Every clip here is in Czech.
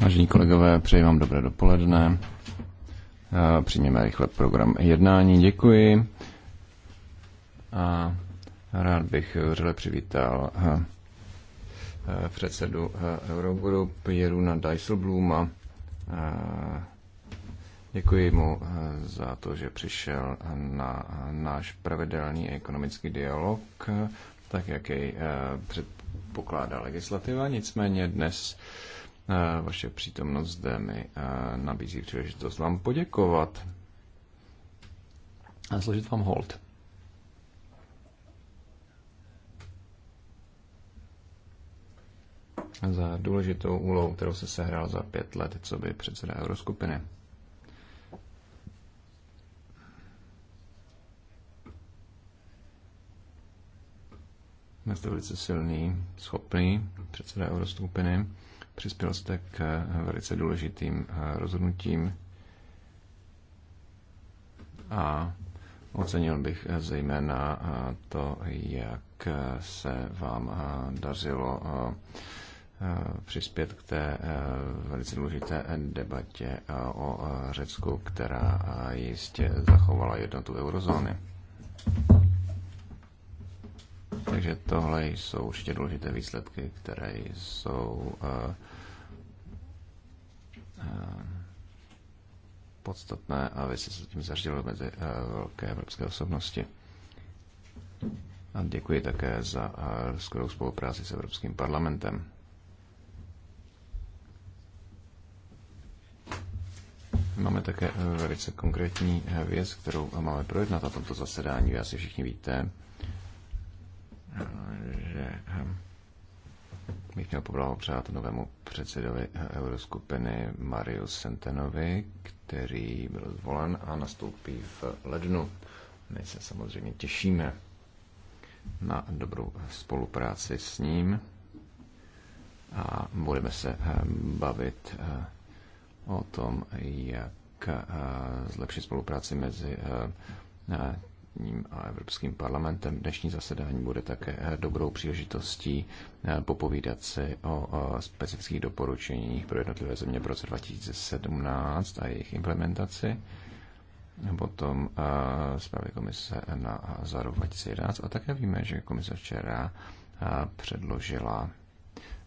Vážení kolegové, přeji vám dobré dopoledne. Přijměme rychle program jednání. Děkuji. A rád bych řele přivítal předsedu Eurogroup Jeruna Dijsselbluma. Děkuji mu za to, že přišel na náš pravidelný ekonomický dialog tak jak jej eh, předpokládá legislativa. Nicméně dnes eh, vaše přítomnost zde mi eh, nabízí příležitost vám poděkovat a složit vám hold. za důležitou úlohu, kterou se sehrál za pět let, co by předseda Euroskupiny. Byl jste velice silný, schopný předseda Eurostoupiny. Přispěl jste k eh, velice důležitým eh, rozhodnutím a ocenil bych eh, zejména to, jak se vám dařilo přispět k té velice důležité debatě o Řecku, která jistě zachovala jednotu eurozóny. Takže tohle jsou určitě důležité výsledky, které jsou eh, eh, podstatné a vy jste se tím zařadili mezi eh, velké evropské osobnosti. A děkuji také za skvělou spolupráci s Evropským parlamentem. Máme také velice konkrétní věc, kterou máme projednat na tomto zasedání. Vy asi všichni víte, že eh, bych chtěl poblahopřát novému předsedovi eh, Euroskupiny Mariu Sentenovi, který byl zvolen a nastoupí v lednu. My se samozřejmě těšíme na dobrou spolupráci s ním a budeme se eh, bavit o tom, jak zlepšit spolupráci mezi parlamentním a Evropským parlamentem. Dnešní zasedání bude také eh, dobrou příležitostí eh, popovídat si o eh, specifických doporučeních pro jednotlivé země v roce 2017 a jejich implementaci. Potom zprávy komise na, za rok 2011. A také víme, že komise včera předložila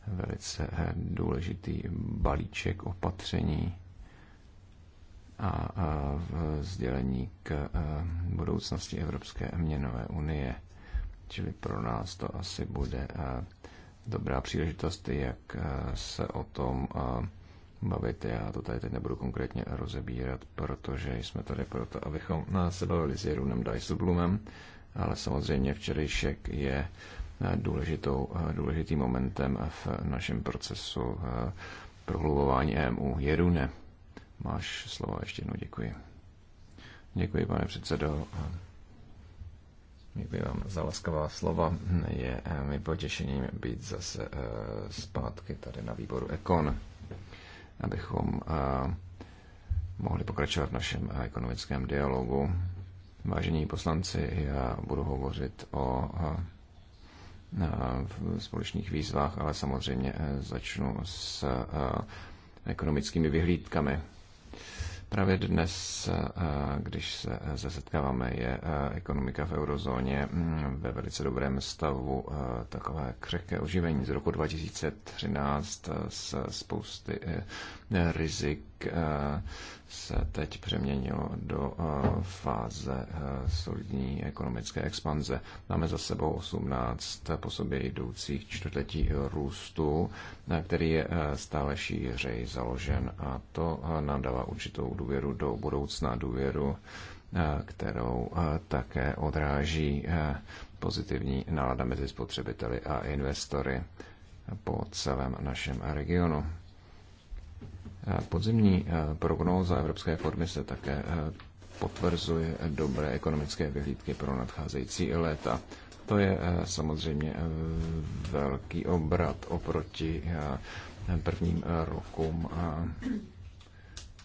velice důležitý balíček opatření a, a sdělení k e, budoucnosti Evropské měnové unie. Čili pro nás to asi bude e, dobrá příležitost, jak e, se o tom bavit. Já to tady teď nebudu konkrétně rozebírat, protože jsme tady proto, abychom se bavili s Jerunem Dysublumem, ale samozřejmě včerejšek je důležitou, důležitým momentem v našem procesu prohlubování EMU. Jerune, Máš slovo ještě jednou, děkuji. Děkuji, pane předsedo. Děkuji vám za laskavá slova. Je e, mi potěšením být zase e, zpátky tady na výboru Ekon, abychom e, mohli pokračovat v našem ekonomickém dialogu. Vážení poslanci, já budu hovořit o společných výzvách, ale samozřejmě začnu s ekonomickými vyhlídkami. Právě dnes, eh, když se eh, setkáváme, je eh, ekonomika v eurozóně mm, ve velice dobrém stavu. Takové křehké oživení z roku 2013 s spousty rizik se teď přeměnilo do eh, fáze eh, solidní ekonomické expanze. Máme za sebou 18 po sobě jdoucích čtvrtletí růstu, eh, který je stále šířej založen a to nám dává určitou důvěru do budoucna, důvěru, kterou také odráží pozitivní nálada mezi spotřebiteli a investory po celém našem regionu. Podzimní eh, prognóza Evropské formy se také eh, potvrzuje dobré ekonomické vyhlídky pro nadcházející léta. To je eh, samozřejmě velký obrat oproti prvním rokům.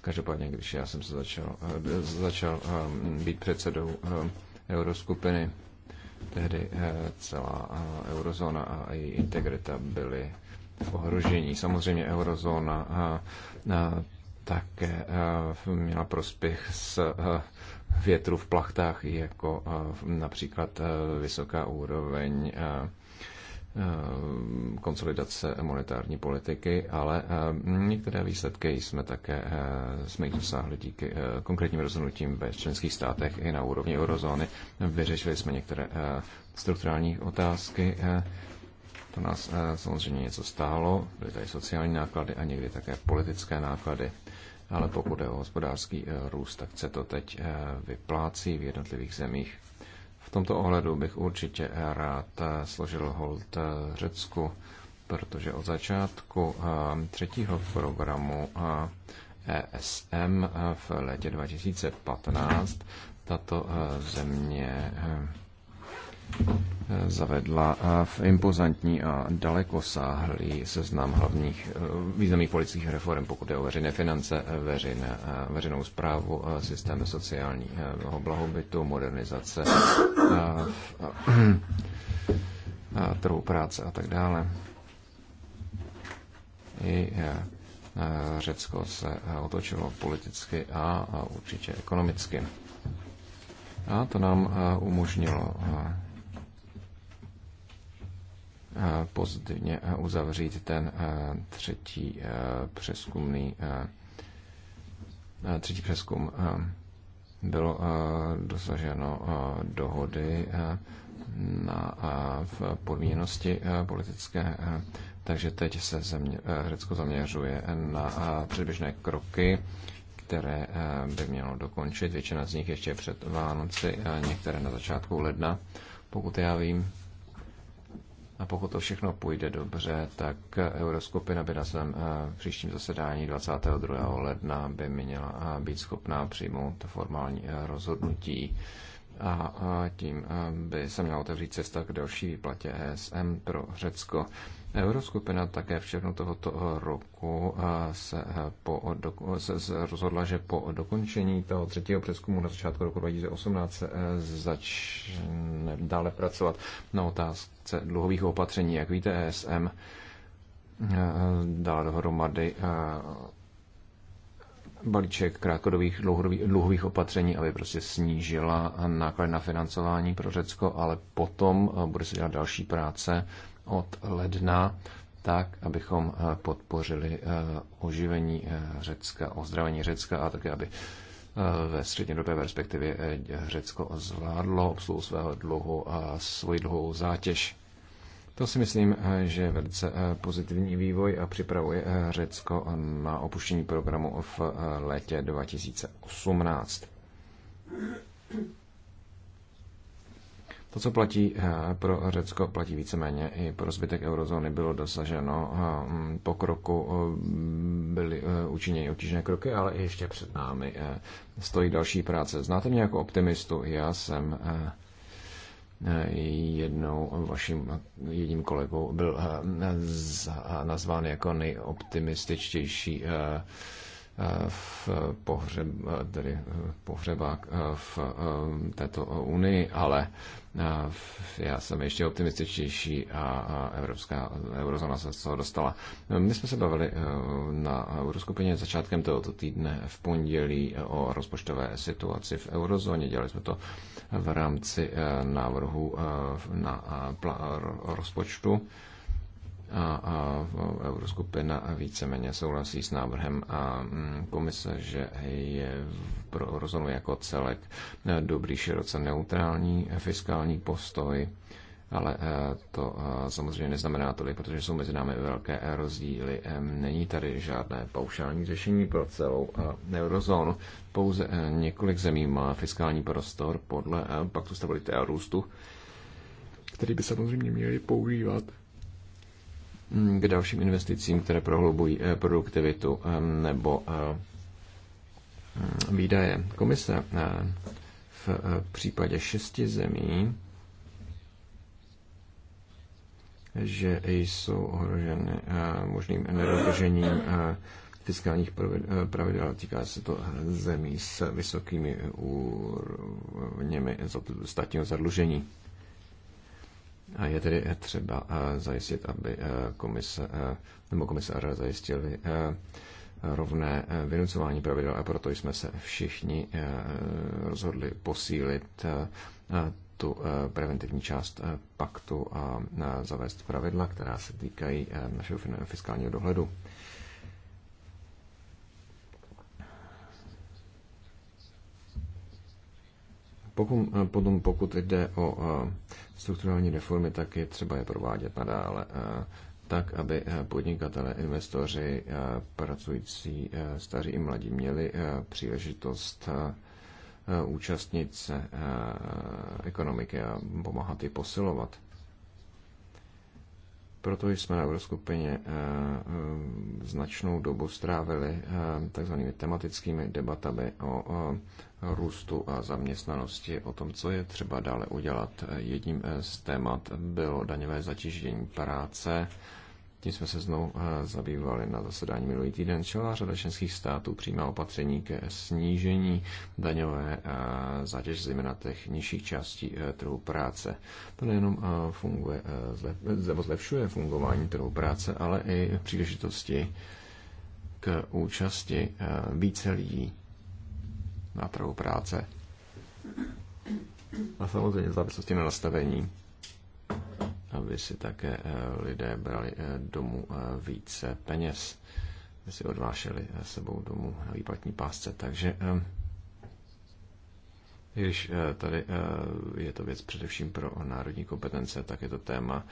Každopádně, když já jsem se začal, začal být předsedou euroskupiny, tehdy celá eurozóna a její integrita byly v ohrožení. Samozřejmě eurozóna Eh, také eh, měla prospěch z eh, větru v plachtách, jako například vysoká úroveň konsolidace monetární politiky, ale některé výsledky jsme také jsme jich dosáhli díky konkrétním rozhodnutím ve členských státech i na úrovni eurozóny. Vyřešili jsme některé strukturální otázky, to nás eh, samozřejmě něco stálo, byly tady sociální náklady a někdy také politické náklady, ale pokud je o hospodářský eh, růst, tak se to teď eh, vyplácí v jednotlivých zemích. V tomto ohledu bych určitě rád složil hold Řecku, protože od začátku třetího programu ESM e v létě 2015 tato země zavedla v impozantní a dalekosáhlý seznam hlavních eh, významných politických reform, pokud je o veřejné finance, eh, veřejné, eh, veřejnou zprávu, systém sociálního blahobytu, modernizace a, a, a trhu práce a tak dále. I Řecko se otočilo politicky a, a určitě ekonomicky. A to nám umožnilo pozitivně uzavřít ten třetí přeskumný třetí přeskum. Bylo dosaženo dohody na v podmíněnosti politické, takže teď se země, Řecko zaměřuje na předběžné kroky, které by mělo dokončit. Většina z nich ještě před Vánoci, některé na začátku ledna, pokud já vím. A pokud to všechno půjde dobře, tak Euroskupina by na svém eh, příštím zasedání 22. ledna by měla eh, být schopná přijmout formální eh, rozhodnutí a tím by se měla otevřít cesta k další výplatě ESM pro Řecko. Euroskupina také v červnu tohoto roku eh, se, eh, po, eh, se, rozhodla, že po dokončení toho třetího přeskumu na začátku roku 2018 se začne dále pracovat na otázce dluhových opatření. Jak víte, ESM dala dohromady balíček krátkodových dluhových opatření, aby prostě snížila náklad na financování pro Řecko, ale potom bude se dělat další práce od ledna, tak, abychom eh, podpořili eh, oživení eh, Řecka, ozdravení Řecka a také, aby ve střednědobé perspektivě Řecko zvládlo obsluhu svého dluhu a svoji dluhovou zátěž. To si myslím, že je velice pozitivní vývoj a připravuje Řecko na opuštění programu v létě 2018. To, co platí eh, pro Řecko, platí víceméně i pro zbytek eurozóny. Bylo dosaženo eh, mm, po kroku eh, byly učiněny obtížné kroky, ale ještě před námi stojí další práce. Znáte mě jako optimistu, já jsem jednou vaším jedním kolegou byl nazván jako nejoptimističtější v pohřeb, tedy pohřebák v této unii, ale já jsem ještě optimističtější a Evropská eurozóna se z toho dostala. My jsme se bavili eh, na euroskupině začátkem tohoto týdne v pondělí eh, o rozpočtové situaci v eurozóně. Dělali jsme to v rámci eh, návrhu na rozpočtu a, a Euroskupina víceméně souhlasí s návrhem a mm, komise, že je pro rozhodnu jako celek dobrý, široce neutrální fiskální postoj, ale e, to e, samozřejmě neznamená tolik, protože jsou mezi námi velké rozdíly. E, není tady žádné paušální řešení pro celou eurozónu. Pouze několik zemí má fiskální prostor podle paktu stability a růstu, který by samozřejmě měli používat Mm, k dalším investicím, které prohlubují eh, produktivitu eh, nebo eh, mm, výdaje. Komise v případě šesti zemí, že jsou ohroženy možným nedodržením fiskálních pravidel. Týká se to zemí s vysokými úrovněmi státního zadlužení. A je tedy eh, třeba eh, zajistit, aby eh, komise, nebo komise zajistili rovné vynucování pravidel a proto jsme se všichni rozhodli posílit tu preventivní část paktu a zavést pravidla, která se týkají našeho fiskálního dohledu. Pokud, potom pokud jde o strukturální reformy, tak je třeba je provádět nadále eh, tak, aby eh, podnikatele, investoři, eh, pracující, staří i mladí měli příležitost účastnit se ekonomiky a pomáhat ji posilovat. Proto jsme na Euroskupině eh, eh, značnou dobu strávili eh, takzvanými tematickými debatami o růstu a zaměstnanosti, o tom, co je třeba dále udělat. Jedním z témat bylo daňové zatížení práce tím jsme se znovu eh, zabývali na zasedání minulý týden. Čelá řada členských států přijímá opatření ke snížení daňové eh, zátěže, zejména těch nižších částí eh, trhu práce. To nejenom funguje, zlepšuje fungování trhu práce, ale i příležitosti k účasti více lidí na trhu práce. A samozřejmě závislosti na nastavení aby si také eh, lidé brali eh, domů eh, více peněz, aby si odvášeli sebou domů na výplatní pásce. Takže když tady je to věc především pro národní kompetence, tak je to téma,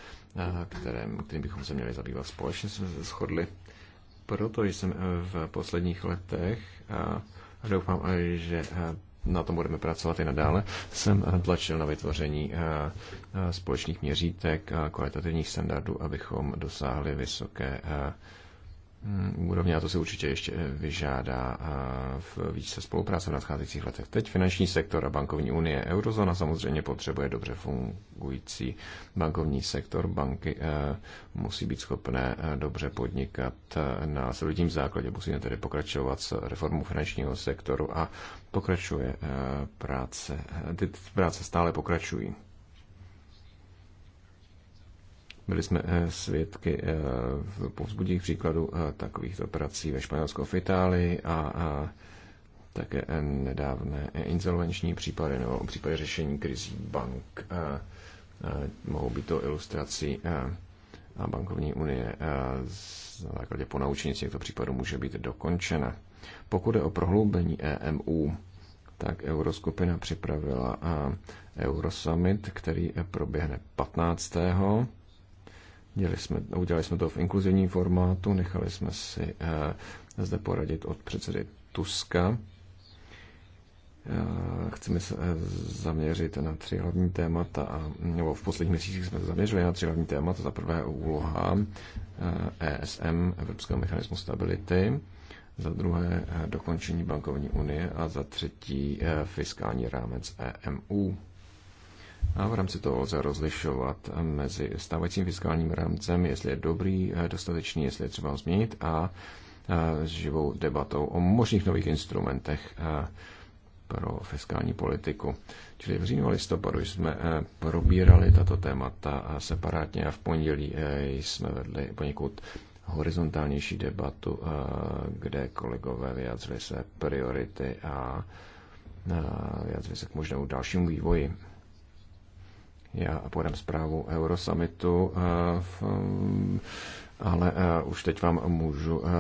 kterým, kterým bychom se měli zabývat společně, jsme se shodli. Proto jsem v posledních letech a doufám, že na tom budeme pracovat i nadále, jsem tlačil na vytvoření eh, eh, společných měřítek a kvalitativních standardů, abychom dosáhli vysoké eh, Mm, úrovně a to se určitě ještě eh, vyžádá eh, v více spolupráce v nadcházejících letech. Teď finanční sektor a bankovní unie. Eurozóna samozřejmě potřebuje dobře fungující bankovní sektor. Banky eh, musí být schopné dobře podnikat na solidním základě. Musíme tedy pokračovat s reformou finančního sektoru a pokračuje práce. Ty práce stále pokračují. Byli jsme eh, svědky eh, v povzbudích příkladů eh, takových operací ve Španělsku v Itálii a také nedávné insolvenční případy nebo případy řešení krizí bank. Mohou být to ilustrací a bankovní unie na základě ponaučení z těchto případů může být dokončena. Pokud je o prohloubení EMU, tak Euroskupina připravila Eurosummit, který proběhne 15. Děli jsme, udělali jsme to v inkluzivním formátu, nechali jsme si eh, zde poradit od předsedy Tuska. Eh, chceme se eh, zaměřit na tři hlavní témata, a, nebo v posledních měsících jsme se zaměřili na tři hlavní témata. Za prvé úloha ESM, e Evropského mechanismu stability, za druhé dokončení bankovní unie a za třetí fiskální rámec EMU. A v rámci toho lze rozlišovat mezi stávajícím fiskálním rámcem, jestli je dobrý, eh, dostatečný, jestli je třeba ho změnit a eh, s živou debatou o možných nových instrumentech eh, pro fiskální politiku. Čili v říjnu a listopadu jsme probírali tato témata separátně a v pondělí jsme vedli poněkud horizontálnější debatu, kde kolegové vyjádřili se priority a vyjádřili se k možnému dalšímu vývoji. Já podám zprávu Eurosummitu, eh, ale eh, už teď vám můžu eh,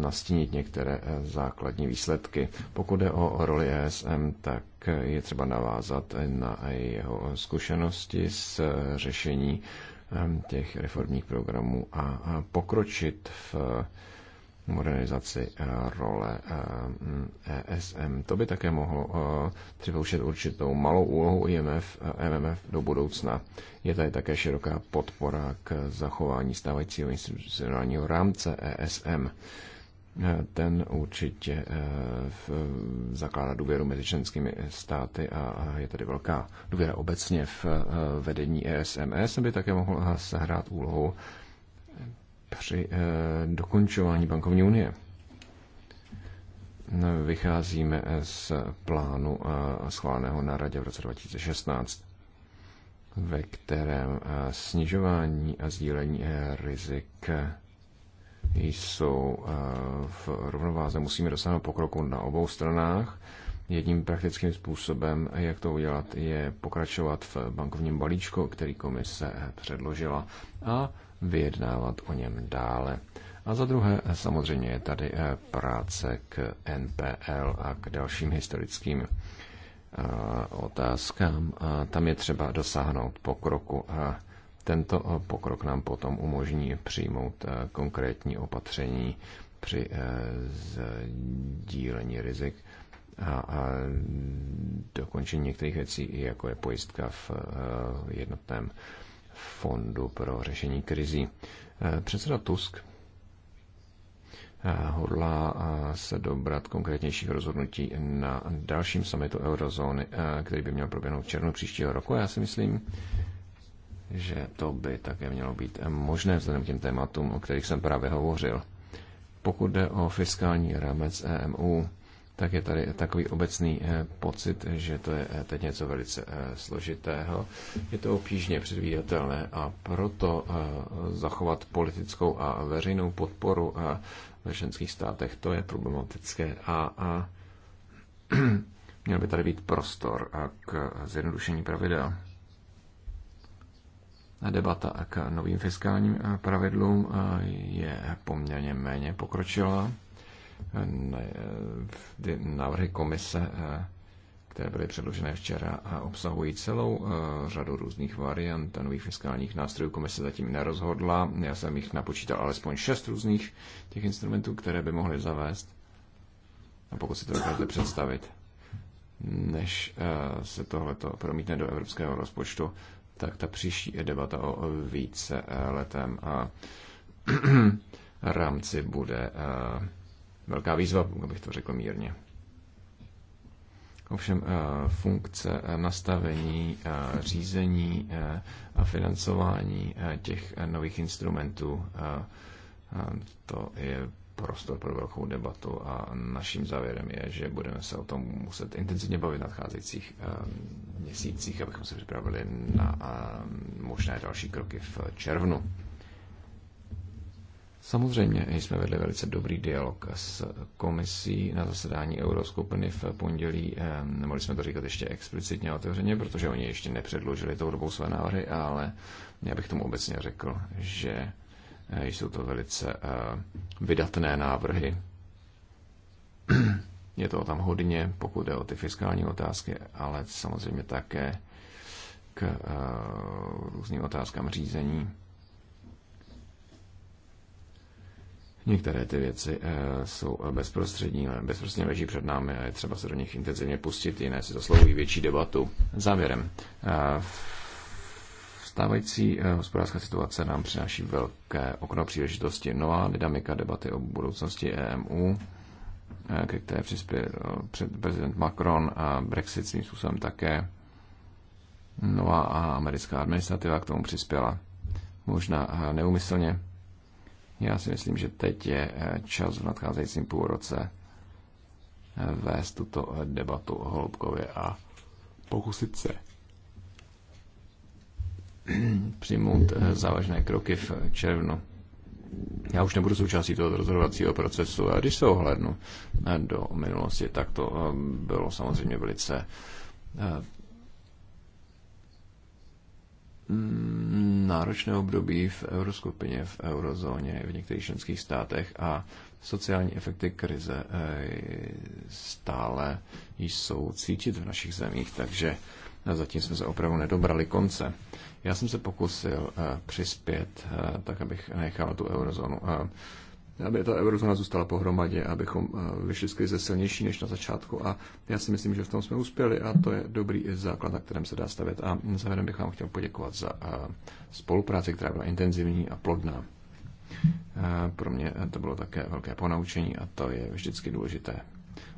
nastínit některé základní výsledky. Pokud je o roli ESM, tak je třeba navázat na jeho zkušenosti s řešení těch reformních programů a pokročit v modernizaci eh, role ESM. Eh, mm, e to by také mohlo eh, připouštět určitou malou úlohu IMF, MMF do budoucna. Je tady také široká podpora k zachování stávajícího institucionálního rámce ESM. Ten určitě zakládá důvěru mezi členskými státy a je tady velká důvěra obecně v vedení ESM. ESM by také mohl sehrát úlohu při eh, dokončování bankovní unie. No, vycházíme eh, z plánu eh, schváleného na radě v roce 2016, ve kterém snižování a sdílení rizik jsou v rovnováze. Musíme dosáhnout pokroku na obou stranách. Jedním praktickým způsobem, jak to udělat, je pokračovat v bankovním balíčku, který komise předložila a vyjednávat o něm dále. A za druhé, samozřejmě je tady eh, práce k NPL a k dalším historickým eh, otázkám. A tam je třeba dosáhnout pokroku a tento eh, pokrok nám potom umožní přijmout konkrétní opatření při sdílení rizik a, a dokončení některých věcí, jako je pojistka v jednotném fondu pro řešení krizí. Eh, předseda Tusk eh, hodlá eh, se dobrat konkrétnějších rozhodnutí na dalším summitu eurozóny, který by měl proběhnout v červnu příštího roku. Já si myslím, že to by také mělo být možné vzhledem k těm tématům, o kterých jsem právě hovořil. Pokud jde o fiskální rámec EMU, tak je tady takový obecný eh, pocit, že to je eh, teď něco velice eh, složitého. Je to obtížně předvídatelné a proto zachovat politickou a veřejnou podporu ve členských státech, to je problematické a, a měl by tady být prostor k zjednodušení pravidel. Debata k novým fiskálním pravidlům je poměrně méně pokročila ty návrhy komise, eh, které byly předložené včera a obsahují celou eh, řadu různých variant a nových fiskálních nástrojů. Komise zatím nerozhodla. Já jsem jich napočítal alespoň šest různých těch instrumentů, které by mohly zavést. A pokud si to dokážete představit, než eh, se tohleto promítne do evropského rozpočtu, tak ta příští debata o více letem a rámci bude velká výzva, abych to řekl mírně. Ovšem eh, funkce eh, nastavení, eh, řízení a financování těch nových instrumentů, to je prostor pro velkou debatu a naším závěrem je, že budeme se o tom muset intenzivně bavit v nadcházejících měsících, abychom se připravili na možné další kroky v červnu. Samozřejmě jsme vedli velice dobrý dialog s komisí na zasedání Euroskupiny v pondělí. Eh, nemohli jsme to říkat ještě explicitně a otevřeně, protože oni ještě nepředložili tou dobou své návrhy, ale já bych tomu obecně řekl, že eh, jsou to velice eh, vydatné návrhy. Je toho tam hodně, pokud jde o ty fiskální otázky, ale samozřejmě také k různým otázkám řízení Některé ty věci eh, jsou eh, bezprostřední, bezprostředně leží před námi a je třeba se do nich intenzivně pustit, jiné si zaslouží větší debatu. Závěrem. Eh, stávající hospodářská situace nám přináší velké okno příležitosti. Nová dynamika debaty o budoucnosti EMU, ke které přispěl prezident Macron a Brexit svým způsobem také. Nová americká administrativa k tomu přispěla. Možná neumyslně já si myslím, že teď je eh, čas v nadcházejícím půlroce eh, vést tuto eh, debatu Holubkově a pokusit se přijmout závažné kroky v červnu. Já už nebudu součástí toho rozhodovacího procesu a když se ohlednu do minulosti, tak to bylo samozřejmě velice Mm, náročné období v euroskupině, v eurozóně, v některých členských státech a sociální efekty krize eh, stále jsou cítit v našich zemích, takže zatím jsme se opravdu nedobrali konce. Já jsem se pokusil eh, přispět, eh, tak abych nechal tu eurozónu aby ta eurozóna zůstala pohromadě, abychom eh, vyšli z krize silnější než na začátku. A já si myslím, že v tom jsme uspěli a to je dobrý základ, na kterém se dá stavět. A závěrem bych vám chtěl poděkovat za eh, spolupráci, která byla intenzivní a plodná. Eh, pro mě to bylo také velké ponaučení a to je vždycky důležité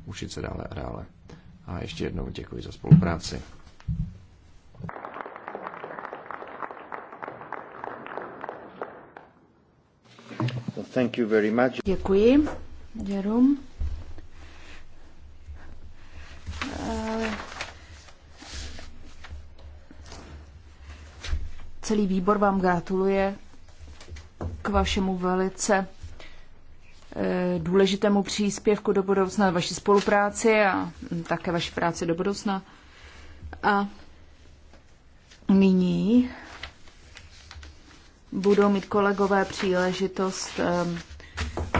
učit se dále a dále. A ještě jednou děkuji za spolupráci. thank you very much. Děkuji, Jerom. Eh, celý výbor vám gratuluje k vašemu velice eh, důležitému příspěvku do budoucna, vaší spolupráci a také vaší práci do budoucna. A nyní budou mít kolegové příležitost ehm,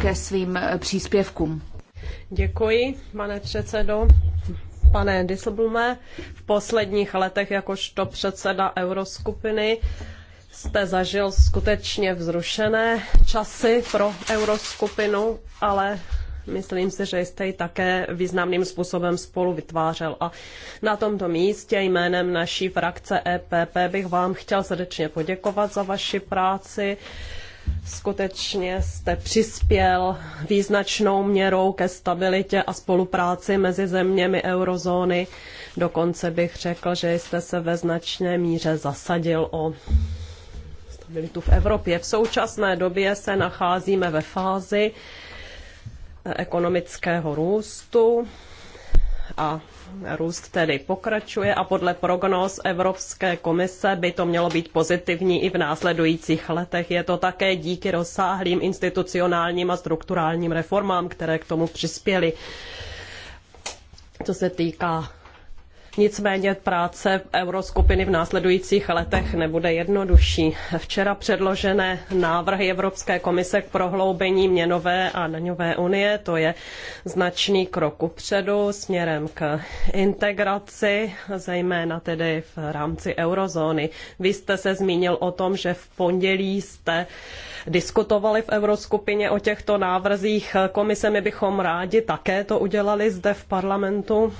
ke svým eh, příspěvkům. Děkuji, pane předsedo. Pane Disselblume, v posledních letech jakožto předseda euroskupiny jste zažil skutečně vzrušené časy pro euroskupinu, ale Myslím si, že jste ji také významným způsobem spolu vytvářel. A na tomto místě jménem naší frakce EPP bych vám chtěl srdečně poděkovat za vaši práci skutečně jste přispěl význačnou měrou ke stabilitě a spolupráci mezi zeměmi eurozóny. Dokonce bych řekl, že jste se ve značné míře zasadil o stabilitu v Evropě. V současné době se nacházíme ve fázi, ekonomického růstu a růst tedy pokračuje a podle prognóz Evropské komise by to mělo být pozitivní i v následujících letech. Je to také díky rozsáhlým institucionálním a strukturálním reformám, které k tomu přispěly. Co se týká Nicméně práce euroskupiny v následujících letech nebude jednodušší. Včera předložené návrhy Evropské komise k prohloubení měnové a daňové unie, to je značný krok upředu směrem k integraci, zejména tedy v rámci eurozóny. Vy jste se zmínil o tom, že v pondělí jste diskutovali v euroskupině o těchto návrzích. Komise my bychom rádi také to udělali zde v parlamentu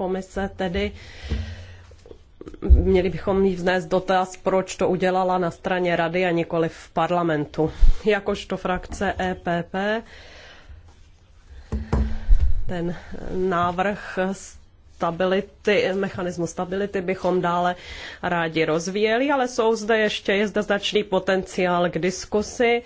komise tedy měli bychom jí vznést dotaz, proč to udělala na straně rady a nikoli v parlamentu. Jakožto frakce EPP ten návrh stability, mechanismu stability bychom dále rádi rozvíjeli, ale jsou zde ještě, je zde značný potenciál k diskusi,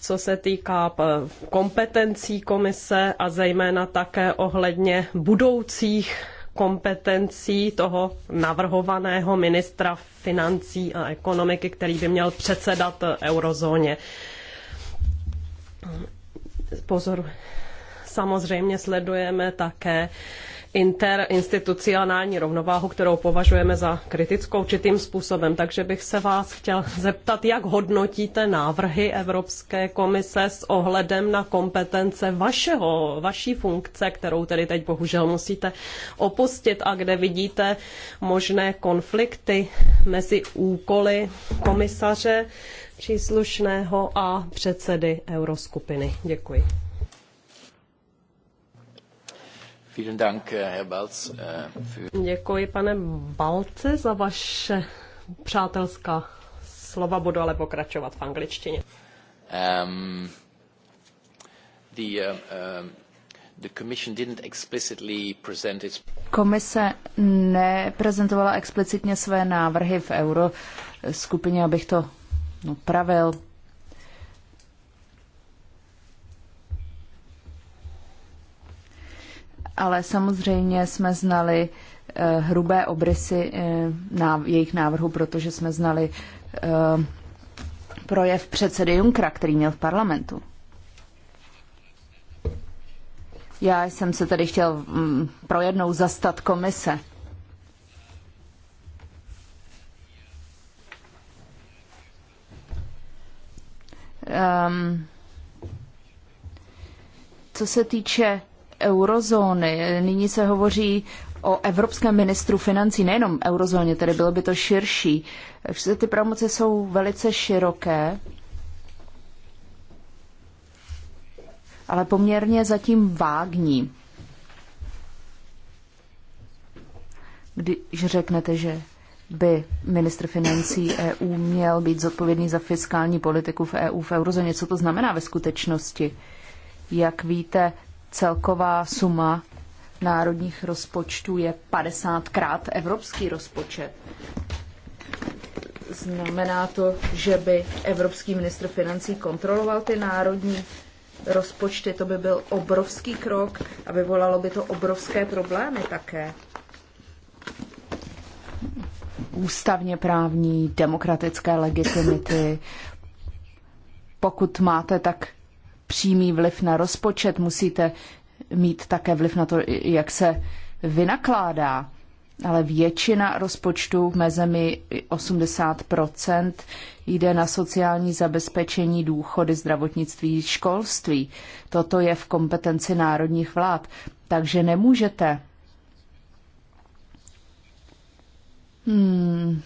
co se týká eh, kompetencí komise a zejména také ohledně budoucích kompetencí toho navrhovaného ministra financí a ekonomiky, který by měl předsedat eh, eurozóně. Pozor, samozřejmě sledujeme také interinstitucionální rovnováhu, kterou považujeme za kritickou určitým způsobem. Takže bych se vás chtěl zeptat, jak hodnotíte návrhy Evropské komise s ohledem na kompetence vašeho, vaší funkce, kterou tedy teď bohužel musíte opustit a kde vidíte možné konflikty mezi úkoly komisaře příslušného a předsedy euroskupiny. Děkuji. Äh, äh, Děkuji, pane Balce, za vaše přátelská slova. Budu ale pokračovat v angličtině. Um, the, uh, um, the commission didn't explicitly present its... Komise neprezentovala explicitně své návrhy v euro skupině, abych to upravil. No, ale samozřejmě jsme znali eh, hrubé obrysy eh, na jejich návrhu, protože jsme znali eh, projev předsedy Junkra, který měl v parlamentu. Já jsem se tady chtěl mm, projednou zastat komise. Um, co se týče eurozóny. Nyní se hovoří o evropském ministru financí, nejenom eurozóně, tedy bylo by to širší. Takže ty pravomoci jsou velice široké, ale poměrně zatím vágní. Když řeknete, že by ministr financí EU měl být zodpovědný za fiskální politiku v EU v eurozóně, co to znamená ve skutečnosti? Jak víte, celková suma národních rozpočtů je 50 krát evropský rozpočet. Znamená to, že by evropský ministr financí kontroloval ty národní rozpočty, to by byl obrovský krok a vyvolalo by to obrovské problémy také. Ústavně právní, demokratické legitimity. Pokud máte tak přímý vliv na rozpočet, musíte mít také vliv na to, jak se vynakládá. Ale většina rozpočtu v mé zemi, 80%, jde na sociální zabezpečení, důchody, zdravotnictví, školství. Toto je v kompetenci národních vlád. Takže nemůžete hmm,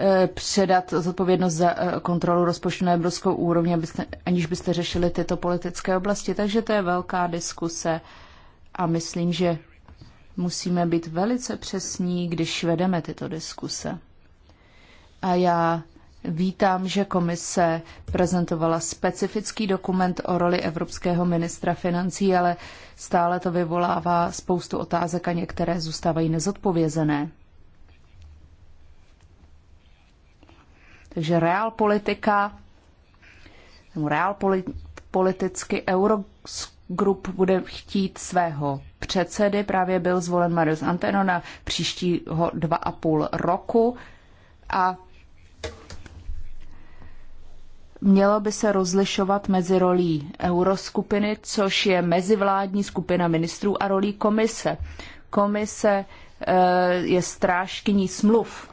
Eh, předat zodpovědnost za eh, kontrolu rozpočtu na evropskou úrovni, abyste, aniž byste řešili tyto politické oblasti. Takže to je velká diskuse a myslím, že musíme být velice přesní, když vedeme tyto diskuse. A já vítám, že komise prezentovala specifický dokument o roli evropského ministra financí, ale stále to vyvolává spoustu otázek a některé zůstávají nezodpovězené. Takže realpolitika, nebo realpoliticky Eurogroup bude chtít svého předsedy, právě byl zvolen Marius Anteno na příštího dva a půl roku a mělo by se rozlišovat mezi rolí euroskupiny, což je mezivládní skupina ministrů a rolí komise. Komise eh, je strážkyní smluv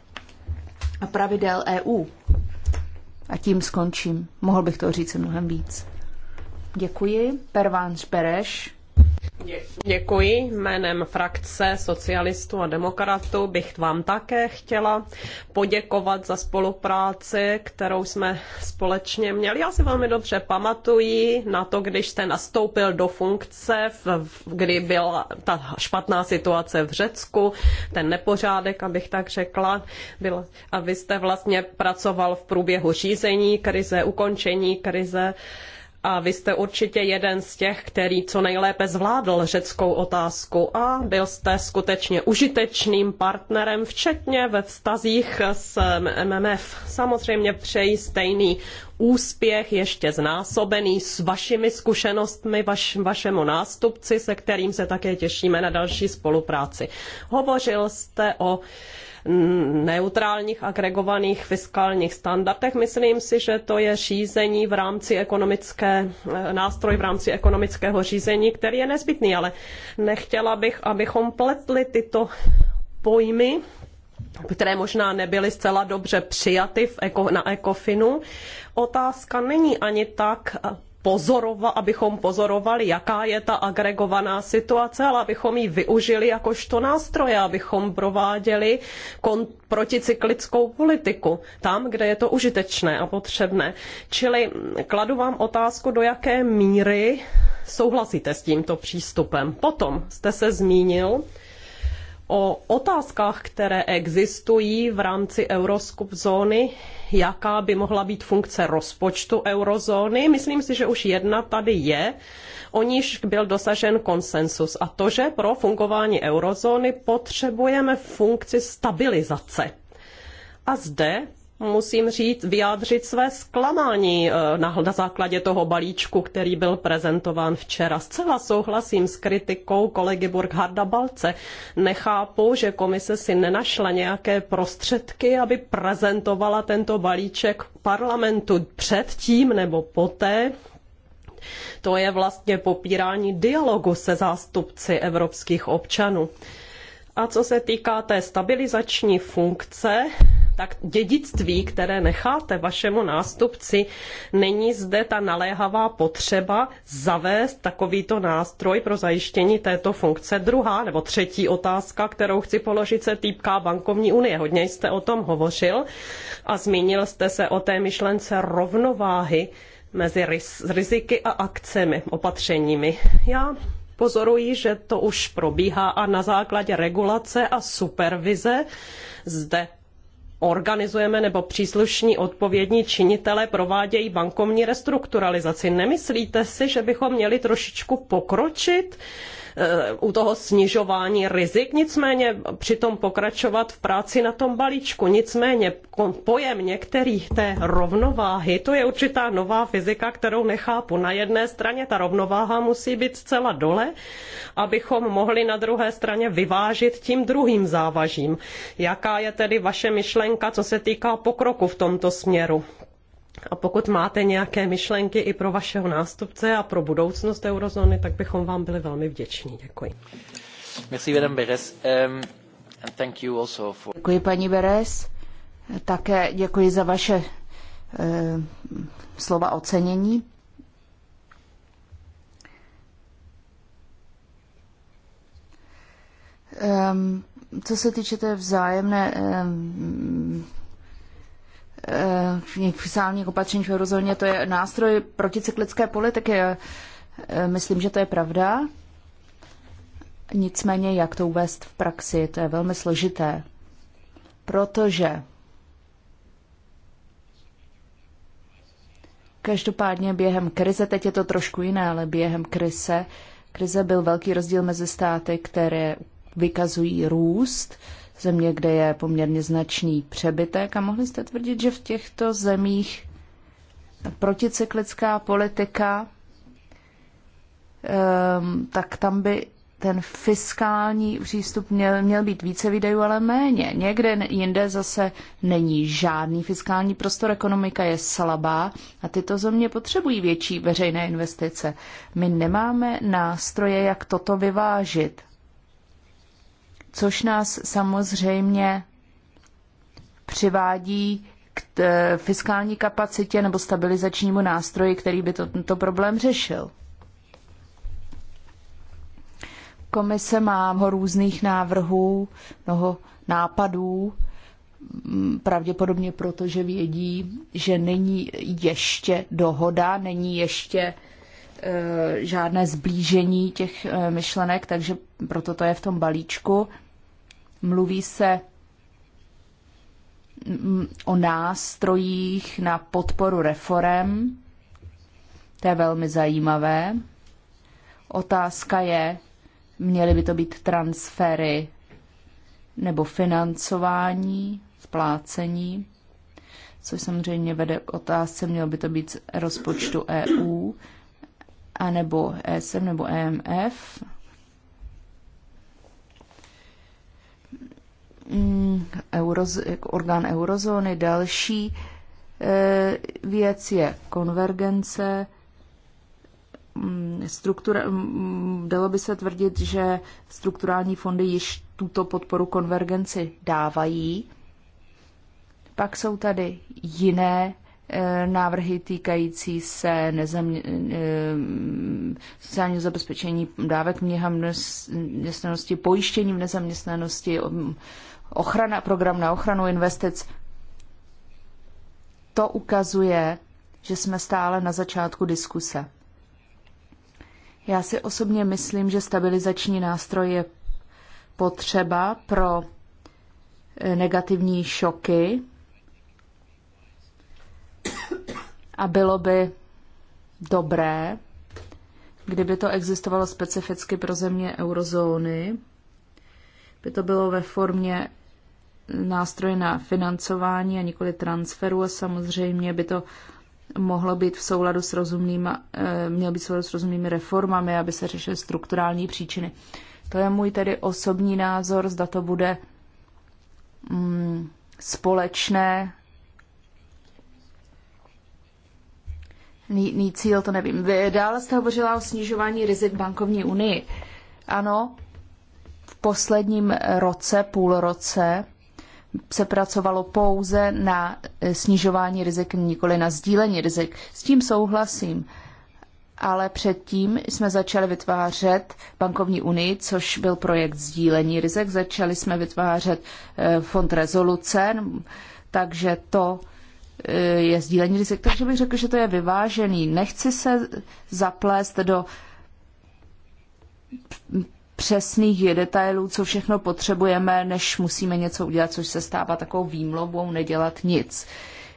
a pravidel EU. A tím skončím. Mohl bych to říct mnohem víc. Děkuji. Pervánš Bereš. Děkuji. Jménem frakce socialistů a demokratů bych vám také chtěla poděkovat za spolupráci, kterou jsme společně měli. Já si velmi dobře pamatuji na to, když jste nastoupil do funkce, kdy byla ta špatná situace v Řecku, ten nepořádek, abych tak řekla, byl, a vy jste vlastně pracoval v průběhu řízení krize, ukončení krize a vy jste určitě jeden z těch, který co nejlépe zvládl řeckou otázku a byl jste skutečně užitečným partnerem, včetně ve vztazích s MMF. Samozřejmě přeji stejný úspěch, ještě znásobený s vašimi zkušenostmi, vaš, vašemu nástupci, se kterým se také těšíme na další spolupráci. Hovořil jste o neutrálních agregovaných fiskálních standardech. Myslím si, že to je řízení v rámci ekonomické, eh, nástroj v rámci ekonomického řízení, který je nezbytný, ale nechtěla bych, abychom pletli tyto pojmy, které možná nebyly zcela dobře přijaty na ECOFINu. Otázka není ani tak pozorova, abychom pozorovali, jaká je ta agregovaná situace, ale abychom ji využili jakožto nástroje, abychom prováděli kon- proticyklickou politiku tam, kde je to užitečné a potřebné. Čili mm, kladu vám otázku, do jaké míry souhlasíte s tímto přístupem. Potom jste se zmínil, o otázkách, které existují v rámci zóny jaká by mohla být funkce rozpočtu eurozóny. Myslím si, že už jedna tady je, o níž byl dosažen konsensus a to, že pro fungování eurozóny potřebujeme funkci stabilizace. A zde musím říct, vyjádřit své zklamání eh, na, na základě toho balíčku, který byl prezentován včera. Zcela souhlasím s kritikou kolegy Burkharda Balce. Nechápu, že komise si nenašla nějaké prostředky, aby prezentovala tento balíček parlamentu předtím nebo poté, to je vlastně popírání dialogu se zástupci evropských občanů. A co se týká té stabilizační funkce, tak dědictví, které necháte vašemu nástupci, není zde ta naléhavá potřeba zavést takovýto nástroj pro zajištění této funkce. Druhá nebo třetí otázka, kterou chci položit, se týká bankovní unie. Hodně jste o tom hovořil a zmínil jste se o té myšlence rovnováhy mezi riziky a akcemi, opatřeními. Já pozoruji, že to už probíhá a na základě regulace a supervize zde organizujeme nebo příslušní odpovědní činitelé provádějí bankovní restrukturalizaci. Nemyslíte si, že bychom měli trošičku pokročit? u toho snižování rizik, nicméně přitom pokračovat v práci na tom balíčku. Nicméně pojem některých té rovnováhy, to je určitá nová fyzika, kterou nechápu. Na jedné straně ta rovnováha musí být zcela dole, abychom mohli na druhé straně vyvážit tím druhým závažím. Jaká je tedy vaše myšlenka, co se týká pokroku v tomto směru? A pokud máte nějaké myšlenky i pro vašeho nástupce a pro budoucnost eurozóny, tak bychom vám byli velmi vděční. Děkuji. Merci, Madame Beres. Um, and thank you also for... Děkuji, paní Beres. Také děkuji za vaše uh, slova ocenění. Um, co se týče té vzájemné um, fiskálních eh, opatření v eurozóně, to je nástroj proticyklické politiky. Eh, myslím, že to je pravda. Nicméně, jak to uvést v praxi, to je velmi složité, protože každopádně během krize, teď je to trošku jiné, ale během krize, krize byl velký rozdíl mezi státy, které vykazují růst, země, kde je poměrně značný přebytek a mohli jste tvrdit, že v těchto zemích proticyklická politika, ehm, tak tam by ten fiskální přístup měl, měl být více výdajů, ale méně. Někde jinde zase není žádný fiskální prostor, ekonomika je slabá a tyto země potřebují větší veřejné investice. My nemáme nástroje, jak toto vyvážit což nás samozřejmě přivádí k e, fiskální kapacitě nebo stabilizačnímu nástroji, který by to, tento problém řešil. Komise má mnoho různých návrhů, mnoho nápadů, pravděpodobně proto, že vědí, že není ještě dohoda, není ještě e, žádné zblížení těch e, myšlenek, takže proto to je v tom balíčku. Mluví se mm, o nástrojích na podporu reform. To je velmi zajímavé. Otázka je, měly by to být transfery nebo financování, splácení, což samozřejmě vede k otázce, mělo by to být z rozpočtu EU, anebo ESM nebo EMF, Mm, euroz, jako orgán eurozóny. Další eh, věc je konvergence. Mm, struktura, mm, dalo by se tvrdit, že strukturální fondy již tuto podporu konvergenci dávají. Pak jsou tady jiné eh, návrhy týkající se nezamě, eh, sociálního zabezpečení dávek v nezaměstnanosti, pojištění v nezaměstnanosti, ochrana, program na ochranu investic, to ukazuje, že jsme stále na začátku diskuse. Já si osobně myslím, že stabilizační nástroj je potřeba pro eh, negativní šoky a bylo by dobré, kdyby to existovalo specificky pro země eurozóny, by to bylo ve formě nástroje na financování a nikoli transferu a samozřejmě by to mohlo být v souladu s rozumnými, eh, měl být v souladu s rozumnými reformami, aby se řešily strukturální příčiny. To je můj tedy osobní názor, zda to bude mm, společné. Ní cíl to nevím. Vy dále jste hovořila o snižování rizik bankovní unii. Ano, v posledním roce, půl roce, se pracovalo pouze na eh, snižování rizik, nikoli na sdílení rizik. S tím souhlasím. Ale předtím jsme začali vytvářet bankovní unii, což byl projekt sdílení rizik. Začali jsme vytvářet eh, fond rezoluce, takže to eh, je sdílení rizik. Takže bych řekl, že to je vyvážený. Nechci se zaplést do přesných detailů, co všechno potřebujeme, než musíme něco udělat, což se stává takovou výmlovou nedělat nic.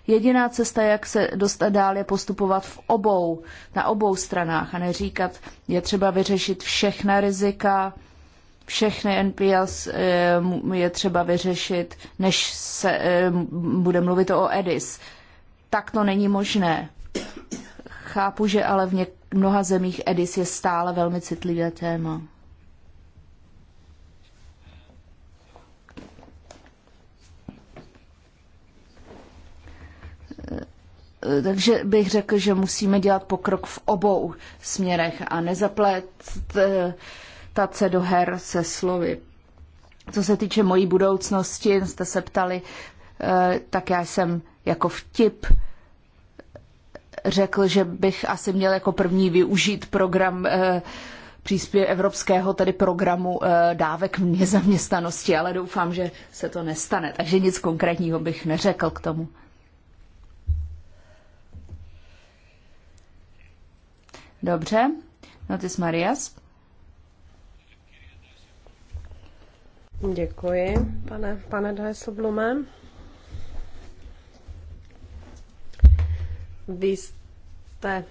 Jediná cesta, jak se dostat dál, je postupovat v obou, na obou stranách a neříkat, je třeba vyřešit všechna rizika, všechny NPLs eh, je třeba vyřešit, než se eh, bude mluvit o EDIS. Tak to není možné. Chápu, že ale v mnoha zemích EDIS je stále velmi citlivé téma. Eh, takže bych řekl, že musíme dělat pokrok v obou směrech a eh, ta se do her se slovy. Co se týče mojí budoucnosti, jste se ptali, eh, tak já jsem jako vtip řekl, že bych asi měl jako první využít program příspěv evropského tedy programu dávek nezaměstnanosti, ale doufám, že se to nestane. Takže nic konkrétního bych neřekl k tomu. Dobře. Notis Marias. Děkuji, pane, pane Dajsoblume. Vy jste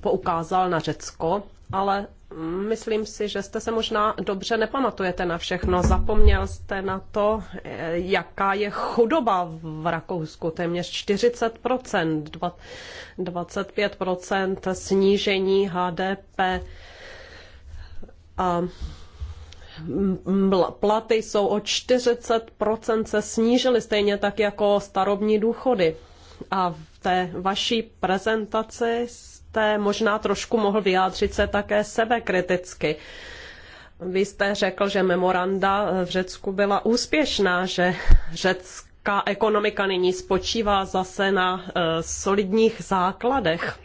poukázal na Řecko, ale Myslím si, že jste se možná dobře nepamatujete na všechno. Zapomněl jste na to, eh, jaká je chudoba v Rakousku. Téměř 40%, 25% snížení HDP. A platy jsou o 40% se snížily, stejně tak jako starobní důchody. A v té vaší prezentaci jste možná trošku mohl vyjádřit se také sebekriticky. Vy jste řekl, že memoranda v Řecku byla úspěšná, že řecká ekonomika nyní spočívá zase na e, solidních základech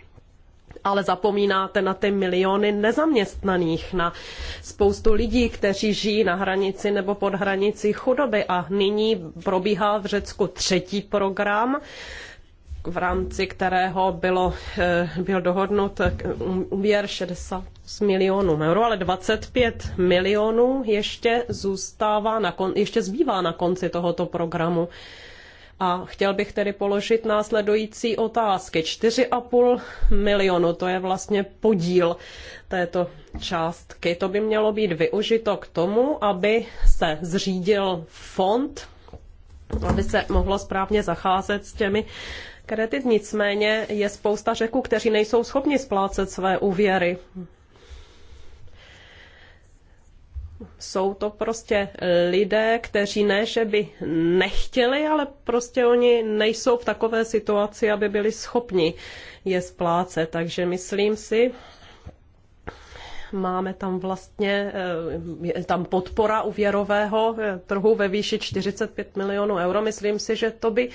ale zapomínáte na ty miliony nezaměstnaných, na spoustu lidí, kteří žijí na hranici nebo pod hranicí chudoby. A nyní probíhá v Řecku třetí program, v rámci kterého bylo, eh, byl dohodnut eh, úvěr 60 milionů euro, ale 25 milionů ještě zůstává, na kon, ještě zbývá na konci tohoto programu. A chtěl bych tedy položit následující otázky. 4,5 milionu, to je vlastně podíl této částky. To by mělo být využito k tomu, aby se zřídil fond aby se mohlo správně zacházet s těmi kredit, nicméně je spousta řeků, kteří nejsou schopni splácet své úvěry. Jsou to prostě lidé, kteří ne, že by nechtěli, ale prostě oni nejsou v takové situaci, aby byli schopni je splácet. Takže myslím si, máme tam vlastně eh, tam podpora úvěrového eh, trhu ve výši 45 milionů euro. Myslím si, že to by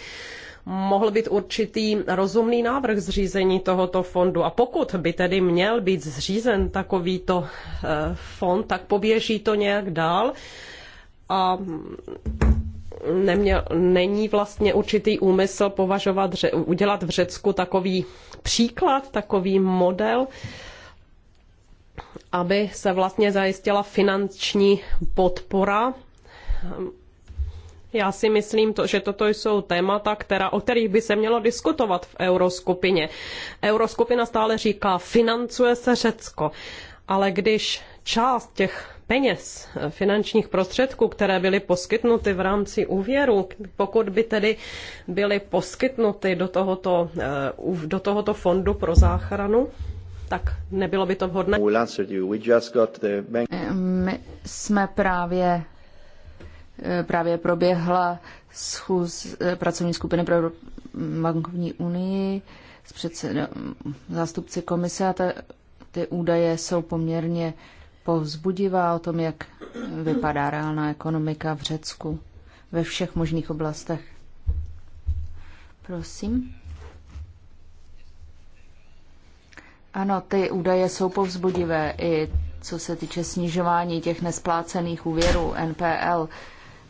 mohl být určitý rozumný návrh zřízení tohoto fondu. A pokud by tedy měl být zřízen takovýto eh, fond, tak poběží to nějak dál. A mm, neměl, není vlastně určitý úmysl považovat, udělat v Řecku takový příklad, takový model, aby se vlastně zajistila finanční podpora já si myslím, to, že toto jsou témata, která, o kterých by se mělo diskutovat v euroskupině. Euroskupina stále říká, financuje se Řecko, ale když část těch peněz, eh, finančních prostředků, které byly poskytnuty v rámci úvěru, pokud by tedy byly poskytnuty do tohoto, eh, do tohoto fondu pro záchranu, tak nebylo by to vhodné. Eh, my jsme právě Eh, právě proběhla schůz eh, pracovní skupiny pro bankovní unii s no, zástupci komise a ta, ty údaje jsou poměrně povzbudivá o tom, jak vypadá reálná ekonomika v Řecku ve všech možných oblastech. Prosím. Ano, ty údaje jsou povzbudivé i co se týče snižování těch nesplácených úvěrů NPL.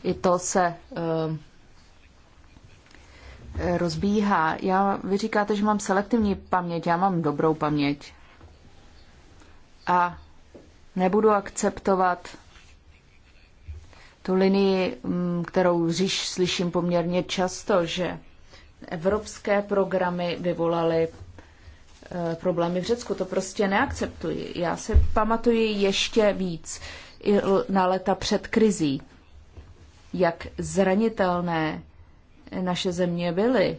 I to se eh, rozbíhá. Já, vy říkáte, že mám selektivní paměť, já mám dobrou paměť. A nebudu akceptovat tu linii, mm, kterou říš, slyším poměrně často, že evropské programy vyvolaly eh, problémy v Řecku. To prostě neakceptuji. Já se pamatuji ještě víc i na leta před krizí jak zranitelné naše země byly,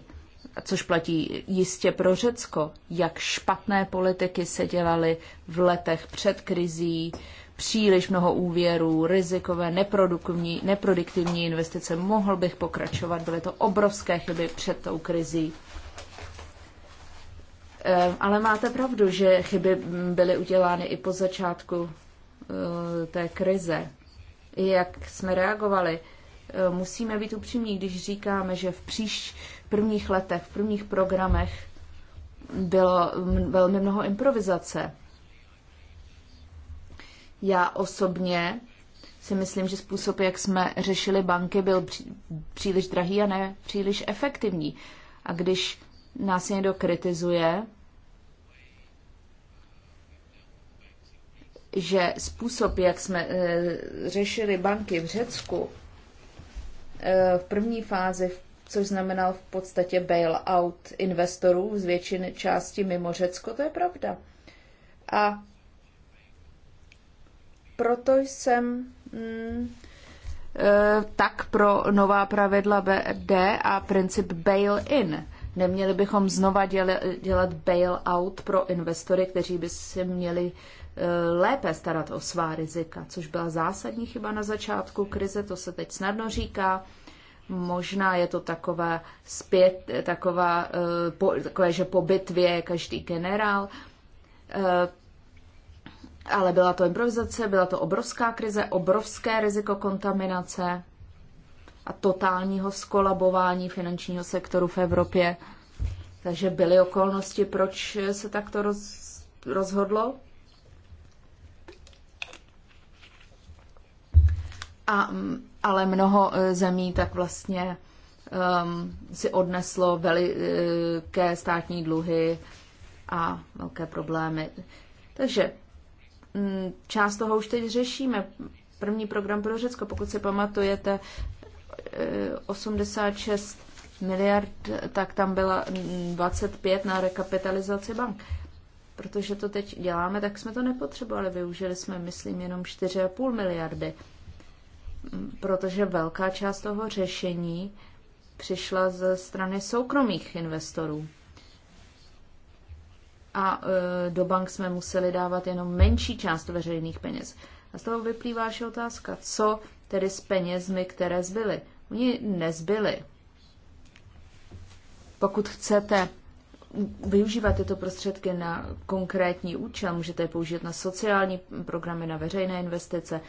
což platí jistě pro Řecko, jak špatné politiky se dělaly v letech před krizí, příliš mnoho úvěrů, rizikové, neproduktivní, neproduktivní investice. Mohl bych pokračovat, byly to obrovské chyby před tou krizí. Ehm, ale máte pravdu, že chyby byly udělány i po začátku eh, té krize. I jak jsme reagovali, Eh, musíme být upřímní, když říkáme, že v příš prvních letech, v prvních programech bylo mm, velmi mnoho improvizace. Já osobně si myslím, že způsob, jak jsme řešili banky, byl příliš drahý a ne příliš efektivní. A když nás někdo kritizuje, že způsob, jak jsme e, řešili banky v Řecku, Eh, v první fázi, což znamenal v podstatě bailout investorů z většiny části mimo Řecko, to je pravda. A proto jsem mm, eh, tak pro nová pravidla BRD a princip bail-in. Neměli bychom znova dělat bail-out pro investory, kteří by si měli lépe starat o svá rizika, což byla zásadní chyba na začátku krize, to se teď snadno říká. Možná je to takové, zpět, taková, eh, takové, že po bitvě je každý generál, eh, ale byla to improvizace, byla to obrovská krize, obrovské riziko kontaminace a totálního skolabování finančního sektoru v Evropě. Takže byly okolnosti, proč se takto roz, rozhodlo. A, mm, ale mnoho e, zemí tak vlastně um, si odneslo veliké e, státní dluhy a velké problémy. Takže um, část toho už teď řešíme. První program pro Řecko, pokud si pamatujete, 86 miliard, tak tam byla 25 mm, na rekapitalizaci bank. Protože to teď děláme, tak jsme to nepotřebovali. Využili jsme, myslím, jenom 4,5 miliardy protože velká část toho řešení přišla ze strany soukromých investorů. A e, do bank jsme museli dávat jenom menší část veřejných peněz. A z toho vyplývá vaše otázka, co tedy s penězmi, které zbyly. Oni nezbyly. Pokud chcete využívat tyto prostředky na konkrétní účel, můžete je použít na sociální programy, na veřejné investice,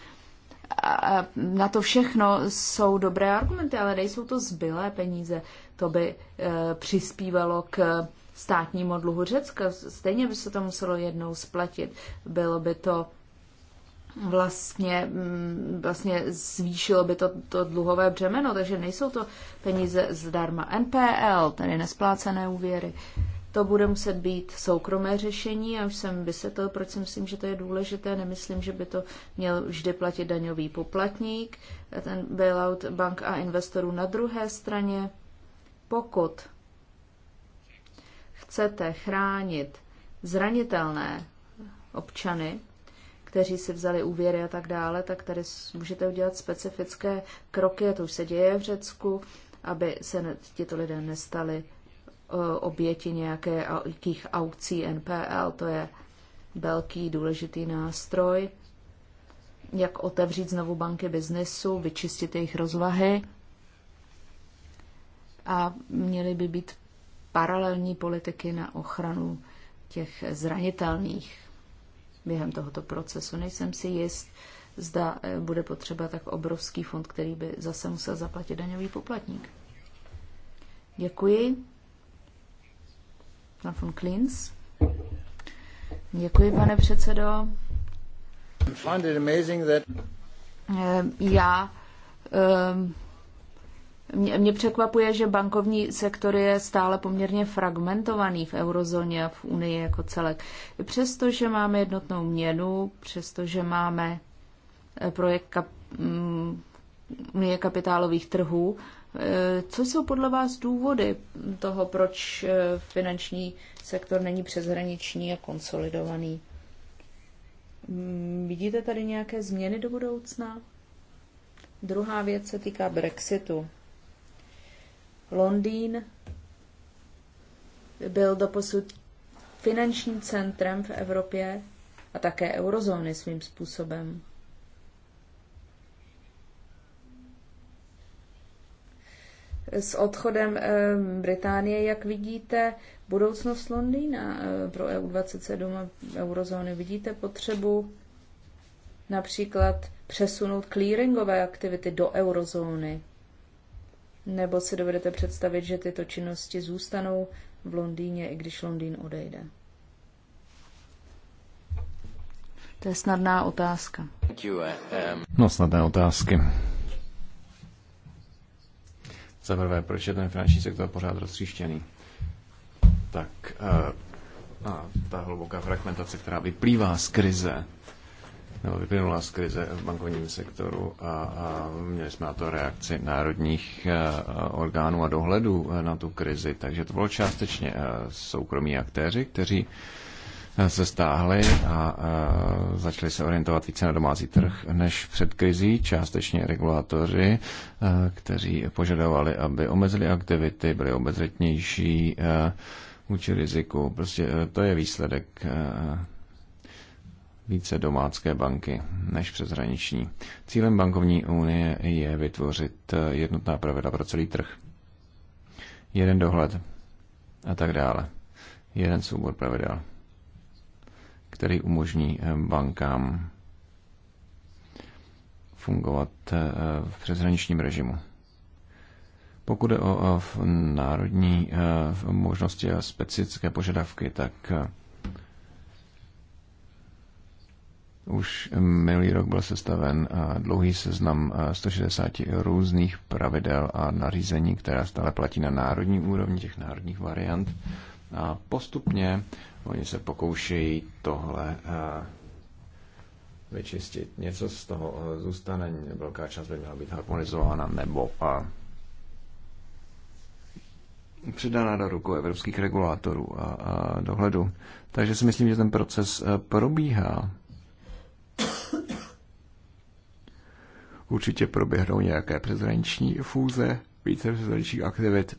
na to všechno jsou dobré argumenty, ale nejsou to zbylé peníze. To by e, přispívalo k státnímu dluhu Řecka. Stejně by se to muselo jednou splatit. Bylo by to vlastně, mm, vlastně zvýšilo by to, to dluhové břemeno, takže nejsou to peníze zdarma. NPL, tedy nesplácené úvěry, to bude muset být soukromé řešení. Já už jsem vysvětlil, proč si myslím, že to je důležité. Nemyslím, že by to měl vždy platit daňový poplatník. Ten bailout bank a investorů na druhé straně. Pokud chcete chránit zranitelné občany, kteří si vzali úvěry a tak dále, tak tady můžete udělat specifické kroky, a to už se děje v Řecku, aby se tito lidé nestali Eh, oběti nějakých aukcí NPL. To je velký důležitý nástroj, jak otevřít znovu banky biznesu, vyčistit jejich rozvahy a měly by být paralelní politiky na ochranu těch zranitelných během tohoto procesu. Nejsem si jist, zda eh, bude potřeba tak obrovský fond, který by zase musel zaplatit daňový poplatník. Děkuji. Pan von Klins. Děkuji, pane předsedo. Eh, já ehm, mě, mě překvapuje, že bankovní sektor je stále poměrně fragmentovaný v eurozóně a v Unii jako celek. Přestože máme jednotnou měnu, přestože máme eh, projekt kap, mm, Unie kapitálových trhů, Eh, co jsou podle vás důvody toho, proč eh, finanční sektor není přeshraniční a konsolidovaný? Mm, vidíte tady nějaké změny do budoucna? Druhá věc se týká Brexitu. Londýn byl doposud finančním centrem v Evropě a také eurozóny svým způsobem. s odchodem eh, Británie, jak vidíte budoucnost Londýna eh, pro EU27 a eurozóny? Vidíte potřebu například přesunout clearingové aktivity do eurozóny? Nebo si dovedete představit, že tyto činnosti zůstanou v Londýně, i když Londýn odejde? To je snadná otázka. Eh, um, no, snadné otázky. Za prvé, proč je ten finanční sektor pořád roztříštěný? Tak eh, a ta hluboká fragmentace, která vyplývá z krize, nebo vyplynula z krize v bankovním sektoru a, a měli jsme na to reakci národních eh, orgánů a dohledu eh, na tu krizi, takže to bylo částečně soukromí aktéři, kteří se stáhly a začaly se orientovat více na domácí trh než před krizí, částečně regulátoři, kteří požadovali, aby omezili aktivity, byli obezřetnější vůči riziku. Prostě e, to je výsledek e, více domácké banky než přeshraniční. Cílem bankovní unie je vytvořit e, jednotná pravidla pro celý trh. Jeden dohled a tak dále. Jeden soubor pravidel který umožní eh, bankám fungovat eh, v přeshraničním režimu. Pokud je o eh, národní možnosti a specifické požadavky, tak už minulý rok byl sestaven dlouhý seznam 160 různých pravidel a nařízení, která stále platí na národní úrovni těch národních variant. A postupně Oni se pokoušejí tohle eh, vyčistit. Něco z toho eh, zůstane, velká část by měla být harmonizována nebo a eh, předána do ruku evropských regulátorů a, a dohledu. Takže si myslím, že ten proces probíhá. Určitě proběhnou nějaké přeshraniční fúze, více přeshraničních aktivit.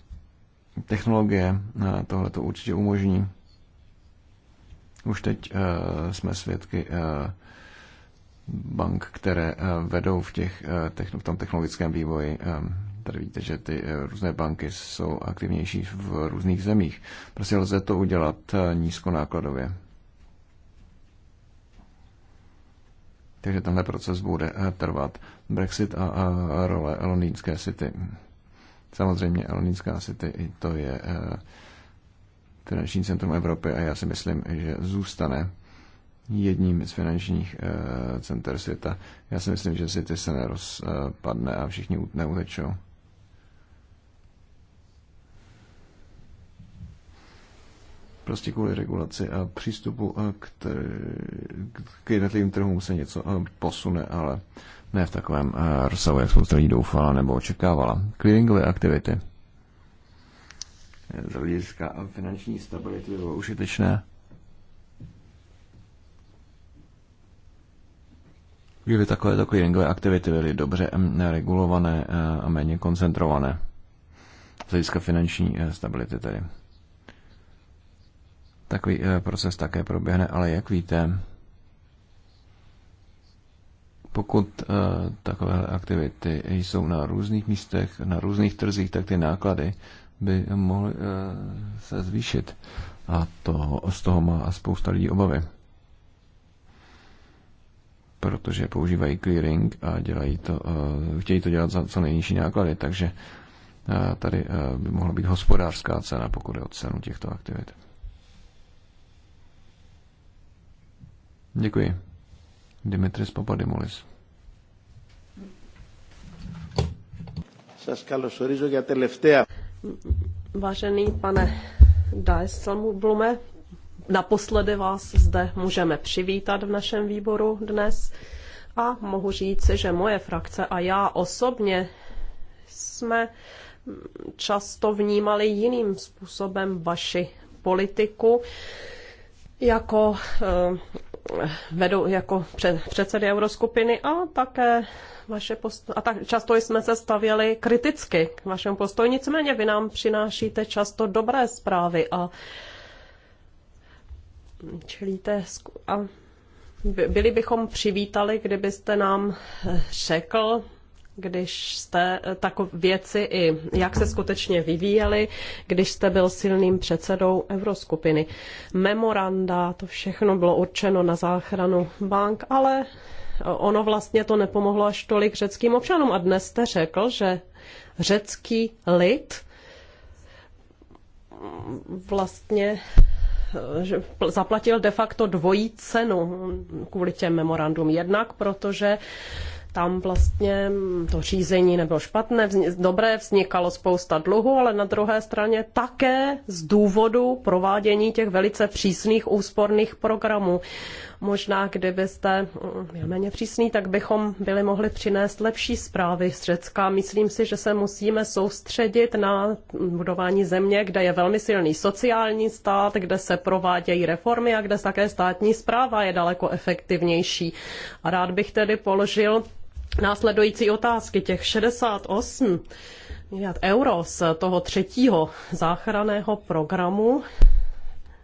Technologie tohle to určitě umožní. Už teď eh, jsme svědky eh, bank, které eh, vedou v, těch, v tom technologickém vývoji. Tady vidíte, že ty různé banky jsou aktivnější v různých zemích. Prostě lze to udělat nízkonákladově. Takže tenhle proces bude trvat. Brexit a, a role londýnské city. Samozřejmě londýnská city, to je finanční centrum Evropy a já si myslím, že zůstane jedním z finančních eh, center světa. Já si myslím, že City se nerozpadne a všichni neutečou. Prostě kvůli regulaci a přístupu eh, k, t- k jednotlivým trhům se něco eh, posune, ale ne v takovém rozsahu, jak spousta lidí doufala nebo očekávala. Clearingové aktivity z hlediska finanční stability bylo užitečné. Kdyby takové clearingové aktivity byly dobře regulované eh, a méně koncentrované. Z hlediska finanční eh, stability tedy. Takový eh, proces také proběhne, ale jak víte, pokud takové aktivity jsou na různých místech, na různých trzích, tak ty náklady by mohly eh, se zvýšit. A to, z toho má spousta lidí obavy. Protože používají clearing a dělají to, eh, chtějí to dělat za co nejnižší náklady, takže eh, tady by mohla být hospodářská cena, pokud je o cenu těchto aktivit. Děkuji. Dimitris Papadimulis. Σας καλωσορίζω για τελευταία. Vážený pane Dijsselblume, naposledy vás zde můžeme přivítat v našem výboru dnes a mohu říci, že moje frakce a já osobně jsme často vnímali jiným způsobem vaši politiku jako, eh, vedou, jako před, předsedy euroskupiny a také vaše posto- a tak často jsme se stavěli kriticky k vašemu postoji, nicméně vy nám přinášíte často dobré zprávy a čelíte a byli bychom přivítali, kdybyste nám řekl, když jste eh, takové věci i jak se skutečně vyvíjely, když jste byl silným předsedou Euroskupiny. Memoranda, to všechno bylo určeno na záchranu bank, ale ono vlastně to nepomohlo až tolik řeckým občanům. A dnes jste řekl, že řecký lid vlastně že zaplatil de facto dvojí cenu kvůli těm memorandum. Jednak, protože tam vlastně to řízení nebylo špatné, dobré, vznikalo spousta dluhu, ale na druhé straně také z důvodu provádění těch velice přísných úsporných programů. Možná, kdybyste byl mm, méně přísný, tak bychom byli mohli přinést lepší zprávy z Řecka. Myslím si, že se musíme soustředit na budování země, kde je velmi silný sociální stát, kde se provádějí reformy a kde také státní zpráva je daleko efektivnější. A rád bych tedy položil následující otázky. Těch 68 miliard euro z toho třetího záchranného programu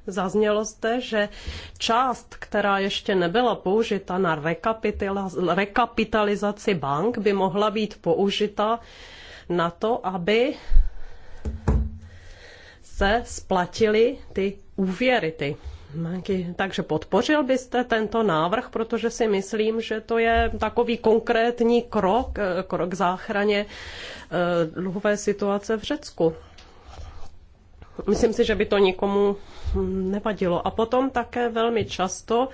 Zaznělo zde, že část, která ještě nebyla použita na rekapitalizaci bank, by mohla být použita na to, aby se splatily ty úvěry, ty banky. Takže podpořil byste tento návrh, protože si myslím, že to je takový konkrétní krok, eh, krok k záchraně eh, dluhové situace v Řecku. Myslím si, že by to nikomu nevadilo. A potom také velmi často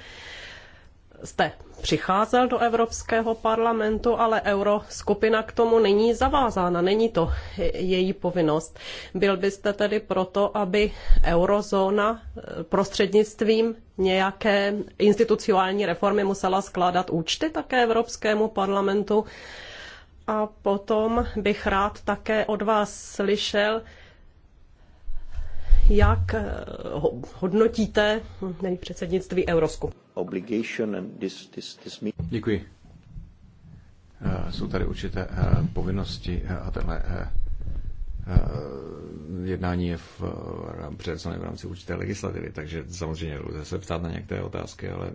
jste přicházel do Evropského parlamentu, ale euroskupina k tomu není zavázána, není to její povinnost. Byl byste tedy proto, aby eurozóna eh, prostřednictvím nějaké institucionální reformy musela skládat účty také Evropskému parlamentu? A potom bych rád také od vás slyšel, jak eh, hodnotíte předsednictví Eurosku? Děkuji. Eh, jsou tady určité eh, povinnosti a tenhle jednání je v, v rámci určité legislativy, takže samozřejmě lze se ptát na některé otázky, ale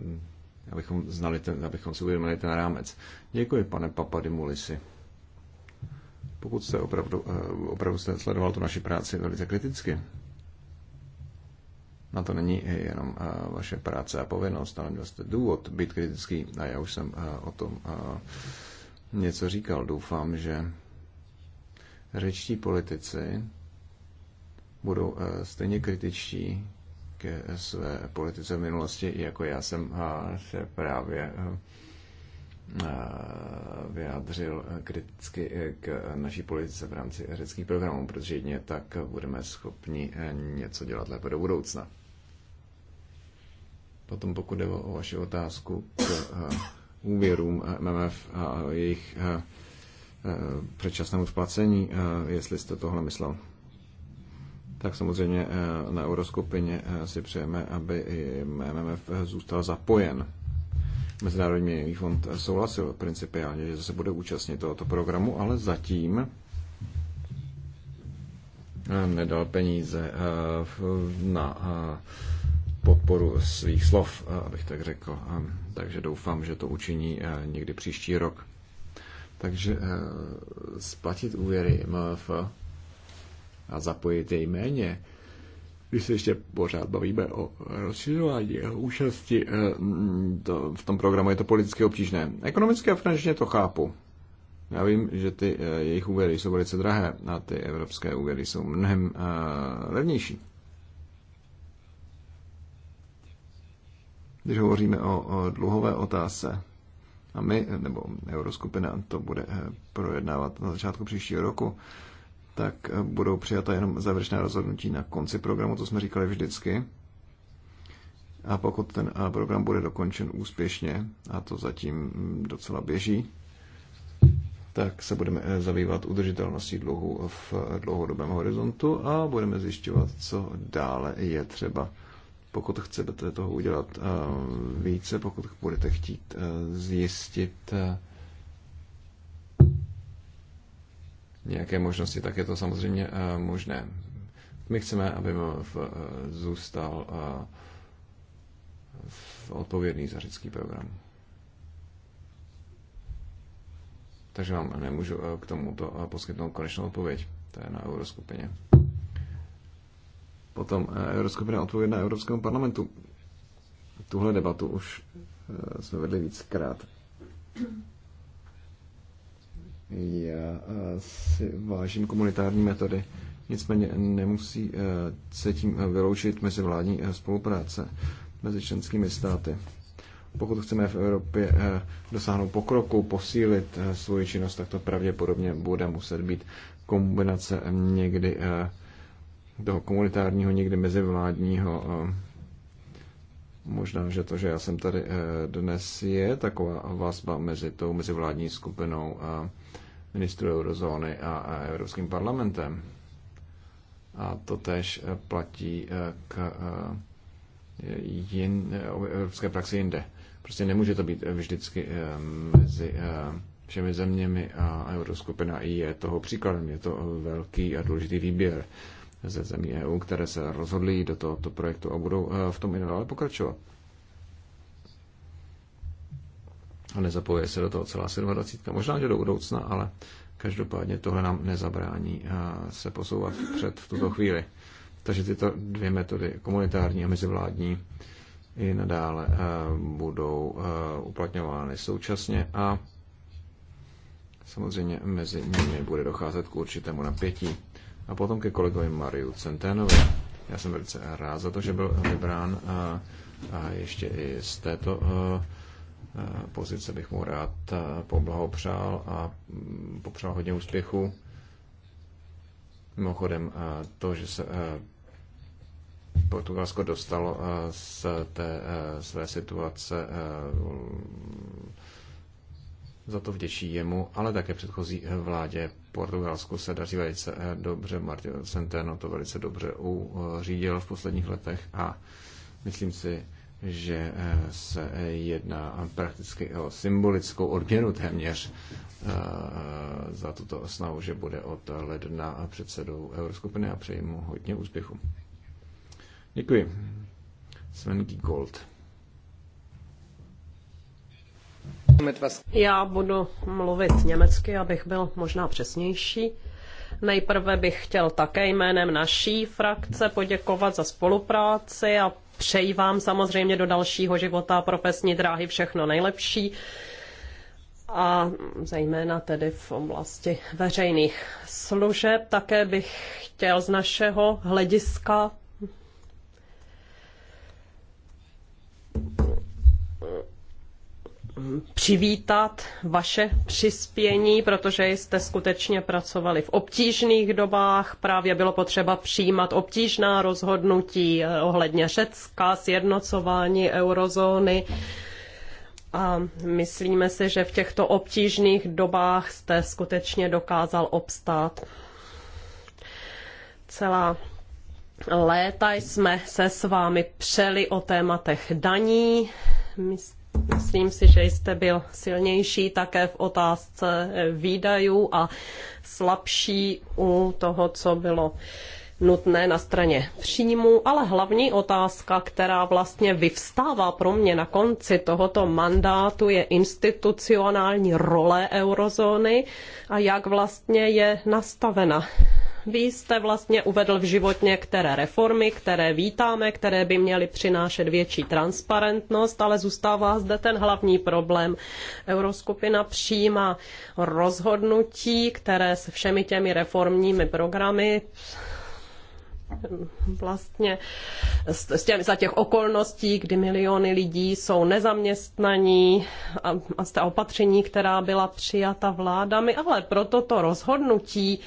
abychom, znali ten, abychom si uvědomili ten rámec. Děkuji, pane Papadimulisi. Pokud jste opravdu, opravdu jste sledoval tu naši práci velice kriticky, na to není jenom eh, vaše práce a povinnost, ale měl jste důvod být kritický a já už jsem eh, o tom eh, něco říkal. Doufám, že řečtí politici budou stejně kritičtí ke své politice v minulosti, jako já jsem se právě vyjádřil kriticky k naší politice v rámci řeckých programů, protože jedině tak budeme schopni něco dělat lépe do budoucna. Potom pokud jde o vaši otázku k eh, úvěrům eh, MMF a jejich eh, předčasnému splacení, jestli jste tohle myslel. Tak samozřejmě na euroskupině si přejeme, aby i MMF zůstal zapojen. Mezinárodní měnový fond souhlasil principiálně, že se bude účastnit tohoto programu, ale zatím nedal peníze na podporu svých slov, eh, abych tak řekl. Takže doufám, že to učiní eh, někdy příští rok. Takže eh, splatit úvěry MF a zapojit jej méně, když se ještě pořád bavíme o rozšiřování jeho účasti, to, v tom programu je to politicky obtížné. Ekonomicky a finančně to chápu. Já vím, že ty jejich úvěry jsou velice drahé a ty evropské úvěry jsou mnohem levnější. když hovoříme o, o dluhové otázce, a my, nebo Euroskupina, to bude eh, projednávat na začátku příštího roku, tak eh, budou přijata jenom závěrečná rozhodnutí na konci programu, to jsme říkali vždycky. A pokud ten eh, program bude dokončen úspěšně, a to zatím mm, docela běží, tak se budeme zabývat udržitelností dluhu v dlouhodobém horizontu a budeme zjišťovat, co dále je třeba pokud chcete toho udělat eh, více, pokud budete chtít eh, zjistit eh, nějaké možnosti, tak je to samozřejmě možné. My chceme, aby MMF zůstal v odpovědný za řecký program. Takže vám nemůžu k tomuto poskytnout konečnou odpověď. To je na euroskupině. Potom Euroskupina eh, odpovědná Evropskému parlamentu. Tuhle debatu už eh, jsme vedli víckrát. Já eh, si vážím komunitární metody, nicméně nemusí se tím vyloučit mezi vládní spolupráce mezi členskými státy. Pokud chceme v Evropě dosáhnout pokroku, posílit svoji činnost, tak to pravděpodobně bude muset být kombinace někdy toho komunitárního, někdy mezivládního. Možná, že to, že já jsem tady eh, dnes, je taková vazba mezi tou mezivládní skupinou ministru eurozóny a Evropským parlamentem. A to tež eh, platí eh, k jin, evropské praxi jinde. Prostě nemůže to být vždycky mezi všemi zeměmi a euroskupina I je toho příkladem. Je to velký a důležitý výběr ze zemí EU, které se rozhodly do tohoto projektu a budou eh, v tom i nadále pokračovat. A nezapojuje se do toho celá 27. Možná, že do budoucna, ale každopádně tohle nám nezabrání eh, se posouvat před v tuto chvíli. Takže tyto dvě metody, komunitární a mezivládní, i nadále eh, budou uplatňovány současně a samozřejmě mezi nimi bude docházet k určitému napětí. A potom ke kolegovi Mariu Centénovi. Já jsem velice rád za to, že byl vybrán a, a ještě i z této a, pozice bych mu rád poblahopřál a mm, popřál hodně úspěchu. Mimochodem, to, že se Portugalsko dostalo z té své situace za to vděčí jemu, ale také předchozí vládě Portugalsku se daří velice eh, dobře. Martin Centeno to velice dobře uřídil v posledních letech a myslím si, že eh, se jedná prakticky o symbolickou odměnu téměř eh, za tuto snahu, že bude od ledna předsedou Euroskupiny a přeji mu hodně úspěchu. Děkuji. Sven Gold. Já budu mluvit německy, abych byl možná přesnější. Nejprve bych chtěl také jménem naší frakce poděkovat za spolupráci a přeji vám samozřejmě do dalšího života profesní dráhy všechno nejlepší a zejména tedy v oblasti veřejných služeb. Také bych chtěl z našeho hlediska přivítat vaše přispění, protože jste skutečně pracovali v obtížných dobách. Právě bylo potřeba přijímat obtížná rozhodnutí eh, ohledně Řecka, sjednocování eurozóny. A myslíme si, že v těchto obtížných dobách jste skutečně dokázal obstát. Celá léta jsme se s vámi přeli o tématech daní. Myslím, Myslím si, že jste byl silnější také v otázce eh, výdajů a slabší u toho, co bylo nutné na straně příjmů, ale hlavní otázka, která vlastně vyvstává pro mě na konci tohoto mandátu, je institucionální role eurozóny a jak vlastně je nastavena. Vy jste vlastně uvedl v život některé reformy, které vítáme, které by měly přinášet větší transparentnost, ale zůstává zde ten hlavní problém. Euroskupina přijímá rozhodnutí, které se všemi těmi reformními programy vlastně s těm, za těch okolností, kdy miliony lidí jsou nezaměstnaní a, a z té opatření, která byla přijata vládami, ale proto to rozhodnutí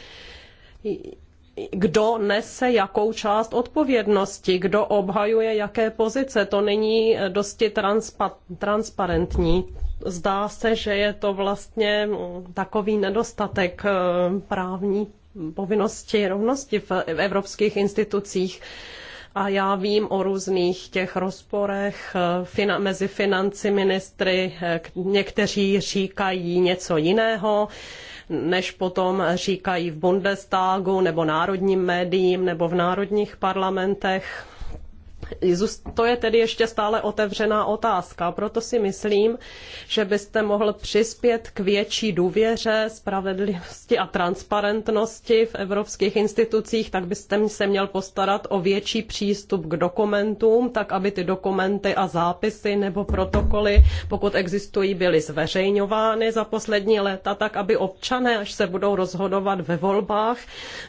kdo nese jakou část odpovědnosti, kdo obhajuje jaké pozice. To není dosti transpa- transparentní. Zdá se, že je to vlastně takový nedostatek eh, právní povinnosti rovnosti v evropských institucích. A já vím o různých těch rozporech eh, fina, mezi financi ministry. Eh, někteří říkají něco jiného než potom říkají v Bundestagu nebo národním médiím nebo v národních parlamentech to je tedy ještě stále otevřená otázka, proto si myslím, že byste mohl přispět k větší důvěře, spravedlivosti a transparentnosti v evropských institucích, tak byste se měl postarat o větší přístup k dokumentům, tak aby ty dokumenty a zápisy nebo protokoly, pokud existují, byly zveřejňovány za poslední léta, tak aby občané, až se budou rozhodovat ve volbách,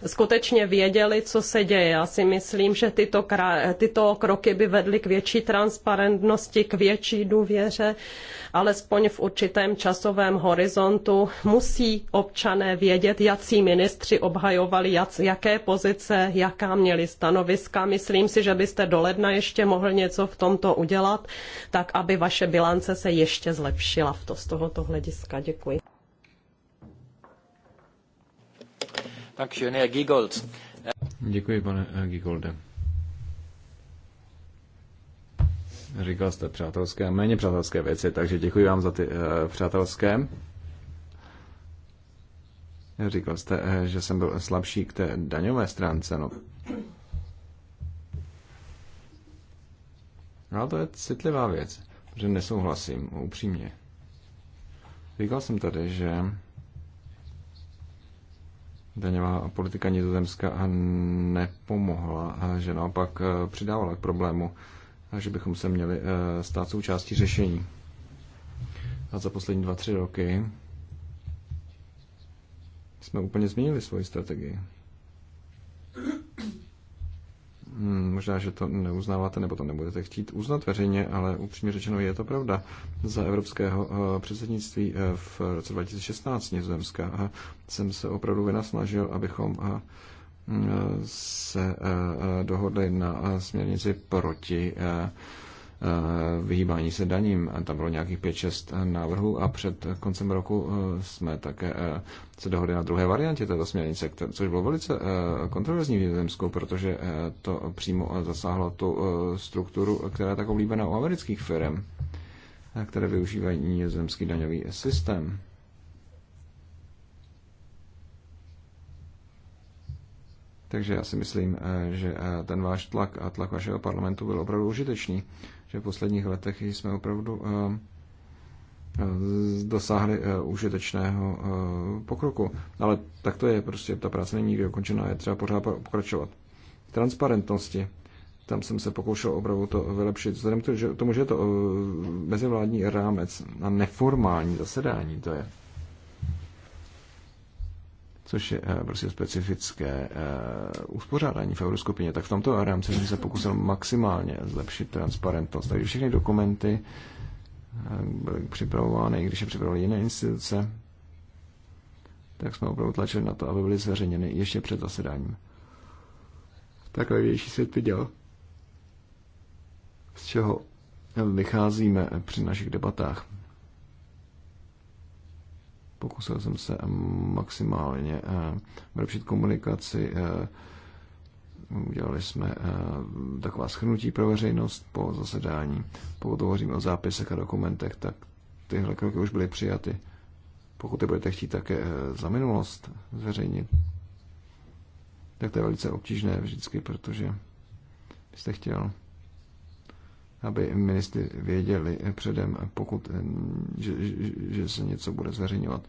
skutečně věděli, co se děje. Já si myslím, že tyto, krá... tyto kroky by vedly k větší transparentnosti, k větší důvěře, alespoň v určitém časovém horizontu. Musí občané vědět, jací ministři obhajovali jaké pozice, jaká měli stanoviska. Myslím si, že byste do ledna ještě mohl něco v tomto udělat, tak aby vaše bilance se ještě zlepšila v to, z tohoto hlediska. Děkuji. Děkuji, pane Gigolde. Říkal jste přátelské a méně přátelské věci, takže děkuji vám za ty eh, přátelské. Říkal jste, eh, že jsem byl slabší k té daňové stránce. No. Ale no, to je citlivá věc, protože nesouhlasím, upřímně. Říkal jsem tady, že daňová politika nizozemska nepomohla, že naopak eh, přidávala k problému a že bychom se měli eh, stát součástí řešení. A za poslední dva, tři roky jsme úplně změnili svoji strategii. Hmm, možná, že to neuznáváte nebo to nebudete chtít uznat veřejně, ale upřímně řečeno je to pravda. Za evropského eh, předsednictví eh, v roce 2016 Nizozemska jsem se opravdu vynasnažil, abychom se eh, eh, dohodli na eh, směrnici proti vyhýbání se daním. Tam bylo nějakých 5-6 návrhů a před koncem roku jsme také se dohodli na druhé variantě této směrnice, což bylo velice kontroverzní v Zemsku, protože to přímo zasáhlo tu strukturu, která je tak oblíbená u amerických firm, které využívají zemský daňový systém. Takže já si myslím, eh, že eh, ten váš tlak a tlak vašeho parlamentu byl opravdu užitečný, že v posledních letech jsme opravdu eh, dosáhli užitečného pokroku. Ale tak to je, prostě ta práce není nikdy ukončená, je třeba pořád pokračovat. Transparentnosti. Tam jsem se pokoušel opravdu to vylepšit. Vzhledem k tomu, že je to mezivládní rámec a neformální zasedání to je což je eh, prostě specifické eh, uspořádání v euroskupině, tak v tomto rámci jsem se pokusil maximálně zlepšit transparentnost. Takže všechny dokumenty eh, byly připravovány, i když je připravovaly jiné instituce, tak jsme opravdu tlačili na to, aby byly zveřejněny ještě před zasedáním. Takhle větší svět viděl, z čeho vycházíme při našich debatách. Pokusil jsem se maximálně eh, vylepšit komunikaci. Eh, udělali jsme eh, taková schrnutí pro veřejnost po zasedání. Pokud hovoříme o zápisech a dokumentech, tak tyhle kroky už byly přijaty. Pokud je budete chtít také za minulost zveřejnit, tak to je velice obtížné vždycky, protože byste chtěl aby ministry věděli předem, pokud, eh, že, že, že se něco bude zveřejňovat.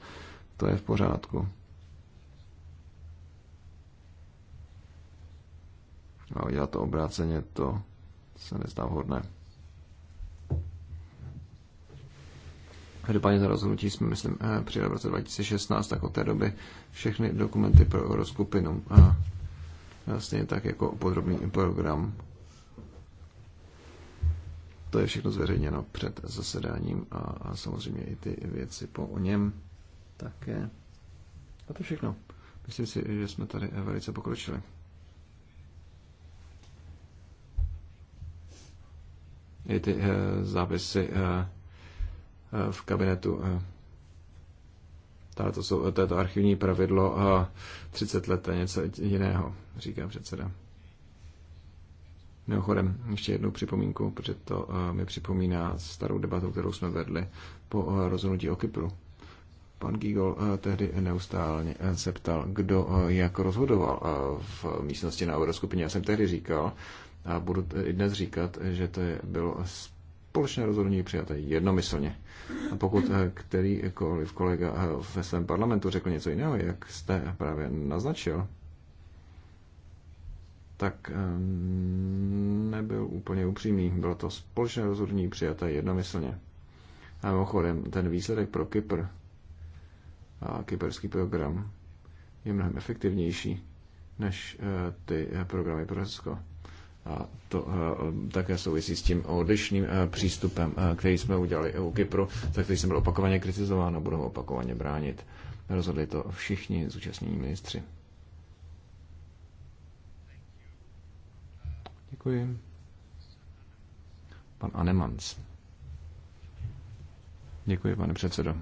To je v pořádku. A já to obráceně, to se nezdá vhodné. Každopádně za rozhodnutí jsme, myslím, eh, přijeli v roce 2016, tak od té doby všechny dokumenty pro Euroskupinu a stejně tak jako podrobný program to je všechno zveřejněno před zasedáním a, a samozřejmě i ty věci po o něm také. A to všechno. Myslím si, že jsme tady velice pokročili. I ty e, zápisy e, e, v kabinetu. E, to, jsou, to je to archivní pravidlo a 30 let, je něco jiného, říká předseda. Mimochodem, ještě jednu připomínku, protože to eh, mi připomíná starou debatu, kterou jsme vedli po eh, rozhodnutí o Kypru. Pan Gigol eh, tehdy neustále se ptal, kdo jak rozhodoval v místnosti na Euroskupině. Já jsem tehdy říkal, a budu i dnes říkat, že to je, bylo společné rozhodnutí přijaté jednomyslně. A pokud kterýkoliv kolega ve svém parlamentu řekl něco jiného, jak jste právě naznačil, tak nebyl úplně upřímný. Bylo to společné rozhodnutí přijaté jednomyslně. A mimochodem, ten výsledek pro Kypr a kyperský program je mnohem efektivnější než eh, ty eh, programy pro Řecko. A to eh, také souvisí s tím odlišným přístupem, který jsme udělali u Kypru, za který jsem byl opakovaně kritizován a budeme opakovaně bránit. Rozhodli to všichni zúčastnění ministři. Děkuji. Pan Anemans. Děkuji, pane předsedo.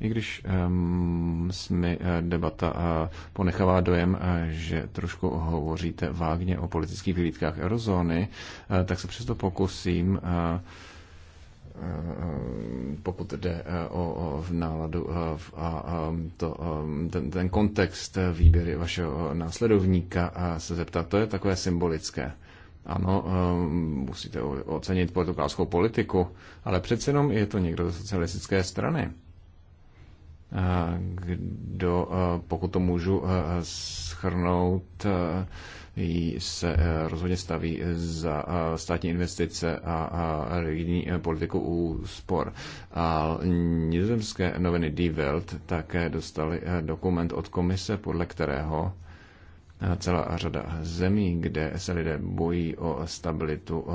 I když um, mi eh, debata uh, ponechává dojem, uh, že trošku hovoříte vágně o politických výlídkách eurozóny, uh, tak se přesto pokusím uh, pokud jde eh, o, o eh, v náladu a to, eh, ten, ten kontext výběry vašeho následovníka a se zeptat, to je takové symbolické. Ano, musíte ocenit portugalskou politiku, ale přece jenom je to někdo ze socialistické strany. Kdo, pokud to můžu schrnout, se eh, rozhodně staví za eh, státní investice a rigidní eh, politiku úspor. A nizozemské noviny Die Welt také dostali dokument od komise, podle kterého celá řada zemí, kde se lidé bojí o stabilitu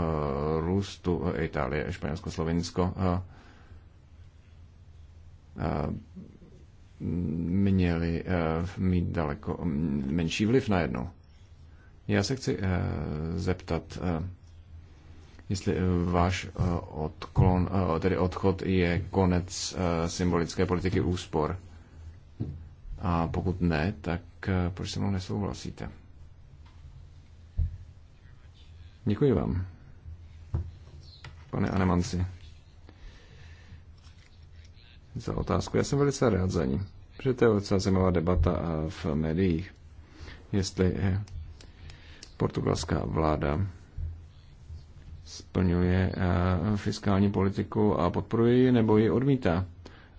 růstu Itálie, Španělsko, Slovinsko, měli mít daleko mm, menší vliv najednou. Já se chci eh, zeptat, eh, jestli eh, váš odklon, tedy odchod je konec symbolické politiky úspor. A pokud ne, tak proč se mnou nesouhlasíte? Děkuji vám, pane Anemanci, za otázku. Já jsem velice rád za ní, protože to je docela zajímavá debata v médiích, jestli portugalská vláda splňuje eh, fiskální politiku a podporuje ji nebo ji odmítá.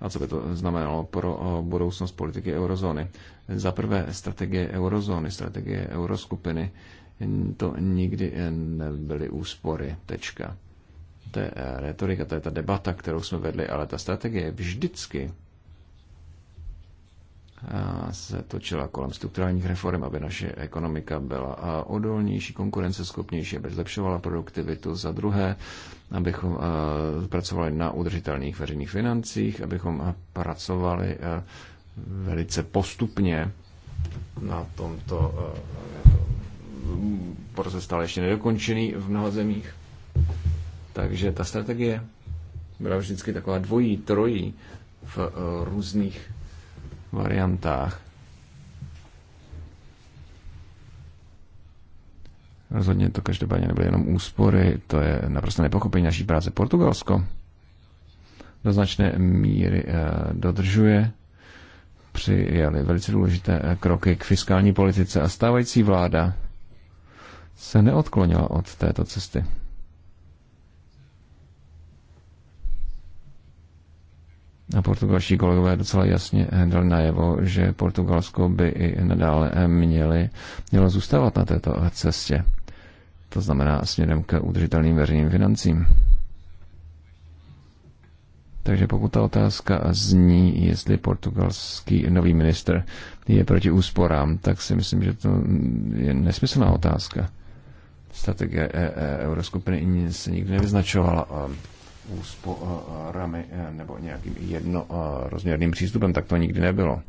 A co by to znamenalo pro eh, budoucnost politiky eurozóny? Za prvé strategie eurozóny, strategie euroskupiny, to nikdy eh, nebyly úspory. Tečka. To je retorika, to je ta debata, kterou jsme vedli, ale ta strategie vždycky se točila kolem strukturálních reform, aby naše ekonomika byla odolnější, konkurenceschopnější, aby zlepšovala produktivitu. Za druhé, abychom pracovali na udržitelných veřejných financích, abychom pracovali velice postupně na tomto proces stále ještě nedokončený v mnoha zemích. Takže ta strategie byla vždycky taková dvojí, trojí v různých variantách. Rozhodně to každopádně nebyly jenom úspory, to je naprosto nepochopení naší práce. Portugalsko do značné míry eh, dodržuje. Přijali velice důležité eh, kroky k fiskální politice a stávající vláda se neodklonila od této cesty. A portugalští kolegové docela jasně dali najevo, že Portugalsko by i nadále měli, mělo zůstávat na této cestě. To znamená směrem k udržitelným veřejným financím. Takže pokud ta otázka zní, jestli portugalský nový minister je proti úsporám, tak si myslím, že to je nesmyslná otázka. Strategie e e euroskupiny se nikdy nevyznačovala úsporami eh, nebo nějakým jednorozměrným eh, přístupem, tak to nikdy nebylo.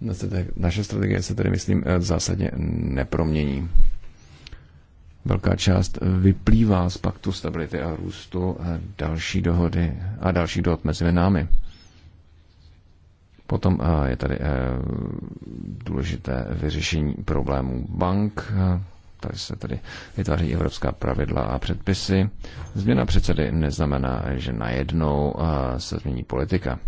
No, naše strategie se tedy, myslím, eh, zásadně nepromění. Velká část vyplývá z paktu stability a růstu a další dohody a další dohod mezi námi. Potom je tady důležité vyřešení problémů bank, tady se tedy vytváří evropská pravidla a předpisy. Změna předsedy neznamená, že najednou eh, se změní politika.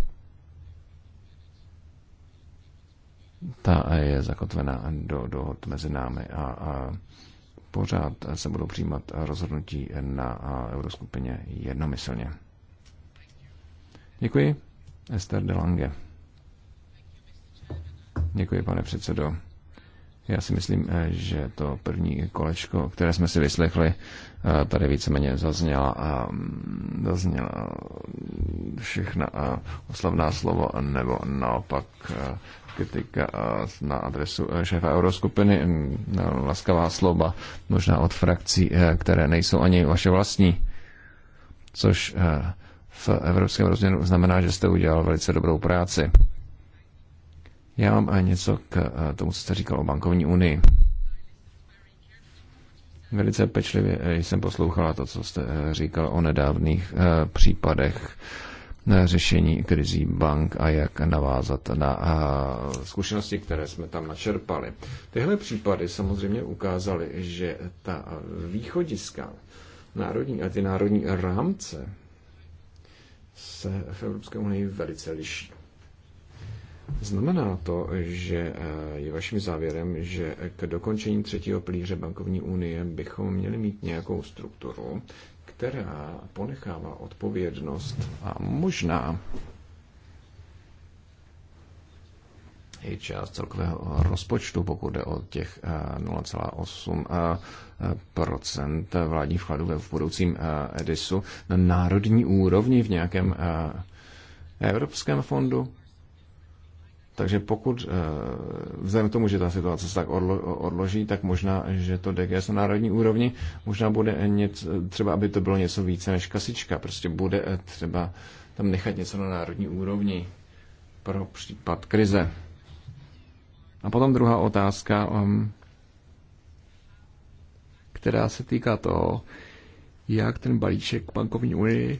Ta je zakotvená do dohod mezi námi a, a pořád se budou přijímat rozhodnutí na euroskupině jednomyslně. Děkuji. Esther de Lange. Děkuji, pane předsedo. Já si myslím, eh, že to první kolečko, které jsme si vyslechli, eh, tady víceméně zazněla, a mm, zazněla všechna oslavná slovo nebo naopak eh, kritika na adresu šéfa euroskupiny, mm, no, laskavá slova, možná od frakcí, které nejsou ani vaše vlastní, což v evropském rozměru znamená, že jste udělal velice dobrou práci. Já mám něco k eh, tomu, co jste říkal o bankovní unii. Velice pečlivě eh, jsem poslouchala to, co jste eh, říkal o nedávných případech řešení krizí bank a jak navázat na zkušenosti, které jsme tam načerpali. Tyhle případy samozřejmě ukázaly, že ta východiska národní a ty národní rámce se v Evropské unii velice liší. Znamená to, že eh, je vaším závěrem, že k dokončení třetího pilíře bankovní unie bychom měli mít nějakou strukturu, která ponechává odpovědnost a možná i část celkového rozpočtu, pokud jde o těch 0,8 eh, eh, vládních vkladů ve budoucím Edisu, na národní úrovni v nějakém Evropském fondu, takže pokud eh, vzhledem k tomu, že ta situace se tak odloží, tak možná, že to DGS na národní úrovni možná bude něco, třeba, aby to bylo něco více než kasička. Prostě bude eh, třeba tam nechat něco na národní úrovni pro případ krize. A potom druhá otázka, ehm, která se týká toho, jak ten balíček bankovní unii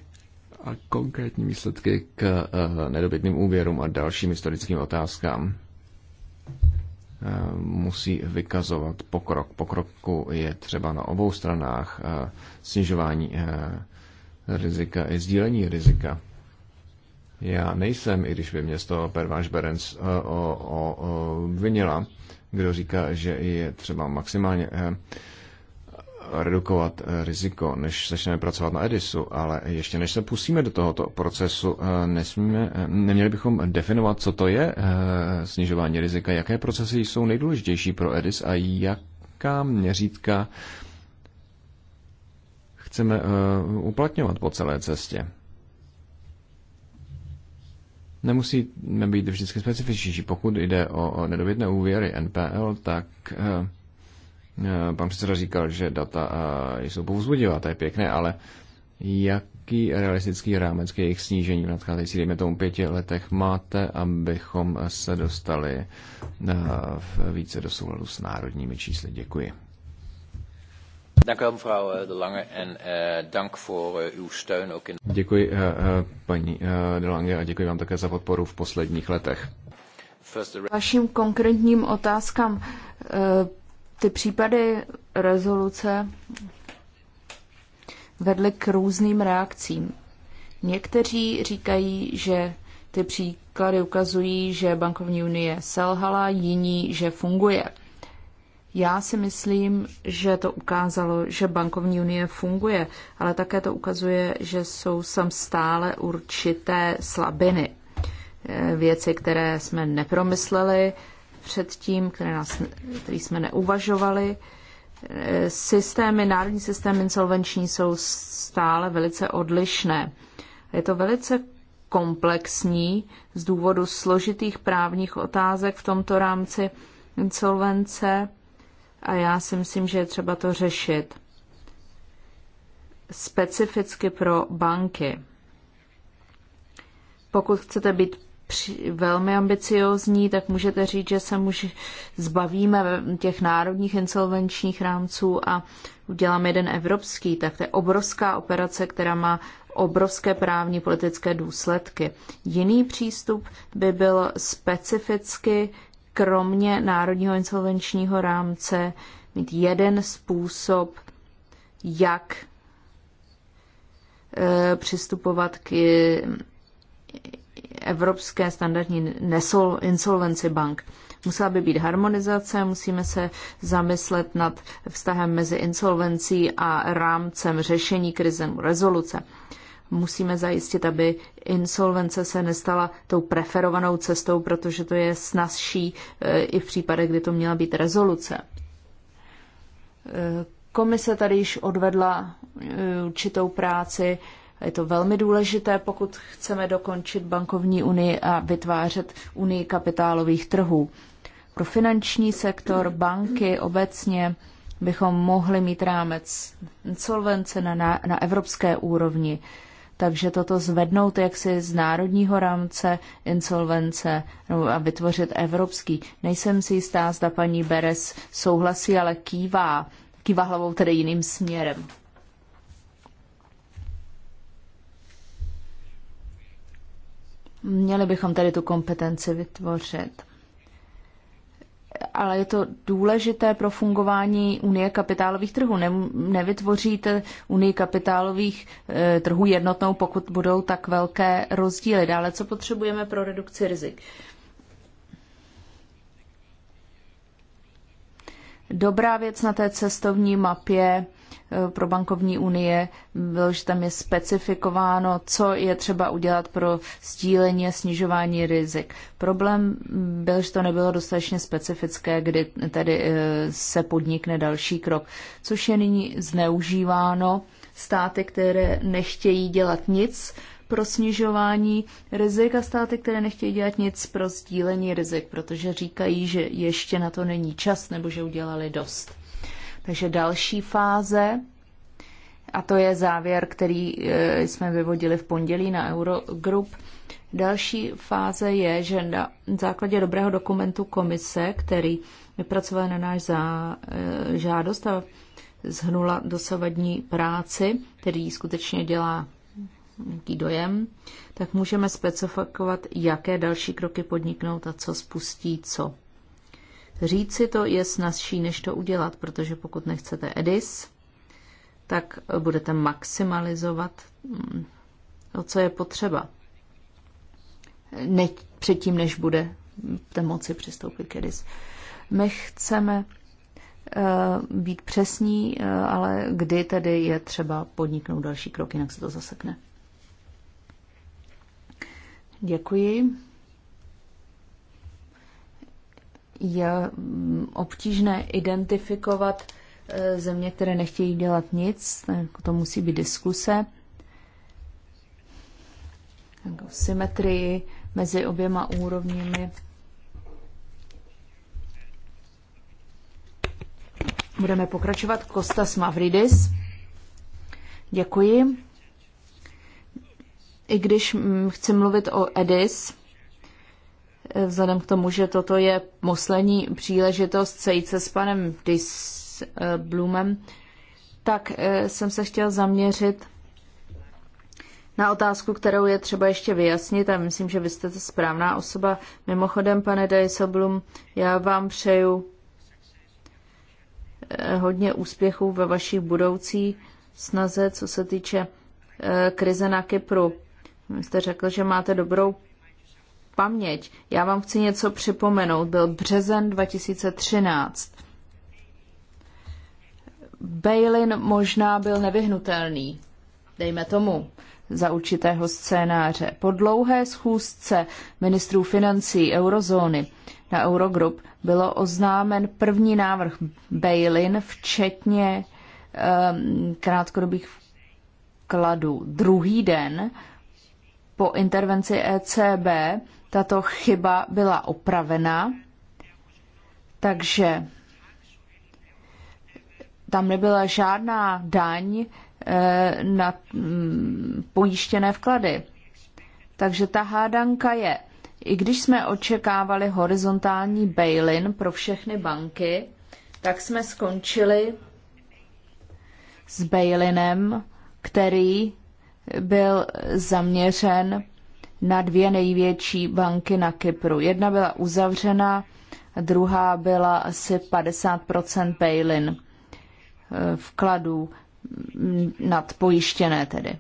a konkrétní výsledky k eh, nedobytným úvěrům a dalším historickým otázkám eh, musí vykazovat pokrok. Pokroku je třeba na obou stranách eh, snižování rizika i sdílení rizika. Já nejsem, i když by mě z toho Pervanš Berens vinila, kdo říká, že je třeba maximálně redukovat eh, riziko, než začneme pracovat na Edisu, ale ještě než se pustíme do tohoto procesu, eh, nesmíme, eh, neměli bychom definovat, co to je snižování rizika, jaké procesy jsou nejdůležitější pro Edis a jaká měřítka chceme uplatňovat po celé cestě. Nemusí být vždycky specifičnější. Pokud jde o nedobytné úvěry NPL, tak Eh, pan předseda říkal, že data eh, jsou povzbudivá, to je pěkné, ale jaký realistický rámec k jejich snížení v nadcházejících, dejme tomu, pěti letech máte, abychom se dostali eh, více do souladu s národními čísly? Děkuji. Děkuji paní De Lange a děkuji vám také za podporu v posledních letech. Vaším konkrétním otázkám ty případy rezoluce vedly k různým reakcím. Někteří říkají, že ty příklady ukazují, že bankovní unie selhala, jiní, že funguje. Já si myslím, že to ukázalo, že bankovní unie funguje, ale také to ukazuje, že jsou tam stále určité slabiny. Věci, které jsme nepromysleli, předtím, které nás, který jsme neuvažovali. Eh, systémy, národní systém insolvenční jsou stále velice odlišné. Je to velice komplexní z důvodu složitých právních otázek v tomto rámci insolvence a já si myslím, že je třeba to řešit specificky pro banky. Pokud chcete být při, velmi ambiciozní, tak můžete říct, že se už zbavíme těch národních insolvenčních rámců a uděláme jeden evropský. Tak to je obrovská operace, která má obrovské právní politické důsledky. Jiný přístup by byl specificky kromě národního insolvenčního rámce mít jeden způsob, jak eh, přistupovat k evropské standardní nesol, insolvenci bank. Musela by být harmonizace, musíme se zamyslet nad vztahem mezi insolvencí a rámcem řešení krize rezoluce. Musíme zajistit, aby insolvence se nestala tou preferovanou cestou, protože to je snazší eh, i v případech, kdy to měla být rezoluce. Eh, komise tady již odvedla eh, určitou práci, je to velmi důležité, pokud chceme dokončit bankovní unii a vytvářet unii kapitálových trhů. Pro finanční sektor, banky obecně bychom mohli mít rámec insolvence na, na, na evropské úrovni. Takže toto zvednout jaksi z národního rámce insolvence no, a vytvořit evropský. Nejsem si jistá, zda paní Beres souhlasí, ale kývá, kývá hlavou tedy jiným směrem. Měli bychom tady tu kompetenci vytvořit. Ale je to důležité pro fungování Unie kapitálových trhů. Ne, nevytvoříte Unii kapitálových e, trhů jednotnou, pokud budou tak velké rozdíly. Dále, co potřebujeme pro redukci rizik? Dobrá věc na té cestovní mapě Eh, pro bankovní unie bylo, že tam je specifikováno, co je třeba udělat pro stílení a snižování rizik. Problém byl, že to nebylo dostatečně specifické, kdy tedy eh, se podnikne další krok, což je nyní zneužíváno státy, které nechtějí dělat nic pro snižování rizik a státy, které nechtějí dělat nic pro sdílení rizik, protože říkají, že ještě na to není čas nebo že udělali dost. Takže další fáze, a to je závěr, který eh, jsme vyvodili v pondělí na Eurogroup, Další fáze je, že na základě dobrého dokumentu komise, který vypracoval na náš zá, eh, žádost a zhnula dosavadní práci, který skutečně dělá nějaký dojem, tak můžeme specifikovat, jaké další kroky podniknout a co spustí co. Říct si to je snazší, než to udělat, protože pokud nechcete EDIS, tak budete maximalizovat, to, mm, co je potřeba. Ne, předtím, než bude té moci přistoupit k EDIS. My chceme uh, být přesní, uh, ale kdy tedy je třeba podniknout další krok, jinak se to zasekne. Děkuji. je mm, obtížné identifikovat eh, země, které nechtějí dělat nic, to musí být diskuse, jako symetrii mezi oběma úrovněmi. Budeme pokračovat. Kostas Mavridis. Děkuji. I když mm, chci mluvit o EDIS, vzhledem k tomu, že toto je poslední příležitost sejít se s panem Disblumem, eh, tak eh, jsem se chtěl zaměřit na otázku, kterou je třeba ještě vyjasnit a myslím, že vy jste ta správná osoba. Mimochodem, pane Dijsselblum, já vám přeju eh, hodně úspěchů ve vaší budoucí snaze, co se týče krize na Kypru. Vy jste řekl, že máte dobrou paměť. Já vám chci něco připomenout. Byl březen 2013. Bailin možná byl nevyhnutelný, dejme tomu, za určitého scénáře. Po dlouhé schůzce ministrů financí eurozóny na Eurogroup bylo oznámen první návrh Bailin, včetně um, krátkodobých vkladů. Druhý den po intervenci ECB tato chyba byla opravena, takže tam nebyla žádná daň eh, na mm, pojištěné vklady. Takže ta hádanka je, i když jsme očekávali horizontální bail-in pro všechny banky, tak jsme skončili s bail-inem, který byl zaměřen na dvě největší banky na Kypru. Jedna byla uzavřena, druhá byla asi 50 bail-in eh, vkladů nad pojištěné tedy.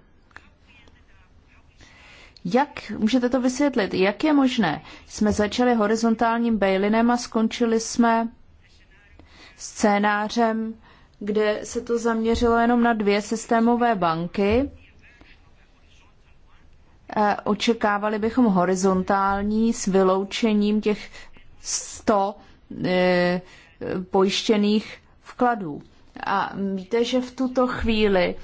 Jak můžete to vysvětlit? Jak je možné? Jsme začali horizontálním bailinem a skončili jsme scénářem, kde se to zaměřilo jenom na dvě systémové banky Eh, očekávali bychom horizontální s vyloučením těch 100 eh, pojištěných vkladů. A víte, že v tuto chvíli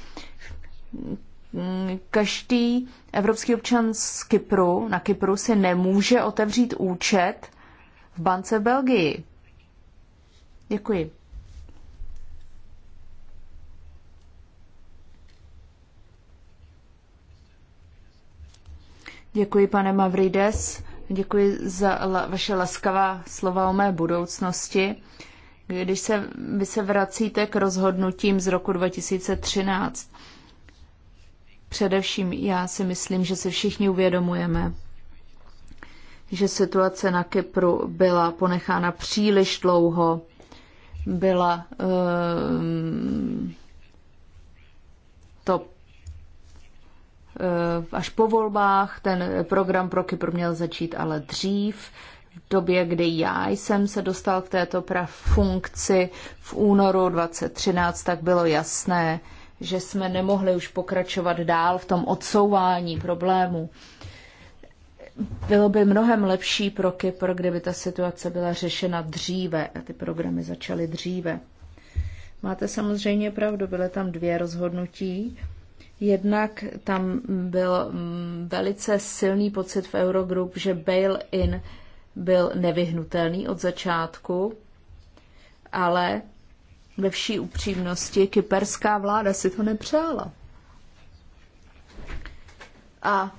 hm, každý evropský občan z Kypru, na Kypru si nemůže otevřít účet v bance v Belgii. Děkuji. Děkuji, pane Mavrides. Děkuji za la, vaše laskavá slova o mé budoucnosti. Když se, vy se vracíte k rozhodnutím z roku 2013, především já si myslím, že si všichni uvědomujeme, že situace na Kypru byla ponechána příliš dlouho, byla um, to Eh, až po volbách. Ten program pro Kypr měl začít ale dřív. V době, kdy já jsem se dostal k této prav funkci v únoru 2013, tak bylo jasné, že jsme nemohli už pokračovat dál v tom odsouvání problému. Bylo by mnohem lepší pro Kypr, kdyby ta situace byla řešena dříve a ty programy začaly dříve. Máte samozřejmě pravdu, byly tam dvě rozhodnutí Jednak tam byl mm, velice silný pocit v Eurogroup, že bail-in byl nevyhnutelný od začátku, ale ve vší upřímnosti kyperská vláda si to nepřála. A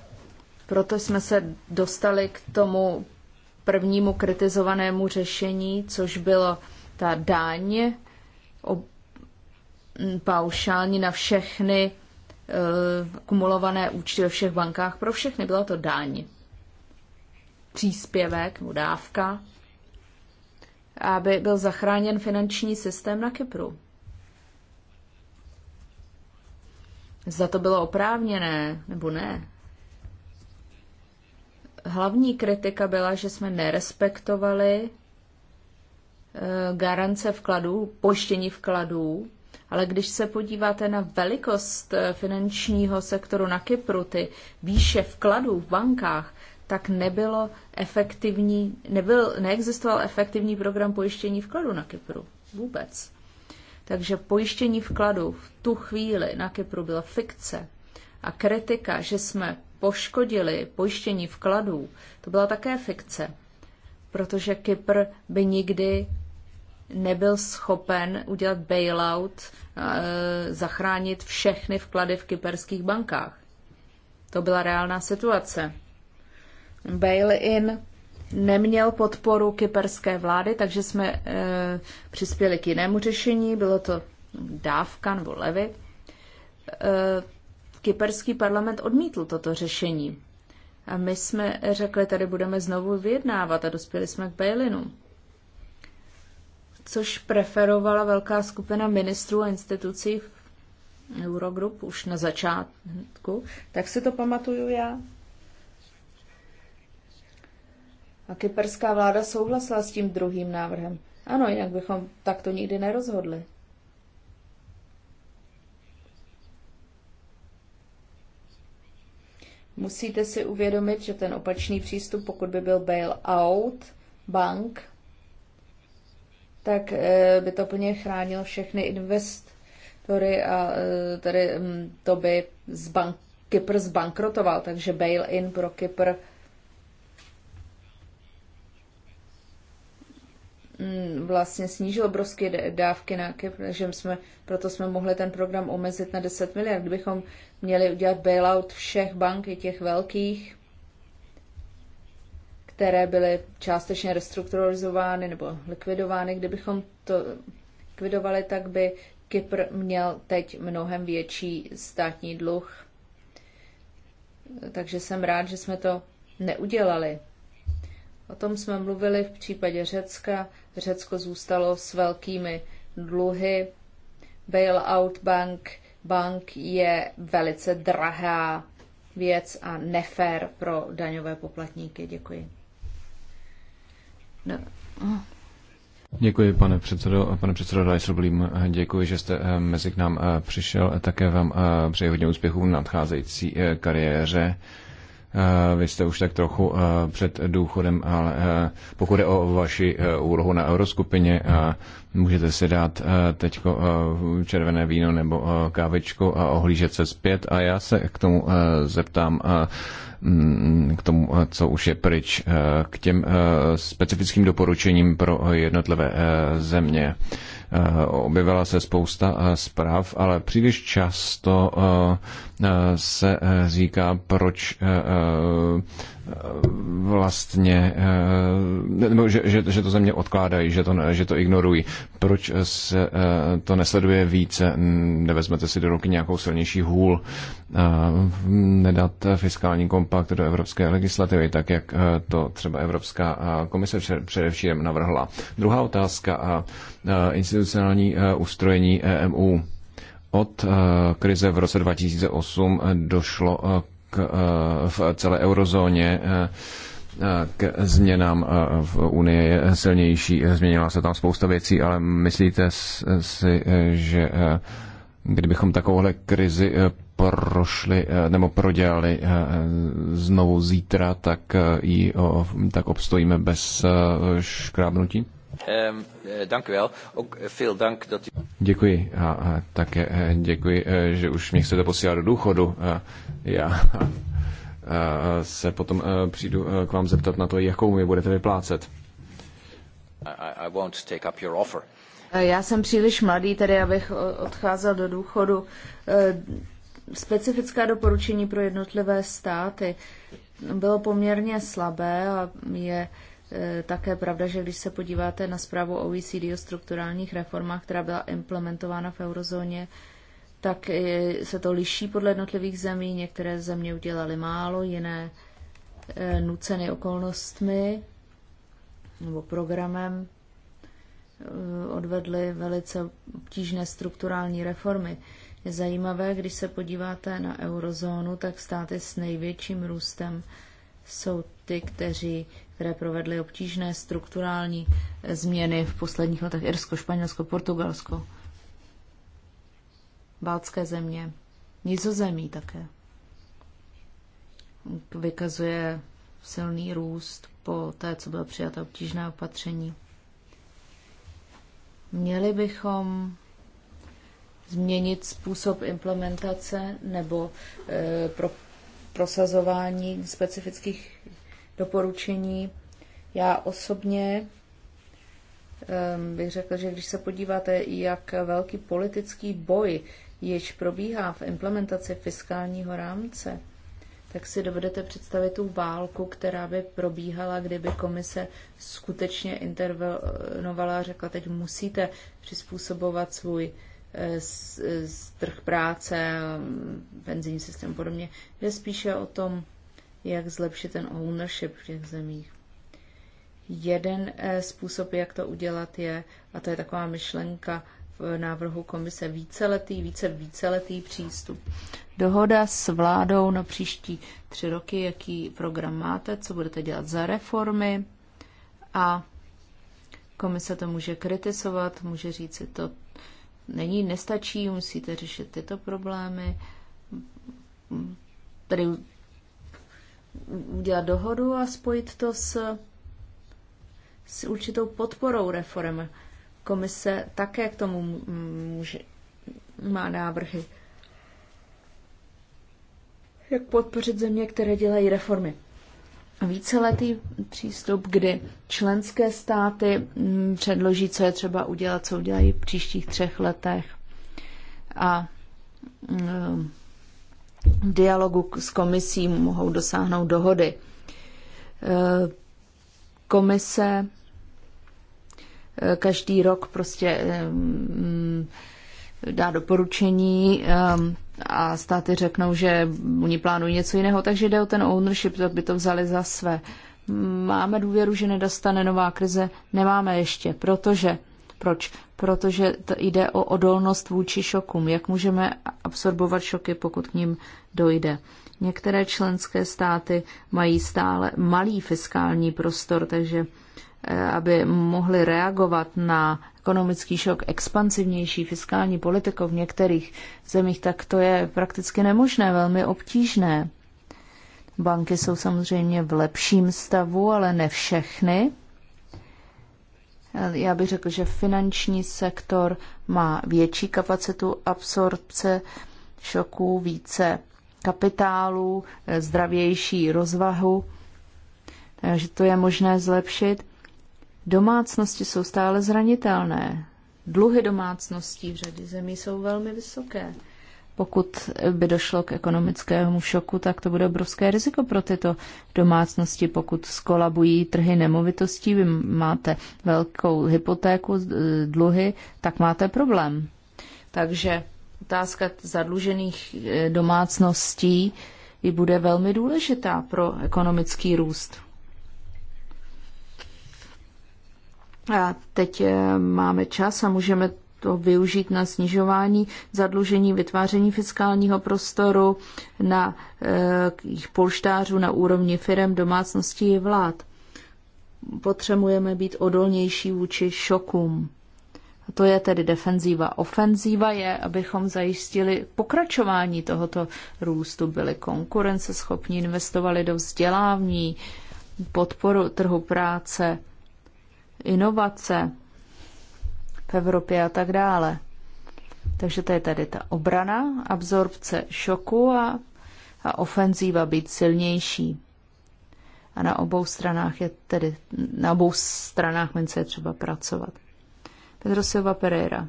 proto jsme se dostali k tomu prvnímu kritizovanému řešení, což bylo ta dáň paušální na všechny Eh, kumulované účty ve všech bankách pro všechny. Byla to dáň. příspěvek nebo dávka, aby byl zachráněn finanční systém na Kypru. Za to bylo oprávněné nebo ne. Hlavní kritika byla, že jsme nerespektovali eh, garance vkladů, poštění vkladů ale když se podíváte na velikost eh, finančního sektoru na Kypru, ty výše vkladů v bankách, tak nebylo efektivní, nebyl, neexistoval efektivní program pojištění vkladu na Kypru. Vůbec. Takže pojištění vkladu v tu chvíli na Kypru byla fikce. A kritika, že jsme poškodili pojištění vkladů, to byla také fikce, protože Kypr by nikdy nebyl schopen udělat bailout, eh, zachránit všechny vklady v kyperských bankách. To byla reálná situace. Bail-in neměl podporu kyperské vlády, takže jsme eh, přispěli k jinému řešení. Bylo to dávka nebo levy. Eh, kyperský parlament odmítl toto řešení. A my jsme řekli, tady budeme znovu vyjednávat a dospěli jsme k bailinu což preferovala velká skupina ministrů a institucí v Eurogroup už na začátku, tak si to pamatuju já. A kyperská vláda souhlasila s tím druhým návrhem. Ano, jinak bychom takto nikdy nerozhodli. Musíte si uvědomit, že ten opačný přístup, pokud by byl bail-out bank, tak eh, by to plně chránilo všechny investory a eh, tady mm, to by z bank, Kypr zbankrotoval, takže bail-in pro Kypr mm, vlastně snížil obrovské dávky na Kypr, takže jsme, proto jsme mohli ten program omezit na 10 miliard. Kdybychom měli udělat bailout všech bank, i těch velkých, které byly částečně restrukturalizovány nebo likvidovány. Kdybychom to likvidovali, tak by Kypr měl teď mnohem větší státní dluh. Takže jsem rád, že jsme to neudělali. O tom jsme mluvili v případě Řecka. Řecko zůstalo s velkými dluhy. Bailout bank, bank je velice drahá věc a nefér pro daňové poplatníky. Děkuji. No. Děkuji, pane předsedo. Pane předsedo Dajsoblím, děkuji, že jste eh, mezi k nám eh, přišel. Také vám eh, přeji hodně úspěchů v nadcházející kariéře. Eh, vy jste už tak trochu eh, před důchodem, ale eh, pokud je o vaši úlohu na euroskupině, můžete si dát teď červené víno nebo kávečku a ohlížet se zpět. A já se k tomu zeptám, mm, k tomu, co už je pryč, k těm specifickým doporučením pro jednotlivé země. Eh, objevila se spousta eh, zpráv, ale příliš často eh, se říká, proč vlastně, eh, nebo že, že, že to země odkládají, že to, že to ignorují. Proč se eh, to nesleduje více? Hm, nevezmete si do ruky nějakou silnější hůl, eh, nedat fiskální kompakt do evropské legislativy, tak jak to třeba Evropská komise především navrhla. Druhá otázka, institucionální ustrojení EMU. Od krize v roce 2008 došlo k, eh, v celé eurozóně eh, eh, k změnám v Unii je silnější. Změnila se tam spousta věcí, ale myslíte si, že kdybychom takovouhle krizi prošli nebo prodělali znovu zítra, tak ji tak obstojíme bez škrábnutí? Ehm, eh, eh, děkuji a také eh, děkuji, že už mě chcete posílat do důchodu. Já se potom přijdu k vám zeptat na to, jakou mi budete vyplácet. Já jsem příliš mladý, tedy abych odcházel do důchodu. Specifická doporučení pro jednotlivé státy bylo poměrně slabé a je Eh, také pravda, že když se podíváte na zprávu OECD o strukturálních reformách, která byla implementována v eurozóně, tak eh, se to liší podle jednotlivých zemí. Některé země udělaly málo, jiné eh, nuceny okolnostmi nebo programem odvedly velice obtížné strukturální reformy. Je zajímavé, když se podíváte na eurozónu, tak státy s největším růstem jsou ty, kteří které provedly obtížné strukturální změny v posledních letech Irsko, Španělsko, Portugalsko, Bálské země, Nizozemí také. Vykazuje silný růst po té, co bylo přijata obtížné opatření. Měli bychom změnit způsob implementace nebo e, pro, prosazování specifických doporučení. Já osobně ehm, bych řekl, že když se podíváte, jak velký politický boj již probíhá v implementaci fiskálního rámce, tak si dovedete představit tu válku, která by probíhala, kdyby komise skutečně intervenovala a řekla, teď musíte přizpůsobovat svůj z, eh, eh, trh práce, mm, penzijní systém a podobně. Je spíše o tom jak zlepšit ten ownership v těch zemích. Jeden eh, způsob, jak to udělat, je, a to je taková myšlenka v návrhu komise, víceletý, více víceletý přístup. Dohoda s vládou na příští tři roky, jaký program máte, co budete dělat za reformy a komise to může kritizovat, může říct si to není, nestačí, musíte řešit tyto problémy, Tady udělat dohodu a spojit to s, s určitou podporou reform. Komise také k tomu může, má návrhy. Jak podpořit země, které dělají reformy? Víceletý přístup, kdy členské státy předloží, co je třeba udělat, co udělají v příštích třech letech a um, dialogu s komisí mohou dosáhnout dohody. E, komise e, každý rok prostě e, mm, dá doporučení a státy řeknou, že oni plánují něco jiného, takže jde o ten ownership, aby to vzali za své. Máme důvěru, že nedostane nová krize? Nemáme ještě, protože proč? Protože to jde o odolnost vůči šokům. Jak můžeme absorbovat šoky, pokud k ním dojde? Některé členské státy mají stále malý fiskální prostor, takže eh, aby mohli reagovat na ekonomický šok expansivnější fiskální politikou v některých zemích, tak to je prakticky nemožné, velmi obtížné. Banky jsou samozřejmě v lepším stavu, ale ne všechny. Já bych řekl, že finanční sektor má větší kapacitu absorpce šoků, více kapitálu, zdravější rozvahu, takže to je možné zlepšit. Domácnosti jsou stále zranitelné. Dluhy domácností v řadě zemí jsou velmi vysoké pokud by došlo k ekonomickému šoku, tak to bude obrovské riziko pro tyto domácnosti. Pokud skolabují trhy nemovitostí, vy máte velkou hypotéku, dluhy, tak máte problém. Takže otázka zadlužených eh, domácností i bude velmi důležitá pro ekonomický růst. A teď eh, máme čas a můžeme to využít na snižování zadlužení, vytváření fiskálního prostoru, na jejich eh, polštářů na úrovni firem, domácností i vlád. Potřebujeme být odolnější vůči šokům. To je tedy defenzíva. Ofenzíva je, abychom zajistili pokračování tohoto růstu, byli konkurenceschopní, investovali do vzdělávání, podporu trhu práce, inovace, v Evropě a tak dále. Takže to je tady ta obrana, absorpce šoku a, a ofenzíva být silnější. A na obou stranách je tedy, na obou stranách mince je třeba pracovat. Pedro Silva Pereira.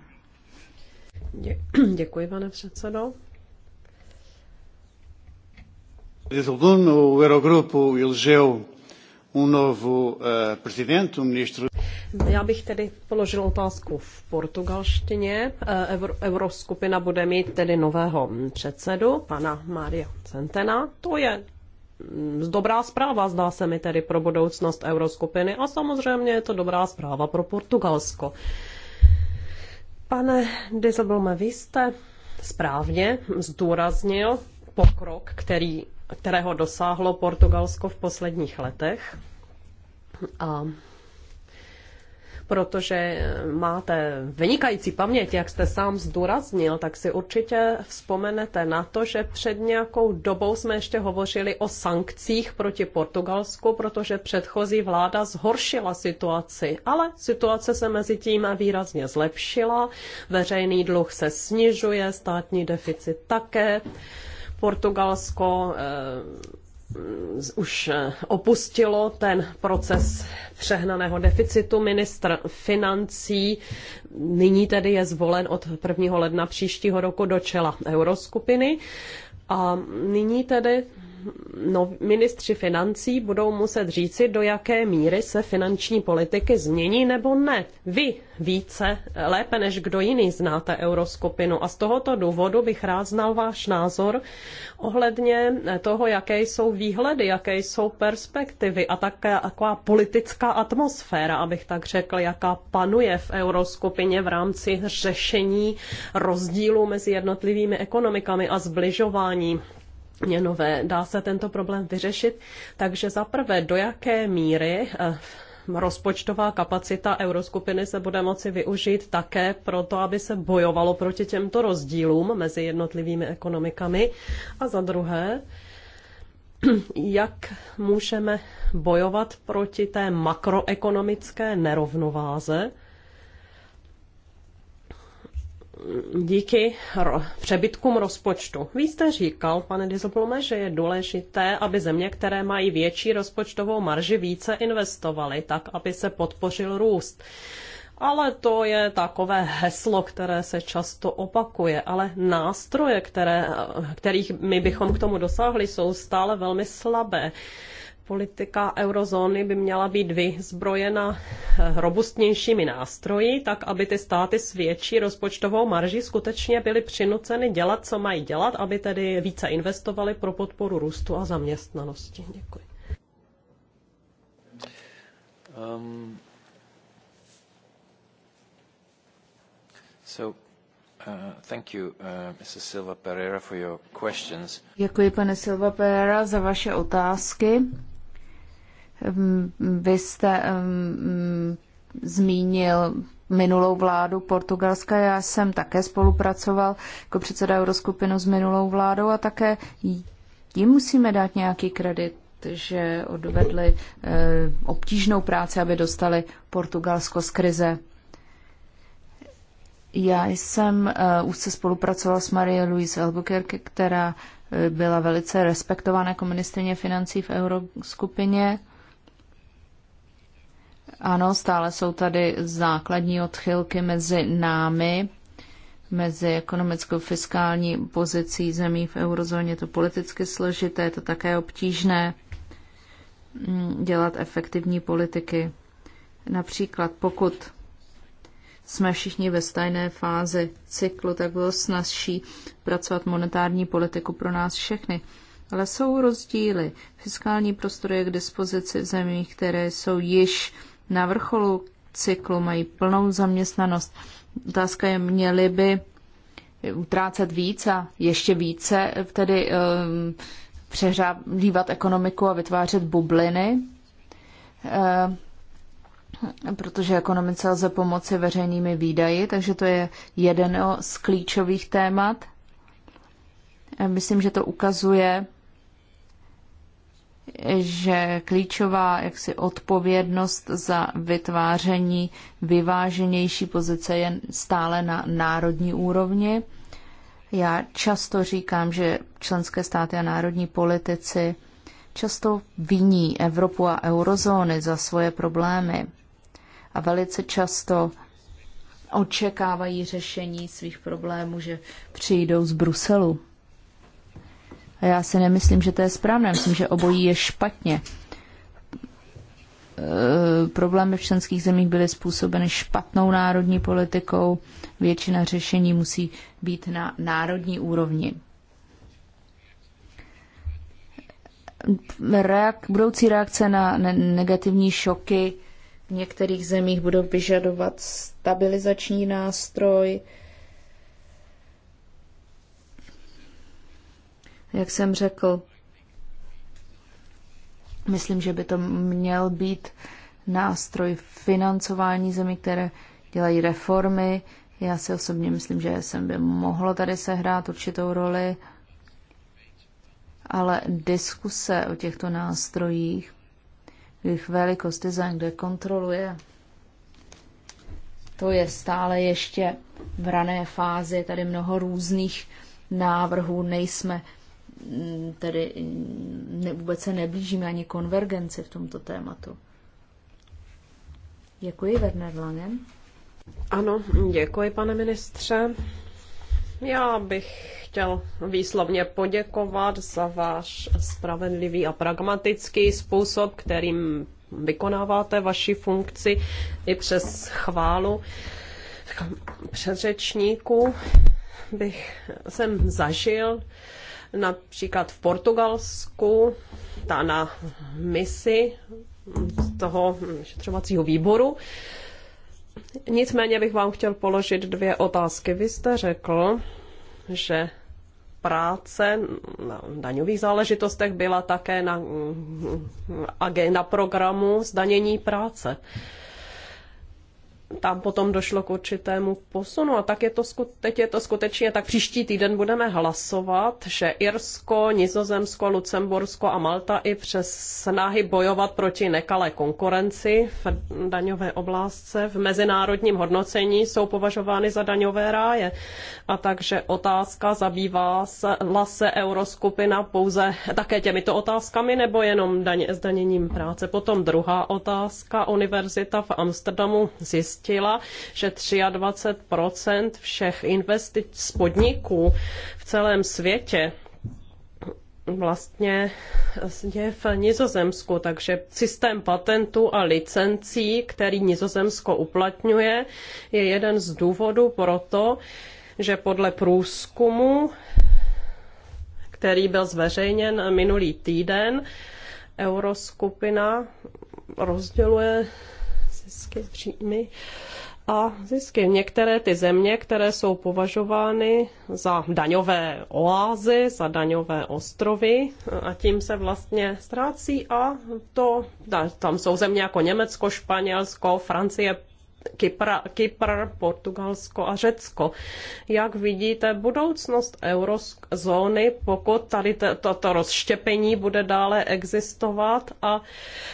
Dě, děkuji, pane předsedo. Desde o Eurogrupo elegeu um novo uh, presidente, um ministro já bych tedy položil otázku v portugalštině. E, Euroskupina bude mít tedy nového předsedu, pana Maria Centena. To je mm, dobrá zpráva, zdá se mi tedy pro budoucnost euroskupiny a samozřejmě je to dobrá zpráva pro Portugalsko. Pane Dizelblome, vy jste správně zdůraznil pokrok, který, kterého dosáhlo Portugalsko v posledních letech. A protože máte vynikající paměť, jak jste sám zdůraznil, tak si určitě vzpomenete na to, že před nějakou dobou jsme ještě hovořili o sankcích proti Portugalsku, protože předchozí vláda zhoršila situaci, ale situace se mezi tím výrazně zlepšila, veřejný dluh se snižuje, státní deficit také. Portugalsko eh, už eh, opustilo ten proces přehnaného deficitu. Ministr financí nyní tedy je zvolen od 1. ledna příštího roku do čela euroskupiny. A nyní tedy no, ministři financí budou muset říci, do jaké míry se finanční politiky změní nebo ne. Vy více, lépe než kdo jiný znáte euroskupinu a z tohoto důvodu bych rád znal váš názor ohledně toho, jaké jsou výhledy, jaké jsou perspektivy a také taková politická atmosféra, abych tak řekl, jaká panuje v euroskupině v rámci řešení rozdílů mezi jednotlivými ekonomikami a zbližování měnové. Vlastně dá se tento problém vyřešit? Takže zaprvé do jaké míry eh, rozpočtová kapacita euroskupiny se bude moci využít také proto, aby se bojovalo proti těmto rozdílům mezi jednotlivými ekonomikami. A za druhé, jak můžeme bojovat proti té makroekonomické nerovnováze, díky přebytkům rozpočtu. Vy jste říkal, pane Dizoplome, že je důležité, aby země, které mají větší rozpočtovou marži, více investovaly, tak aby se podpořil růst. Ale to je takové heslo, které se často opakuje. Ale nástroje, které, kterých my bychom k tomu dosáhli, jsou stále velmi slabé. Uh, politika eurozóny by měla být vyzbrojena eh, robustnějšími nástroji, tak aby ty státy s větší rozpočtovou marži skutečně byly přinuceny dělat, co mají dělat, aby tedy více investovaly pro podporu růstu a zaměstnanosti. Děkuji. Um, so, uh, thank you, uh, Mrs. Silva Pereira, for your questions. Děkuji, pane Silva Pereira, za vaše otázky. Ehm, vy jste ehm, zmínil minulou vládu Portugalska. Já jsem také spolupracoval jako předseda Euroskupinu s minulou vládou a také jim musíme dát nějaký kredit že odvedli e, obtížnou práci, aby dostali Portugalsko z krize. Já jsem eh, už se spolupracovala s Marie Louise Albuquerque, která e, byla velice respektovaná jako ministrině financí v euroskupině ano, stále jsou tady základní odchylky mezi námi, mezi ekonomickou fiskální pozicí zemí v eurozóně. Je to politicky složité, je to také obtížné mm, dělat efektivní politiky. Například pokud jsme všichni ve stejné fázi cyklu, tak bylo snazší pracovat monetární politiku pro nás všechny. Ale jsou rozdíly. Fiskální prostor je k dispozici v zemích, které jsou již na vrcholu cyklu, mají plnou zaměstnanost. Otázka je, měli by utrácet víc a ještě více, tedy um, eh, přehrávat ekonomiku a vytvářet bubliny, e, protože ekonomice lze pomoci veřejnými výdaji, takže to je jeden z klíčových témat. Eh, myslím, že to ukazuje že klíčová jaksi odpovědnost za vytváření vyváženější pozice je stále na národní úrovni. Já často říkám, že členské státy a národní politici často viní Evropu a eurozóny za svoje problémy a velice často očekávají řešení svých problémů, že přijdou z Bruselu. A já si nemyslím, že to je správné. Myslím, že obojí je špatně. E, problémy v členských zemích byly způsobeny špatnou národní politikou. Většina řešení musí být na národní úrovni. Reak, budoucí reakce na ne- negativní šoky v některých zemích budou vyžadovat stabilizační nástroj, Jak jsem řekl, myslím, že by to měl být nástroj financování zemí, které dělají reformy. Já si osobně myslím, že jsem by mohlo tady sehrát určitou roli, ale diskuse o těchto nástrojích, jejich velikost, design, kde kontroluje, to je stále ještě v rané fázi, tady mnoho různých návrhů, nejsme Mm, tedy ne, vůbec se neblížíme ani konvergenci v tomto tématu. Děkuji, Werner Langen. Ano, děkuji, pane ministře. Já bych chtěl výslovně poděkovat za váš spravedlivý a pragmatický způsob, kterým vykonáváte vaši funkci i přes chválu předřečníků bych jsem zažil Například v Portugalsku, ta na misi toho šetřovacího výboru. Nicméně bych vám chtěl položit dvě otázky. Vy jste řekl, že práce na daňových záležitostech byla také na agenda programu zdanění práce. Uh, tam potom došlo k určitému posunu a tak je to, teď je to skutečně, tak příští týden budeme hlasovat, že Irsko, Nizozemsko, Lucembursko a Malta i přes snahy bojovat proti nekalé konkurenci v daňové oblastce v mezinárodním hodnocení jsou považovány za daňové ráje. A takže otázka zabývá se, lase euroskupina pouze také těmito otázkami nebo jenom daně, zdaněním práce. Potom druhá otázka, univerzita v Amsterdamu zjistila, zjistila, že 23 všech investic podniků v celém světě vlastně je v Nizozemsku, takže systém patentů a licencí, který Nizozemsko uplatňuje, je jeden z důvodů pro to, že podle průzkumu, který byl zveřejněn minulý týden, Euroskupina rozděluje otázky příjmy a zisky. Některé ty země, které jsou považovány za daňové oázy, za daňové ostrovy a tím se vlastně ztrácí a to, tam jsou země jako Německo, Španělsko, Francie, Kypra, Kypr, Portugalsko a Řecko. Jak vidíte budoucnost eurozóny, pokud tady toto rozštěpení bude dále existovat a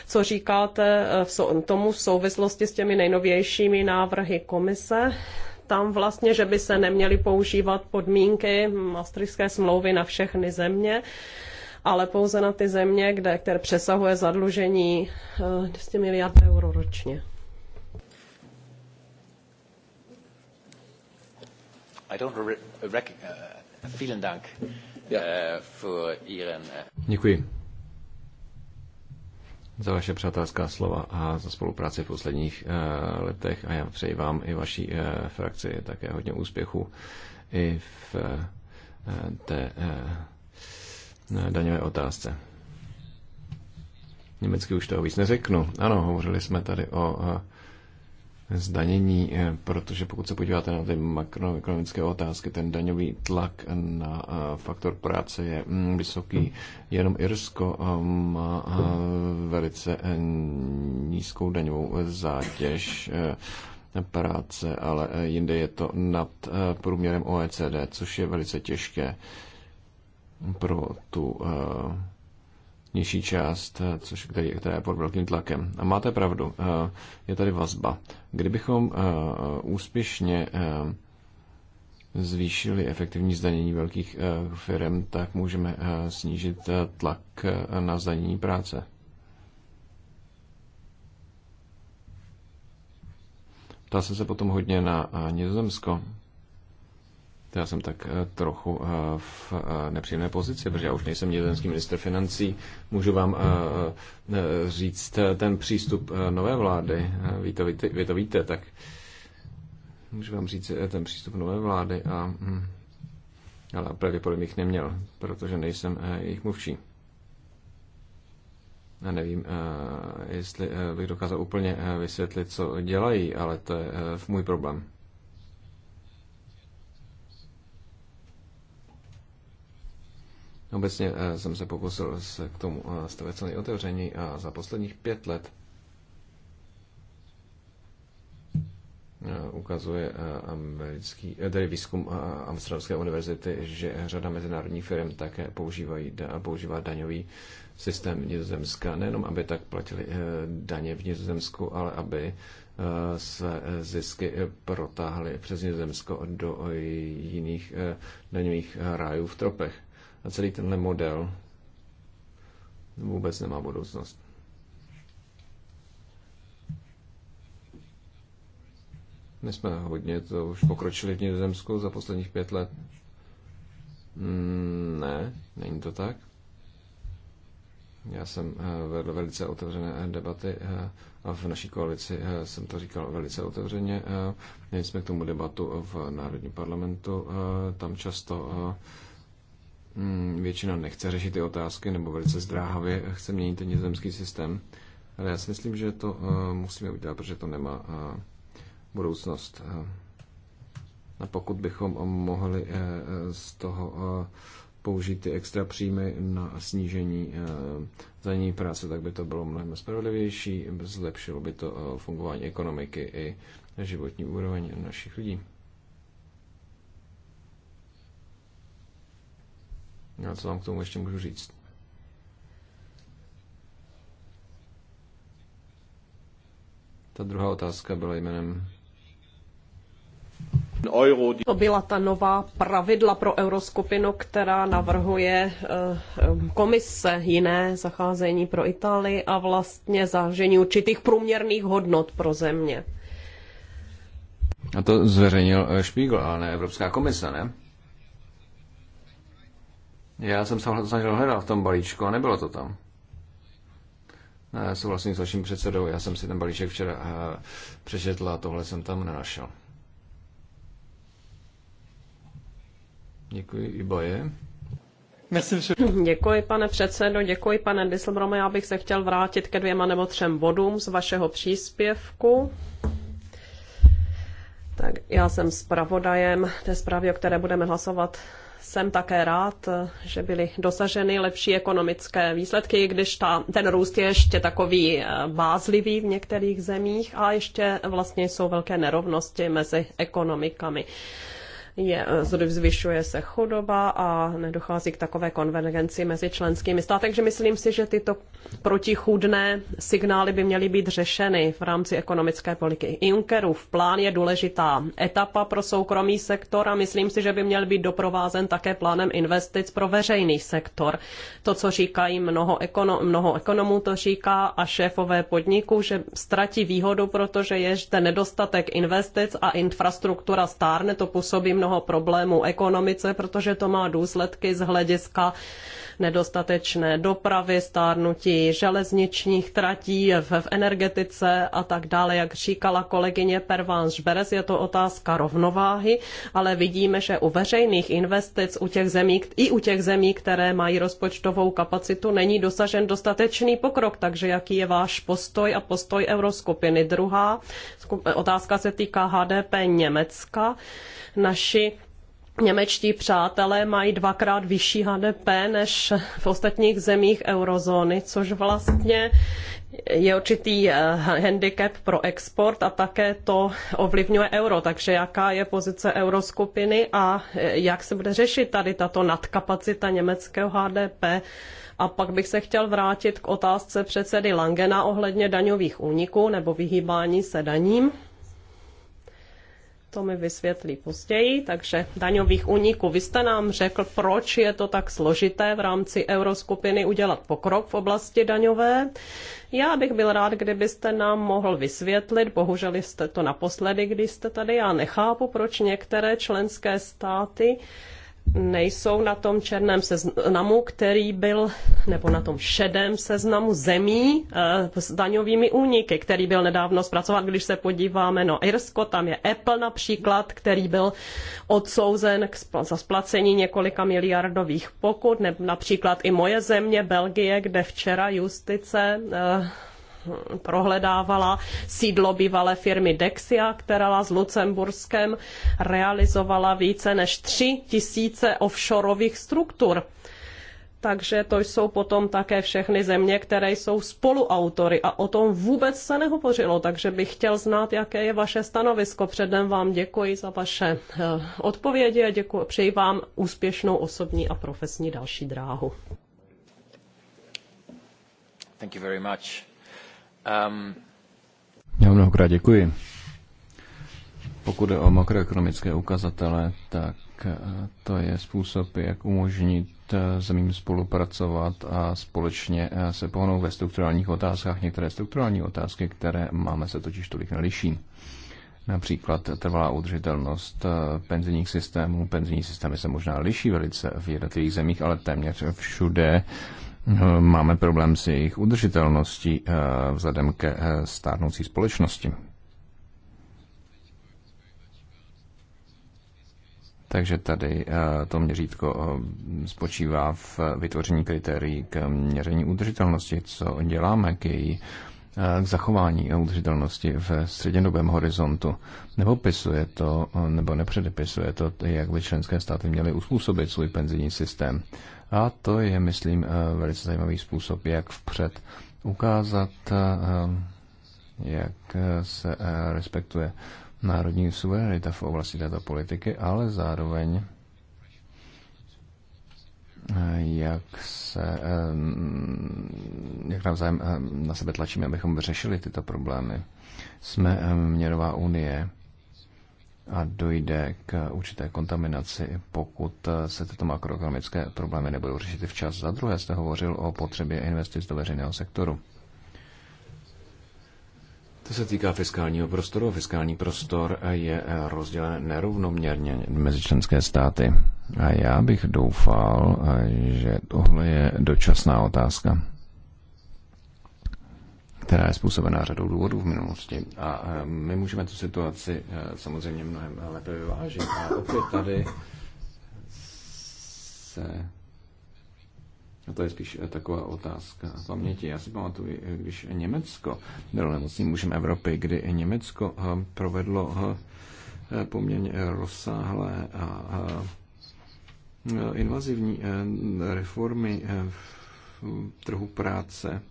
co říkáte eh, v tomu v souvislosti s těmi nejnovějšími návrhy komise? tam vlastně, že by se neměly používat podmínky Maastrichtské smlouvy na všechny země, ale pouze na ty země, kde, které přesahuje zadlužení eh, 200 miliard euro ročně. Uh, uh, uh, Děkuji za vaše přátelská slova a za spolupráci v posledních uh, letech a já přeji vám i vaší uh, frakci také hodně úspěchu i v uh, té uh, daňové otázce. Německy už toho víc neřeknu. Ano, hovořili jsme tady o uh, zdanění, eh, protože pokud se podíváte na ty makroekonomické otázky, ten daňový tlak na eh, faktor práce je mm, vysoký. Jenom Irsko eh, má velice nízkou daňovou zátěž práce, ale jinde je to nad průměrem OECD, což je velice těžké pro tu nižší část, eh, což, který, která je pod velkým tlakem. A máte pravdu, eh, je tady vazba. Kdybychom eh, úspěšně zvýšili efektivní zdanění velkých firm, tak můžeme snížit tlak na zdanění práce. Ptal jsem se potom hodně na Nizozemsko já jsem tak eh, trochu eh, v eh, nepříjemné pozici, protože já už nejsem nizozemský minister financí. Můžu vám říct ten přístup nové vlády. Vy to víte, vy to víte tak můžu vám říct ten přístup nové vlády, a, hm, ale pravděpodobně jich neměl, protože nejsem jejich mluvčí. Já nevím, jestli bych dokázal úplně vysvětlit, co dělají, ale to je můj problém. Obecně eh, jsem se pokusil se k tomu eh, stavět co nejotevření a za posledních pět let eh, ukazuje americký, tedy výzkum Amsterdamské univerzity, že řada mezinárodních firm také používají, používá daňový systém Nizozemska, nejenom aby tak platili daně v Nizozemsku, ale aby se zisky protáhly přes Nizozemsko do jiných daňových rájů v tropech. A celý tenhle model vůbec nemá budoucnost. My jsme hodně to už pokročili v Nizozemsku za posledních pět let. Mm, ne, není to tak. Já jsem eh, vedl velice otevřené eh, debaty eh, a v naší koalici jsem to říkal velice otevřeně. Měli jsme k tomu debatu v Národním parlamentu. Tam často Mm, většina nechce řešit ty otázky nebo velice zdráhavě chce měnit ten nizozemský systém. Ale já si myslím, že to eh, musíme udělat, protože to nemá eh, budoucnost. Eh, a pokud bychom mohli z toho použít ty extra příjmy na snížení zdanění práce, tak by to bylo mnohem spravedlivější, zlepšilo by to fungování ekonomiky i životní úroveň našich lidí. Já co vám k tomu ještě můžu říct? Ta druhá otázka byla jménem to byla ta nová pravidla pro euroskupinu, která navrhuje eh, eh, komise jiné zacházení pro Itálii a vlastně zážení určitých průměrných hodnot pro země. A to zveřejnil Špígl, eh, ale ne Evropská komise, ne? Já jsem se snažil hledat v tom balíčku a nebylo to tam. Já vlastně s vaším předsedou, já jsem si ten balíček včera eh, přečetl a tohle jsem tam nenašel. Děkuji, Iba je. Děkuji, pane předsedo, děkuji, pane Disselbrome. Já bych se chtěl vrátit ke dvěma nebo třem bodům z vašeho příspěvku. Tak já jsem zpravodajem té zprávy, o které budeme hlasovat jsem také rád, že byly dosaženy lepší ekonomické výsledky, když ta, ten růst je ještě takový eh, bázlivý v některých zemích a ještě vlastně jsou velké nerovnosti mezi ekonomikami je, eh, zvyšuje se chudoba a nedochází k takové konvergenci mezi členskými státy. Takže myslím si, že tyto protichůdné signály by měly být řešeny v rámci ekonomické politiky. Junckerův plán je důležitá etapa pro soukromý sektor a myslím si, že by měl být doprovázen také plánem investic pro veřejný sektor. To, co říkají mnoho, ekono, mnoho ekonomů, to říká a šéfové podniků, že ztratí výhodu, protože je zde nedostatek investic a infrastruktura stárne, to působí mnoho mnoho problémů ekonomice, protože to má důsledky z hlediska nedostatečné dopravy, stárnutí železničních tratí v, v energetice a tak dále. Jak říkala kolegyně Perván Žberes, je to otázka rovnováhy, ale vidíme, že u veřejných investic u těch zemí, i u těch zemí, které mají rozpočtovou kapacitu, není dosažen dostatečný pokrok. Takže jaký je váš postoj a postoj euroskupiny? Druhá otázka se týká HDP Německa. Naši naši Němečtí přátelé mají dvakrát vyšší HDP než v ostatních zemích eurozóny, což vlastně je určitý eh, handicap pro export a také to ovlivňuje euro. Takže jaká je pozice euroskupiny a eh, jak se bude řešit tady tato nadkapacita německého HDP? A pak bych se chtěl vrátit k otázce předsedy Langena ohledně daňových úniků nebo vyhýbání se daním to mi vysvětlí později, takže daňových úniků. Vy jste nám řekl, proč je to tak složité v rámci euroskupiny udělat pokrok v oblasti daňové. Já bych byl rád, kdybyste nám mohl vysvětlit, bohužel jste to naposledy, když jste tady, já nechápu, proč některé členské státy uh, nejsou na tom černém seznamu, který byl, nebo na tom šedém seznamu zemí eh, s daňovými úniky, který byl nedávno zpracován. Když se podíváme na no Irsko, tam je Apple například, který byl odsouzen k, za splacení několika miliardových pokut, ne, například i moje země, Belgie, kde včera justice eh, prohledávala sídlo bývalé firmy Dexia, která s Lucemburskem realizovala více než 3 tisíce offshoreových struktur. Takže to jsou potom také všechny země, které jsou spoluautory a o tom vůbec se nehovořilo, takže bych chtěl znát, jaké je vaše stanovisko. Předem vám děkuji za vaše eh, odpovědi a děkuji, přeji vám úspěšnou osobní a profesní další dráhu. Thank you very much. Um... Já mnohokrát děkuji. Pokud je o makroekonomické ukazatele, tak eh, to je způsob, jak umožnit eh, zemím spolupracovat a společně eh, se pohnout ve strukturálních otázkách. Některé strukturální otázky, které máme, se totiž tolik neliší. Například trvalá udržitelnost penzijních systémů. Penzijní systémy se možná liší velice v jednotlivých zemích, ale téměř všude Eh, máme problém s jejich udržitelností eh, vzhledem ke eh, stárnoucí společnosti. Takže tady to měřítko spočívá v vytvoření kritérií k měření udržitelnosti, co děláme k její k zachování udržitelnosti v střednědobém horizontu. Nepopisuje to, nebo nepředepisuje to, jak by členské státy měly uspůsobit svůj penzijní systém. A to je, myslím, eh, velice zajímavý způsob, jak vpřed ukázat, eh, jak eh, se respektuje národní suverenita v oblasti této politiky, ale zároveň jak se jak navzájem na sebe tlačíme, abychom vyřešili tyto problémy. Jsme měnová unie a dojde k určité kontaminaci, pokud se tyto makroekonomické problémy nebudou řešit včas. Za druhé jste hovořil o potřebě investic do veřejného sektoru. To se týká fiskálního prostoru. Fiskální prostor je rozdělen nerovnoměrně mezi členské státy. A já bych doufal, že tohle je dočasná otázka která je způsobená řadou důvodů v minulosti. A eh, my můžeme tu situaci eh, samozřejmě mnohem lépe vyvážit. A opět tady se a to je spíš eh, taková otázka paměti. Já si pamatuju, když Německo bylo nemocným mužem Evropy, kdy Německo provedlo poměrně rozsáhlé a invazivní reformy v trhu práce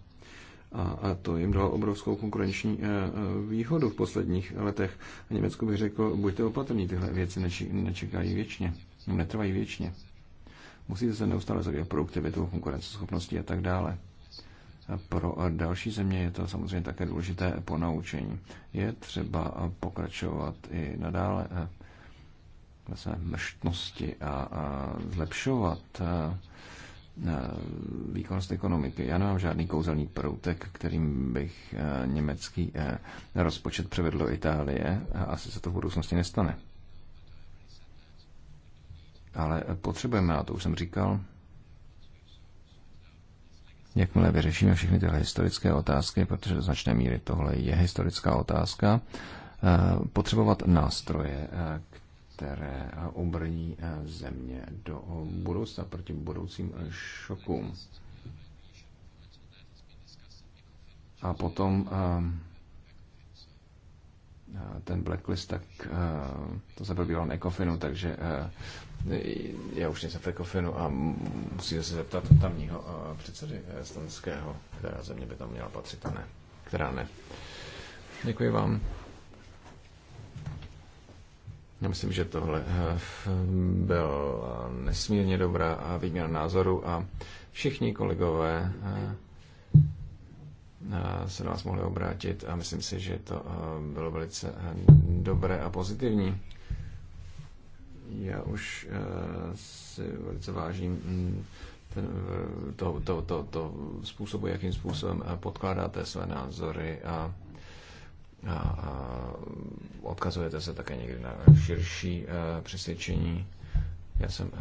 a to jim dalo obrovskou konkurenční e, e, výhodu v posledních letech. A Německu bych řekl, buďte opatrní, tyhle věci nečekají věčně, netrvají věčně. Musíte se neustále zavět produktivitou, konkurenceschopností a tak dále. Pro další země je to samozřejmě také důležité ponaučení. Je třeba pokračovat i nadále e, ve své mrštnosti a zlepšovat výkonnost ekonomiky. Já nemám žádný kouzelný proutek, kterým bych eh, německý eh, rozpočet převedl do Itálie a asi se to v budoucnosti nestane. Ale potřebujeme, a to už jsem říkal, jakmile vyřešíme všechny tyhle historické otázky, protože do značné míry tohle je historická otázka, eh, potřebovat nástroje, které které obrní eh, země do budoucna proti budoucím eh, šokům. A potom eh, ten blacklist, tak to se probíval na Ecofinu, takže já už nejsem v Ecofinu a musíte se zeptat tamního předsedy Stanského, která země by tam měla patřit a ne, která ne. Děkuji vám. Já myslím, že tohle eh, byla nesmírně dobrá výměna názoru a všichni kolegové eh, eh, se na vás mohli obrátit a myslím si, že to bylo velice dobré a pozitivní. Já už si velice vážím mm, ten, to, to, to, to způsobu, jakým způsobem podkládáte své názory a a, a odkazujete se také někdy na širší e, přesvědčení. Já jsem e,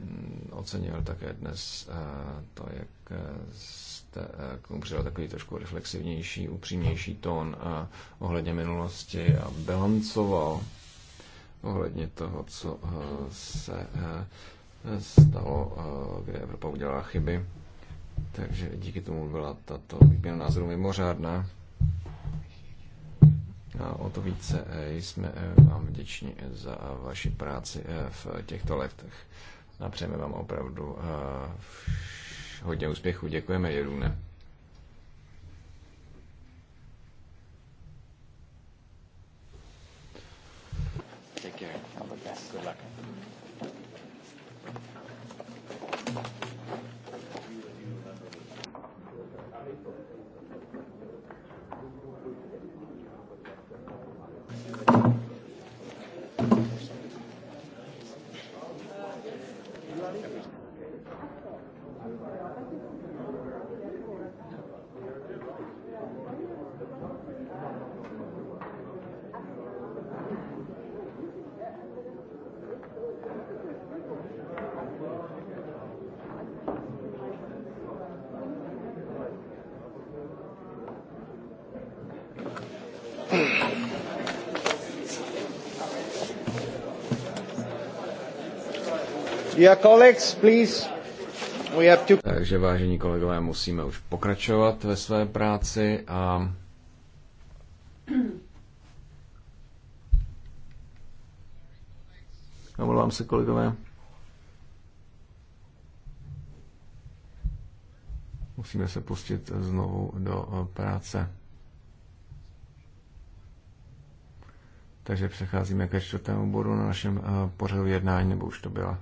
mm, ocenil také dnes e, to, jak jste k tomu přidal takový trošku reflexivnější, upřímnější tón a, ohledně minulosti a bilancoval ohledně toho, co se stalo, a, kde Evropa udělala chyby. Takže díky tomu byla tato výměna názoru mimořádná. A o to více eh, jsme eh, vám vděční za eh, vaši práci v těchto letech. A přejeme vám opravdu hodně úspěchu. Děkujeme, Jerune. Take care. All the best. Good luck. Takže vážení kolegové, musíme už pokračovat ve své práci a Omlouvám se, kolegové. Musíme se pustit znovu do eh, práce. Takže přecházíme ke čtvrtému bodu na našem eh, pořadu jednání, nebo už to byla.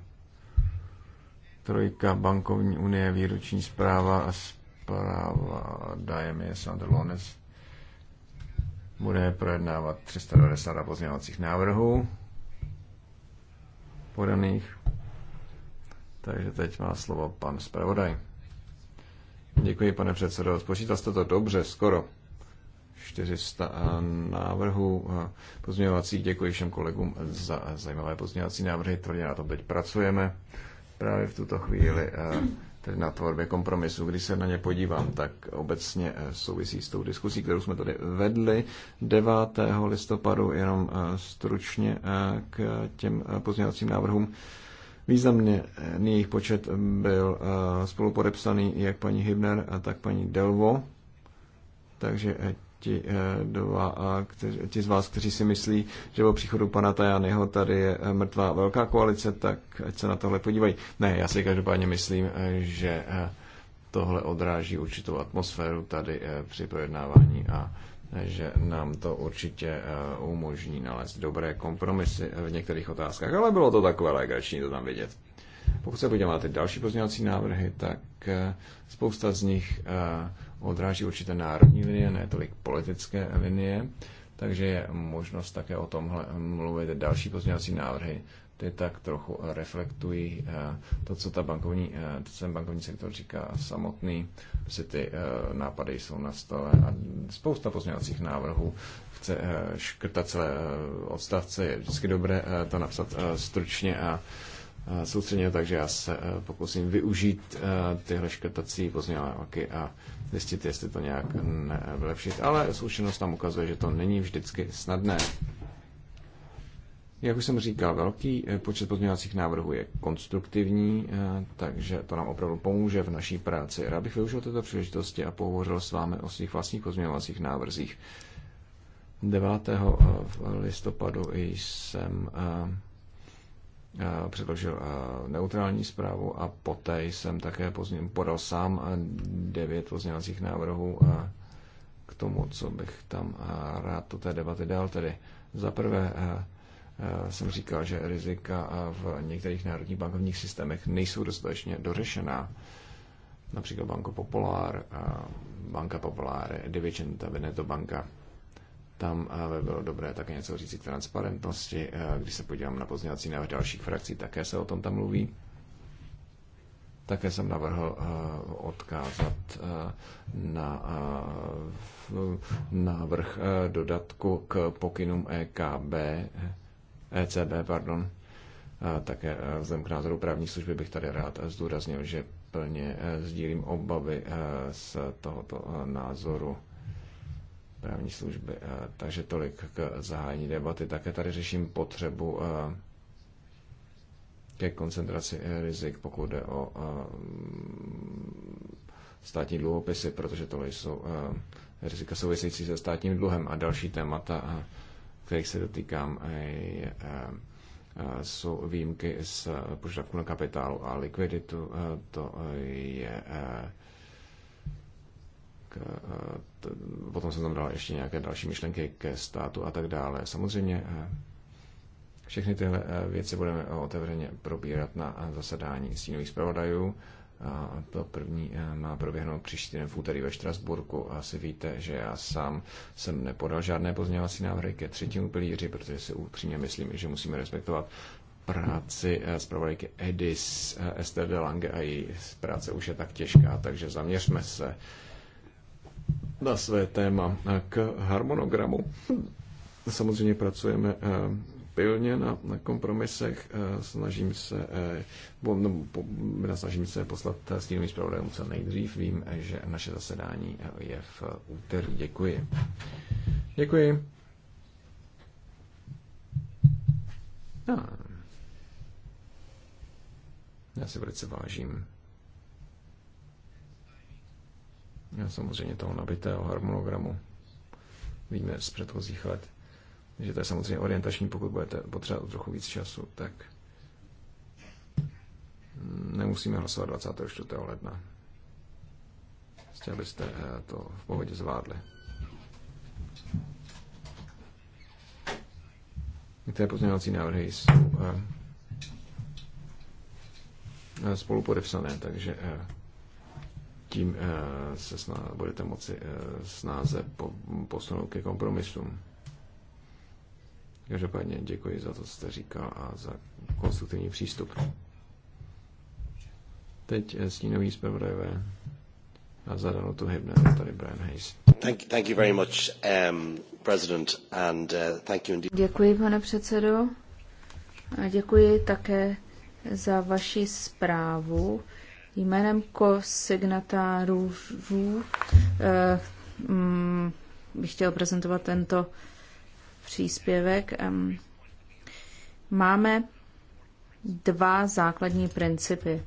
Trojka, bankovní unie, výroční zpráva a zpráva Diamond Sandrones bude projednávat 390 pozměňovacích návrhů podaných. Takže teď má slovo pan zpravodaj. Děkuji, pane předsedo. Spočítal jste to dobře, skoro. 400 návrhů eh, pozměňovacích. Děkuji všem kolegům za zajímavé pozměňovací návrhy. Tvrdě na to teď pracujeme právě v tuto chvíli eh, tedy na tvorbě kompromisu. Když se na ně podívám, tak obecně eh, souvisí s tou diskusí, kterou jsme tady vedli 9. listopadu, jenom eh, stručně k těm pozměňovacím návrhům. Významně jejich počet byl spolupodepsaný jak paní Hybner, tak paní Delvo, takže ti, eh, dva, kteři, ti z vás, kteří si myslí, že o příchodu pana Tajanyho tady je eh, mrtvá velká koalice, tak ať se na tohle podívají. Ne, já si každopádně myslím, eh, že tohle odráží určitou atmosféru tady při projednávání a že nám to určitě umožní nalézt dobré kompromisy v některých otázkách, ale bylo to takové legrační to tam vidět. Pokud se podíváme na ty další pozměňovací návrhy, tak spousta z nich odráží určité národní linie, ne tolik politické linie, takže je možnost také o tomhle mluvit. Další pozměňovací návrhy ty tak trochu reflektují eh, to, co ta bankovní, eh, to, co ten bankovní sektor říká samotný, si prostě ty eh, nápady jsou na stole a spousta pozměňovacích návrhů chce škrtat celé odstavce, je vždycky dobré to napsat stručně a Eh, soustředně, takže já se eh, pokusím využít eh, tyhle škrtací pozměňováky a zjistit, jestli to nějak vylepšit. Ale zkušenost nám ukazuje, že to není vždycky snadné. Jak už jsem říkal, velký počet pozměňovacích návrhů je konstruktivní, takže to nám opravdu pomůže v naší práci. Rád bych využil této příležitosti a pohovořil s vámi o svých vlastních pozměňovacích návrzích. 9. listopadu jsem Eh, předložil eh, neutrální zprávu a poté jsem také později podal sám eh, devět pozměňovacích návrhů k tomu, co bych tam rád do té debaty dal. Tedy za prvé jsem říkal, že rizika v některých národních bankovních systémech nejsou dostatečně dořešená. Například Banko Popular, Banka Popular, Divičenta, Veneto Banka, tam eh, by bylo dobré také něco říct k transparentnosti. Eh, když se podívám na pozměňovací návrh dalších frakcí, také se o tom tam mluví. Také jsem navrhl eh, odkázat na návrh dodatku k pokynům EKB, ECB, pardon, také vzhledem k názoru právní služby bych tady rád zdůraznil, že plně sdílím obavy z tohoto názoru právní služby. Eh, takže tolik k zahájení debaty. Také tady řeším potřebu eh, ke koncentraci eh, rizik, pokud jde o státní dluhopisy, protože tohle jsou rizika související se státním dluhem a další témata, kterých se dotýkám, jsou výjimky z požadavku na kapitálu a likviditu. To je Eh, potom jsem tam dal ještě nějaké další myšlenky ke státu a tak dále. Samozřejmě eh, všechny tyhle eh, věci budeme otevřeně probírat na zasedání stínových zpravodajů. to první má proběhnout příští týden v úterý ve Štrasburku. Asi víte, že já sám jsem nepodal žádné pozměňovací návrhy ke třetímu pilíři, protože si upřímně myslím, že musíme respektovat práci zpravodajky Edis, Esther de Lange a její práce už je tak těžká, takže zaměřme se na své téma k harmonogramu. Samozřejmě pracujeme eh, pilně na, na kompromisech, eh, snažím se, bo, eh, no, po, snažím se poslat stínovým zpravodajům co nejdřív. Vím, že naše zasedání je v úterý. Děkuji. Děkuji. Já si velice vážím samozřejmě toho nabitého harmonogramu. Víme z předchozích let, že to je samozřejmě orientační, pokud budete potřebovat trochu víc času, tak nemusíme hlasovat 24. ledna. Prostě abyste eh, to v pohodě zvládli. Některé pozměňovací návrhy jsou eh, eh, spolu podepsané, takže tím eh, se sná, budete moci eh, snáze po, posunout ke kompromisům. Každopádně děkuji za to, co jste říkal a za konstruktivní přístup. Teď eh, stínový zpravodajové a zadanou tu hybné tady Brian Hayes. Thank, thank you very much, um, President, and uh, thank you indeed. Děkuji, pane předsedo. A děkuji také za vaši zprávu jménem signatárů eh, mm, bych chtěl prezentovat tento příspěvek. Máme dva základní principy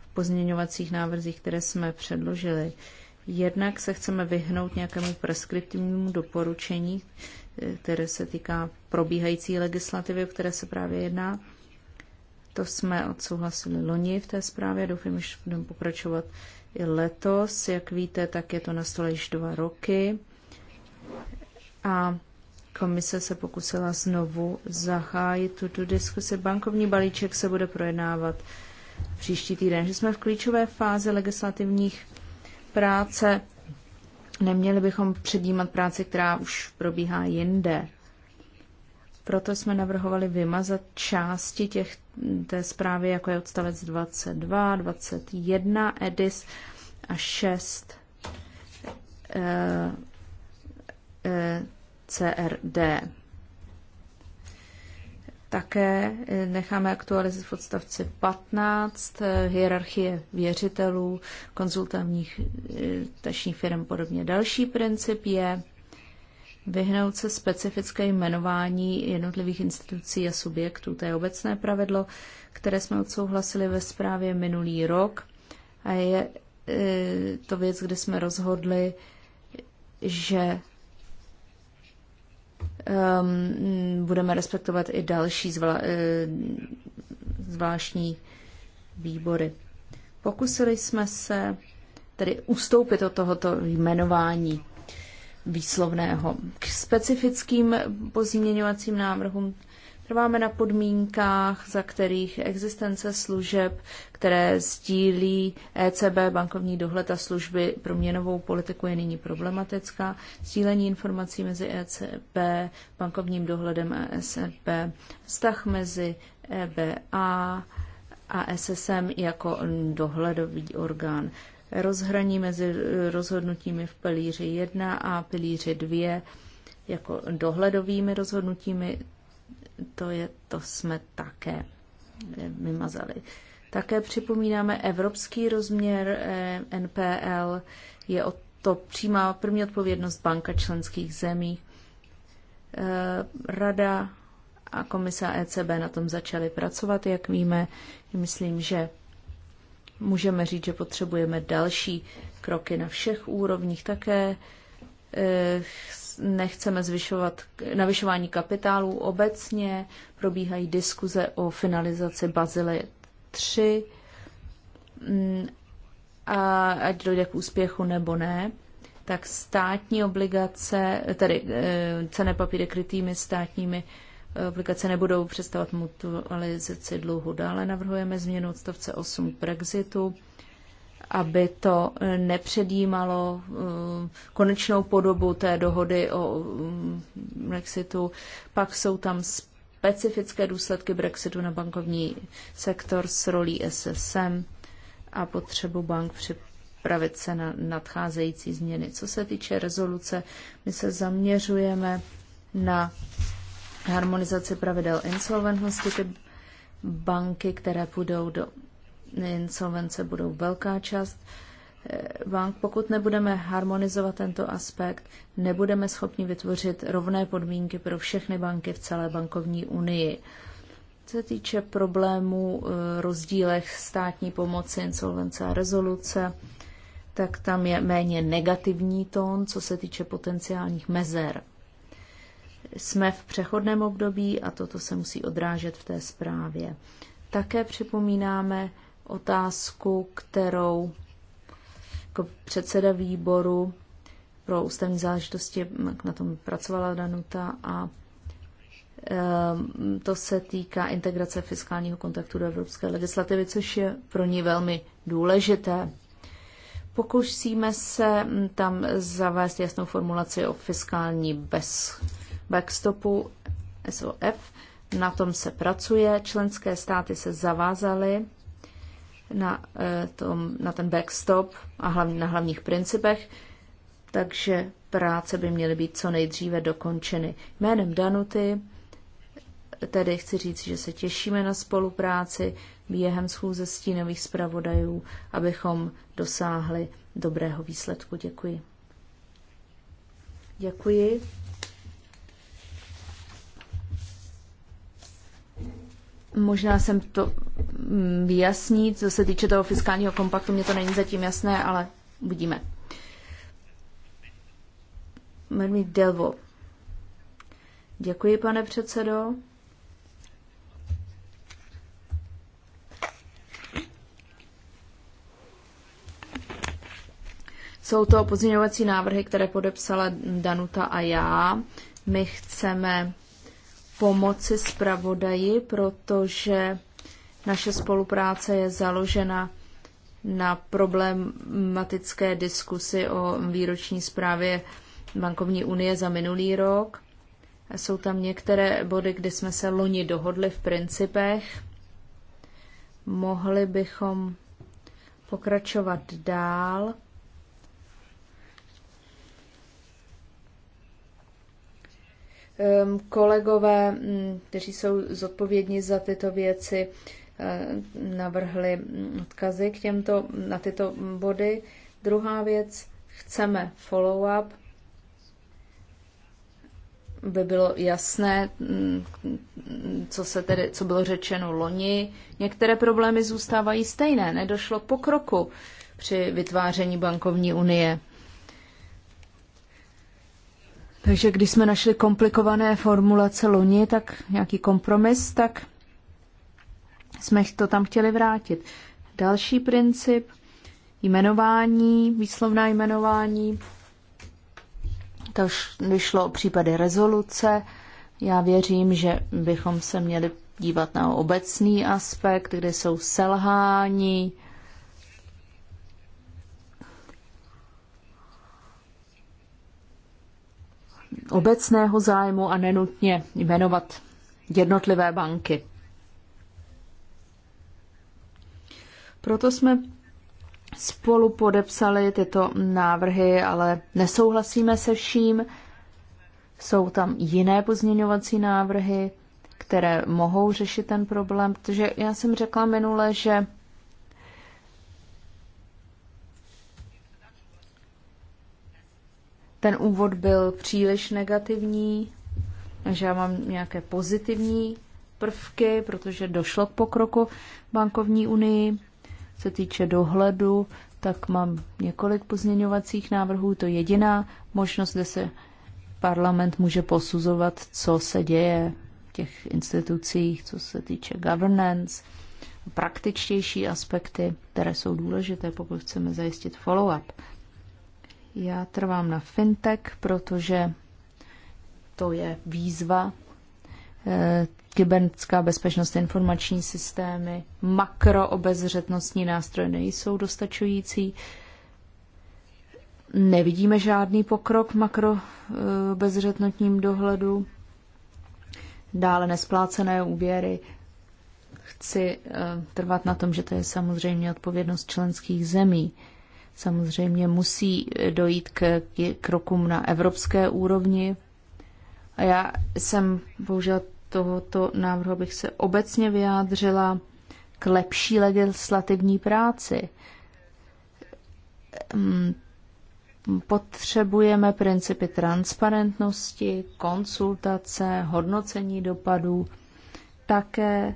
v pozměňovacích návrzích, které jsme předložili. Jednak se chceme vyhnout nějakému preskriptivnímu doporučení, eh, které se týká probíhající legislativy, o které se právě jedná. To jsme odsouhlasili loni v té zprávě, doufám, že budeme pokračovat i letos. Jak víte, tak je to na stole již dva roky. A komise se pokusila znovu zahájit tuto diskusi. Bankovní balíček se bude projednávat příští týden, že jsme v klíčové fázi legislativních práce. Neměli bychom předjímat práci, která už probíhá jinde. Proto jsme navrhovali vymazat části těch, té zprávy, jako je odstavec 22, 21 EDIS a 6 eh, eh, CRD. Také eh, necháme aktualizovat v odstavci 15 eh, hierarchie věřitelů, konzultantních eh, tašních firm podobně. Další princip je vyhnout se specifické jmenování jednotlivých institucí a subjektů. To je obecné pravidlo, které jsme odsouhlasili ve zprávě minulý rok a je e, to věc, kde jsme rozhodli, že um, budeme respektovat i další zvla, e, zvláštní výbory. Pokusili jsme se tedy ustoupit od tohoto jmenování výslovného. K specifickým pozměňovacím návrhům trváme na podmínkách, za kterých existence služeb, které sdílí ECB, bankovní dohled a služby pro měnovou politiku je nyní problematická. Sdílení informací mezi ECB, bankovním dohledem a SRB, vztah mezi EBA a SSM jako dohledový orgán rozhraní mezi eh, rozhodnutími v pilíři 1 a pilíři 2 jako dohledovými rozhodnutími, to, je, to jsme také eh, vymazali. Také připomínáme evropský rozměr eh, NPL, je o to přímá první odpovědnost banka členských zemí. Rada a komisa ECB na tom začaly pracovat, jak víme. Myslím, že Můžeme říct, že potřebujeme další kroky na všech úrovních také. Eh, nechceme zvyšovat navyšování kapitálu obecně. Probíhají diskuze o finalizaci Bazile 3 mm, a ať dojde k úspěchu nebo ne, tak státní obligace, tedy eh, cené papíry krytými státními aplikace nebudou představovat mutualizaci dluhu. Dále navrhujeme změnu odstavce 8 k Brexitu, aby to nepředjímalo eh, konečnou podobu té dohody o mm, Brexitu. Pak jsou tam specifické důsledky Brexitu na bankovní sektor s rolí SSM a potřebu bank připravit se na nadcházející změny. Co se týče rezoluce, my se zaměřujeme na harmonizaci pravidel insolventnosti. Ty banky, které půjdou do insolvence, budou velká část eh, bank. Pokud nebudeme harmonizovat tento aspekt, nebudeme schopni vytvořit rovné podmínky pro všechny banky v celé bankovní unii. Co se týče problémů eh, rozdílech státní pomoci, insolvence a rezoluce, tak tam je méně negativní tón, co se týče potenciálních mezer. Jsme v přechodném období a toto se musí odrážet v té zprávě. Také připomínáme otázku, kterou jako předseda výboru pro ústavní záležitosti, na tom pracovala Danuta a ehm, to se týká integrace fiskálního kontaktu do evropské legislativy, což je pro ní velmi důležité. Pokusíme se mm, tam zavést jasnou formulaci o fiskální bez backstopu SOF. Na tom se pracuje. Členské státy se zavázaly na, eh, tom, na ten backstop a hlavně na hlavních principech, takže práce by měly být co nejdříve dokončeny. Jménem Danuty tedy chci říct, že se těšíme na spolupráci během schůze stínových zpravodajů, abychom dosáhli dobrého výsledku. Děkuji. Děkuji. Možná jsem to mm, vyjasní, co se týče toho fiskálního kompaktu, mě to není zatím jasné, ale uvidíme. Mermi Delvo. Děkuji, pane předsedo. Jsou to pozměňovací návrhy, které podepsala Danuta a já. My chceme pomoci zpravodaji, protože naše spolupráce je založena na problematické diskusi o výroční zprávě bankovní unie za minulý rok. Jsou tam některé body, kde jsme se loni dohodli v principech. Mohli bychom pokračovat dál. Ehm, kolegové, mm, kteří jsou zodpovědní za tyto věci, ehm, navrhli mm, odkazy k těmto, na tyto body. Druhá věc, chceme follow-up, by bylo jasné, mm, co, se tedy, co bylo řečeno loni. Některé problémy zůstávají stejné, nedošlo k pokroku při vytváření bankovní unie. Takže když jsme našli komplikované formulace loni, tak nějaký kompromis, tak jsme to tam chtěli vrátit. Další princip, jmenování, výslovná jmenování, to vyšlo o případy rezoluce. Já věřím, že bychom se měli dívat na obecný aspekt, kde jsou selhání, obecného zájmu a nenutně jmenovat jednotlivé banky. Proto jsme spolu podepsali tyto návrhy, ale nesouhlasíme se vším. Jsou tam jiné pozměňovací návrhy, které mohou řešit ten problém, protože já jsem řekla minule, že ten úvod byl příliš negativní, takže já mám nějaké pozitivní prvky, protože došlo k pokroku bankovní unii. Se týče dohledu, tak mám několik pozměňovacích návrhů. To je jediná možnost, kde se parlament může posuzovat, co se děje v těch institucích, co se týče governance, praktičtější aspekty, které jsou důležité, pokud chceme zajistit follow-up. Já trvám na fintech, protože to je výzva. Eh, kybernetická bezpečnost, informační systémy, makroobezřetnostní nástroje nejsou dostačující. Nevidíme žádný pokrok v makrobezřetnotním dohledu. Dále nesplácené úvěry. Chci eh, trvat na tom, že to je samozřejmě odpovědnost členských zemí Samozřejmě musí dojít k krokům na evropské úrovni. A já jsem použila tohoto návrhu, abych se obecně vyjádřila k lepší legislativní práci. Mm, potřebujeme principy transparentnosti, konsultace, hodnocení dopadů, také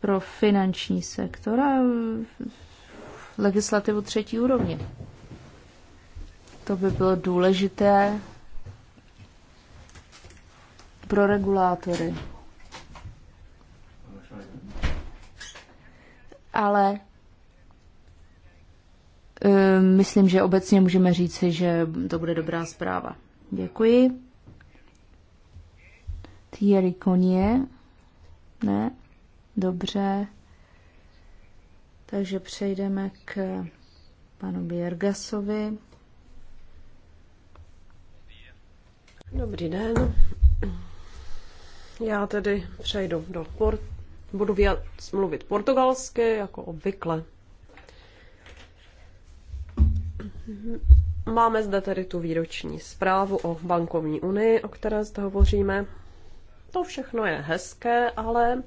pro finanční sektor a legislativu třetí úrovně. To by bylo důležité pro regulátory. Ale eh, myslím, že obecně můžeme říci, že to bude dobrá zpráva. Děkuji. Thierry Konie. Ne? Dobře. Takže přejdeme k panu Biergasovi. Dobrý den. Já tedy přejdu do port. Budu vyjad, mluvit portugalsky, jako obvykle. Máme zde tedy tu výroční zprávu o bankovní unii, o které zde hovoříme. To všechno je hezké, ale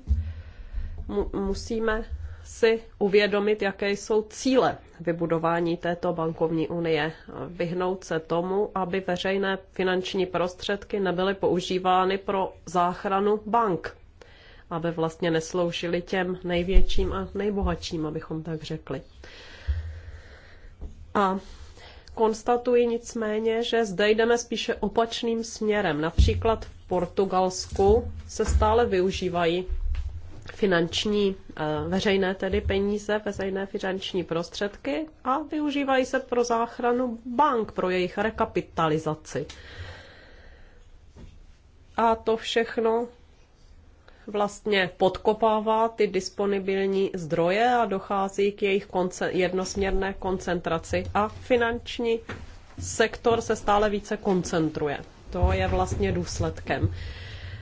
mu- musíme si uvědomit, jaké jsou cíle vybudování této bankovní unie. Vyhnout se tomu, aby veřejné finanční prostředky nebyly používány pro záchranu bank. Aby vlastně nesloužily těm největším a nejbohatším, abychom tak řekli. A konstatuji nicméně, že zde jdeme spíše opačným směrem. Například v Portugalsku se stále využívají finanční, eh, veřejné tedy peníze, veřejné finanční prostředky a využívají se pro záchranu bank, pro jejich rekapitalizaci. A to všechno vlastně podkopává ty disponibilní zdroje a dochází k jejich jednosměrné koncentraci a finanční sektor se stále více koncentruje. To je vlastně důsledkem.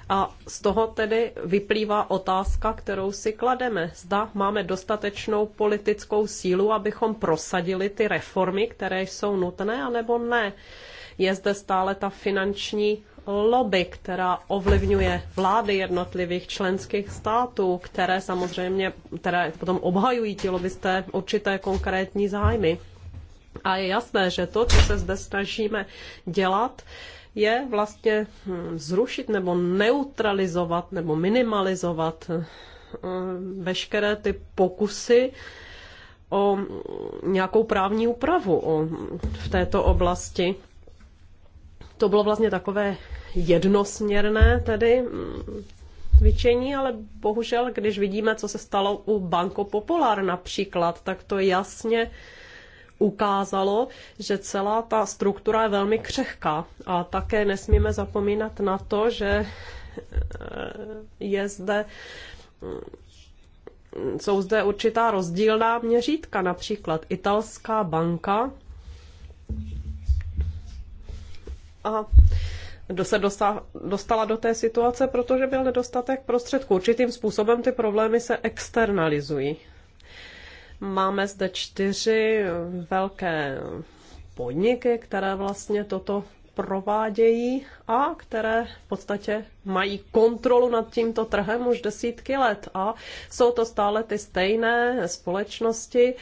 A z toho tedy vyplývá otázka, kterou si klademe. Zda máme dostatečnou politickou sílu, abychom prosadili ty reformy, které jsou nutné, anebo ne. Je zde stále ta finanční lobby, která ovlivňuje vlády jednotlivých členských států, které samozřejmě které potom obhajují ti lobbysté určité konkrétní zájmy. A je jasné, že to, co se zde snažíme dělat, je vlastně hm, zrušit nebo neutralizovat nebo minimalizovat hm, veškeré ty pokusy o nějakou právní úpravu v této oblasti. To bylo vlastně takové jednosměrné tedy hm, cvičení, ale bohužel, když vidíme, co se stalo u Banco Popular například, tak to jasně ukázalo, že celá ta struktura je velmi křehká. A také nesmíme zapomínat na to, že eh, je zde mm, jsou zde určitá rozdílná měřítka, například italská banka a se dostala do té situace, protože byl nedostatek prostředků. Určitým způsobem ty problémy se externalizují. Máme zde čtyři velké podniky, které vlastně toto provádějí a které v podstatě mají kontrolu nad tímto trhem už desítky let. A jsou to stále ty stejné společnosti,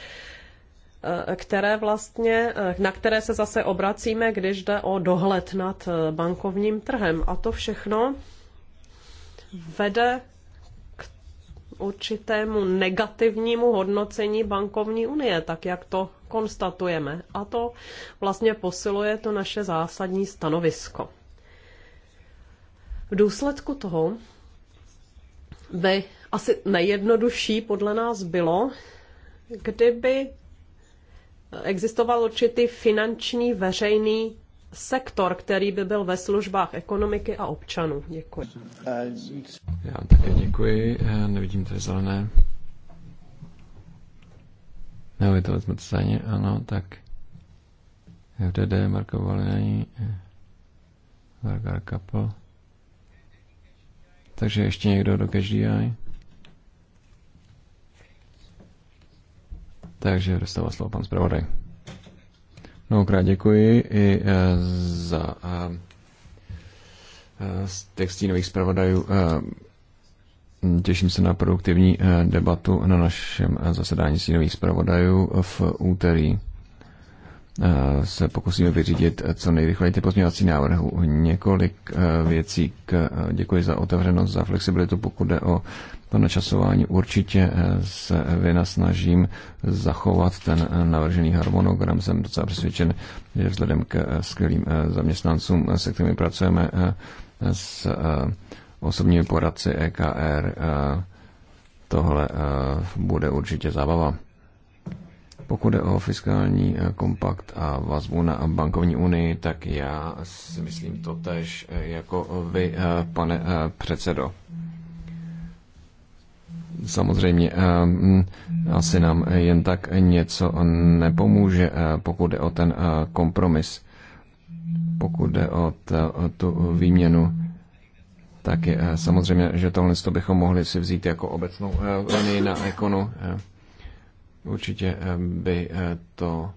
eh, které vlastně, eh, na které se zase obracíme, když jde o dohled nad eh, bankovním trhem. A to všechno vede určitému negativnímu hodnocení bankovní unie, tak jak to konstatujeme. A to vlastně posiluje to naše zásadní stanovisko. V důsledku toho by asi nejjednodušší podle nás bylo, kdyby existoval určitý finanční veřejný sektor, který by byl ve službách ekonomiky a občanů. Děkuji. Já také děkuji. Já eh, nevidím tady zelené. Nebo je to vezmete ano, tak FDD, Marko Valení, eh, Vargar Kapl. Takže ještě někdo do aj. Takže dostává slovo pan zpravodaj. Mnohokrát děkuji i eh, za eh, eh, texty nových zpravodajů. Těším se na produktivní debatu na našem zasedání stínových zpravodajů v úterý. Eh, se pokusíme vyřídit eh, co nejrychleji ty pozměňovací návrhu. Několik eh, věcí. K, děkuji za otevřenost, za flexibilitu, pokud jde o to načasování. Určitě se snažím zachovat ten navržený harmonogram. Jsem docela přesvědčen, že vzhledem k skvělým zaměstnancům, se kterými pracujeme s osobními poradci EKR, tohle bude určitě zábava. Pokud je o fiskální eh, kompakt a vazbu na bankovní unii, tak já si myslím to tež eh, jako vy, eh, pane předsedo. Samozřejmě mm, asi nám jen tak něco nepomůže, pokud je o ten kompromis. Pokud jde o tu výměnu tak je samozřejmě, že tohle bychom mohli si vzít jako obecnou linii na ekonu. Určitě eh, by eh, to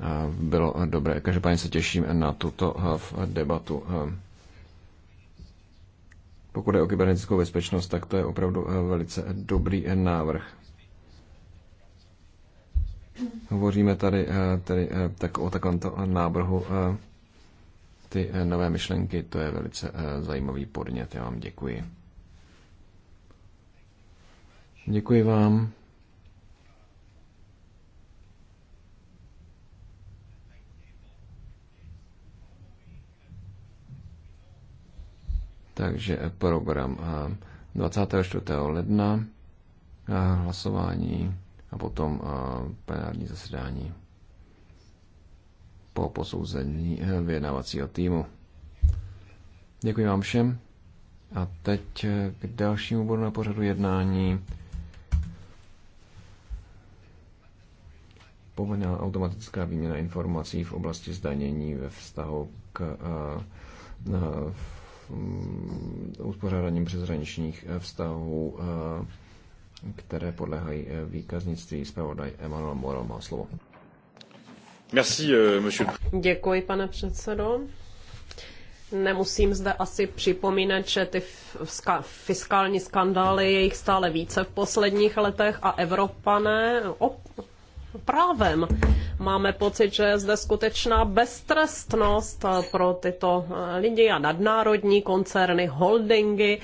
eh, bylo dobré. Každopádně se těším na tuto debatu. Pokud je o kybernetickou bezpečnost, tak to je opravdu velice dobrý návrh. Hovoříme tady, tady tak o takovémto návrhu ty nové myšlenky, to je velice zajímavý podnět. Já vám děkuji. Děkuji vám. Takže program 24. Eh, ledna eh, hlasování a potom eh, plenární zasedání po posouzení vyjednávacího týmu. Děkuji vám všem. A teď k dalšímu bodu na pořadu jednání. Povinná automatická výměna informací v oblasti zdanění ve vztahu k uh, uh, Mm, uspořádaním přeshraničních eh, vztahů, eh, které podléhají eh, výkaznictví. Zpravodaj Emanuel Morel má slovo. Merci, monsieur. Děkuji, pane předsedo. Nemusím zde asi připomínat, že ty fiskální skandály je jich stále více v posledních letech a Evropané právem. Máme pocit, že je zde skutečná beztrestnost pro tyto eh, lidi a nadnárodní koncerny, holdingy,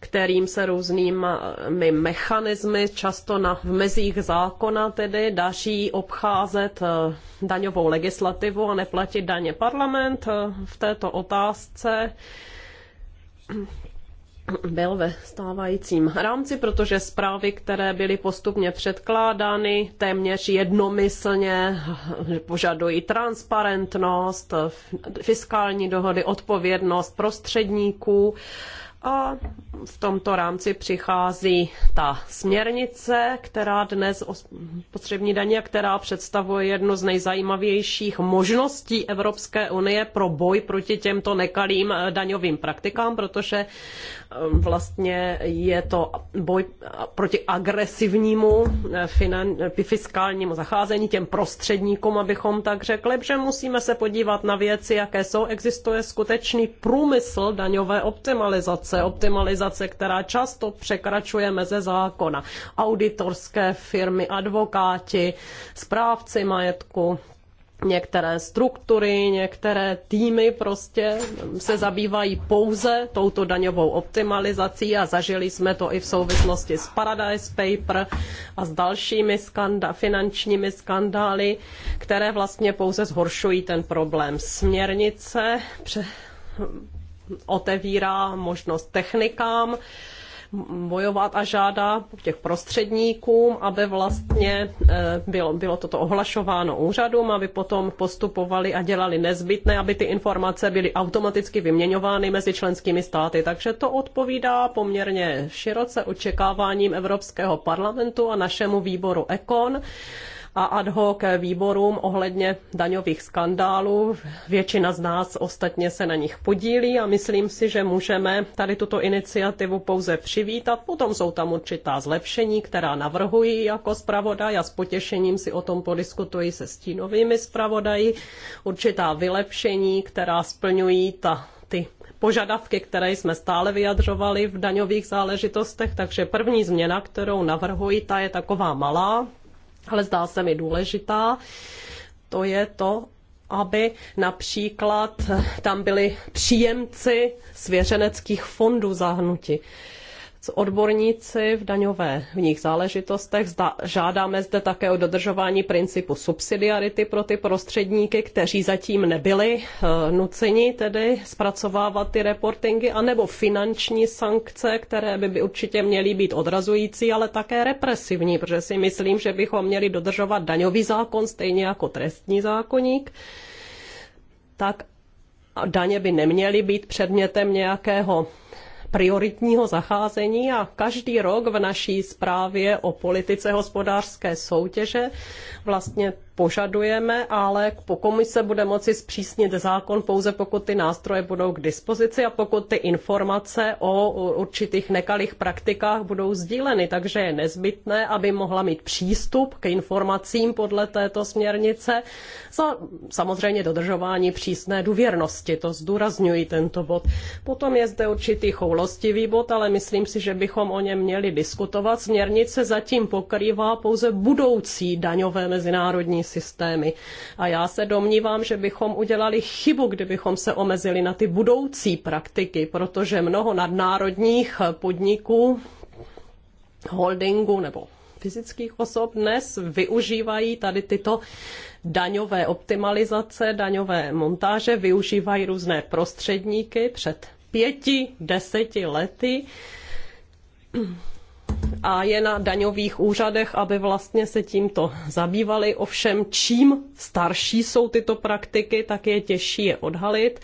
kterým se různými mechanismy, často na, v mezích zákona tedy, daří obcházet eh, daňovou legislativu a neplatit daně parlament eh, v této otázce byl ve stávajícím rámci, protože zprávy, které byly postupně předkládány, téměř jednomyslně požadují transparentnost, fiskální dohody, odpovědnost prostředníků. A v tomto rámci přichází ta směrnice, která dnes o potřební daně, která představuje jednu z nejzajímavějších možností Evropské unie pro boj proti těmto nekalým eh, daňovým praktikám, protože vlastně je to boj proti agresivnímu eh, finan, fiskálnímu zacházení, těm prostředníkům, abychom tak řekli, že musíme se podívat na věci, jaké jsou. Existuje skutečný průmysl daňové optimalizace, optimalizace, která často překračuje meze zákona. Auditorské firmy, advokáti, správci majetku, některé struktury, některé týmy prostě se zabývají pouze touto daňovou optimalizací a zažili jsme to i v souvislosti s Paradise Paper a s dalšími skanda- finančními skandály, které vlastně pouze zhoršují ten problém. Směrnice pře- otevírá možnost technikám, bojovat a žádá těch prostředníkům, aby vlastně eh, bylo, bylo toto ohlašováno úřadům, aby potom postupovali a dělali nezbytné, aby ty informace byly automaticky vyměňovány mezi členskými státy. Takže to odpovídá poměrně široce očekáváním Evropského parlamentu a našemu výboru ECON a ad hoc výborům ohledně daňových skandálů. Většina z nás ostatně se na nich podílí a myslím si, že můžeme tady tuto iniciativu pouze přivítat. Potom jsou tam určitá zlepšení, která navrhují jako zpravodaj a s potěšením si o tom podiskutuji se stínovými zpravodaji. Určitá vylepšení, která splňují ta ty požadavky, které jsme stále vyjadřovali v daňových záležitostech. Takže první změna, kterou navrhuji, ta je taková malá, ale zdá se mi důležitá, to je to, aby například tam byli příjemci svěřeneckých fondů zahnuti s odborníci v daňové v nich záležitostech. Zda, žádáme zde také o dodržování principu subsidiarity pro ty prostředníky, kteří zatím nebyli uh, nuceni tedy zpracovávat ty reportingy, anebo finanční sankce, které by, by určitě měly být odrazující, ale také represivní, protože si myslím, že bychom měli dodržovat daňový zákon stejně jako trestní zákoník tak daně by neměly být předmětem nějakého prioritního zacházení a každý rok v naší zprávě o politice hospodářské soutěže vlastně požadujeme, ale komise bude moci zpřísnit zákon pouze pokud ty nástroje budou k dispozici a pokud ty informace o určitých nekalých praktikách budou sdíleny. Takže je nezbytné, aby mohla mít přístup k informacím podle této směrnice za samozřejmě dodržování přísné důvěrnosti. To zdůrazňuji tento bod. Potom je zde určitý choulostivý bod, ale myslím si, že bychom o něm měli diskutovat. Směrnice zatím pokrývá pouze budoucí daňové mezinárodní systémy. A já se domnívám, že bychom udělali chybu, kdybychom se omezili na ty budoucí praktiky, protože mnoho nadnárodních podniků, holdingů nebo fyzických osob dnes využívají tady tyto daňové optimalizace, daňové montáže, využívají různé prostředníky před pěti, deseti lety a je na daňových úřadech, aby vlastně se tímto zabývali. Ovšem, čím starší jsou tyto praktiky, tak je těžší je odhalit.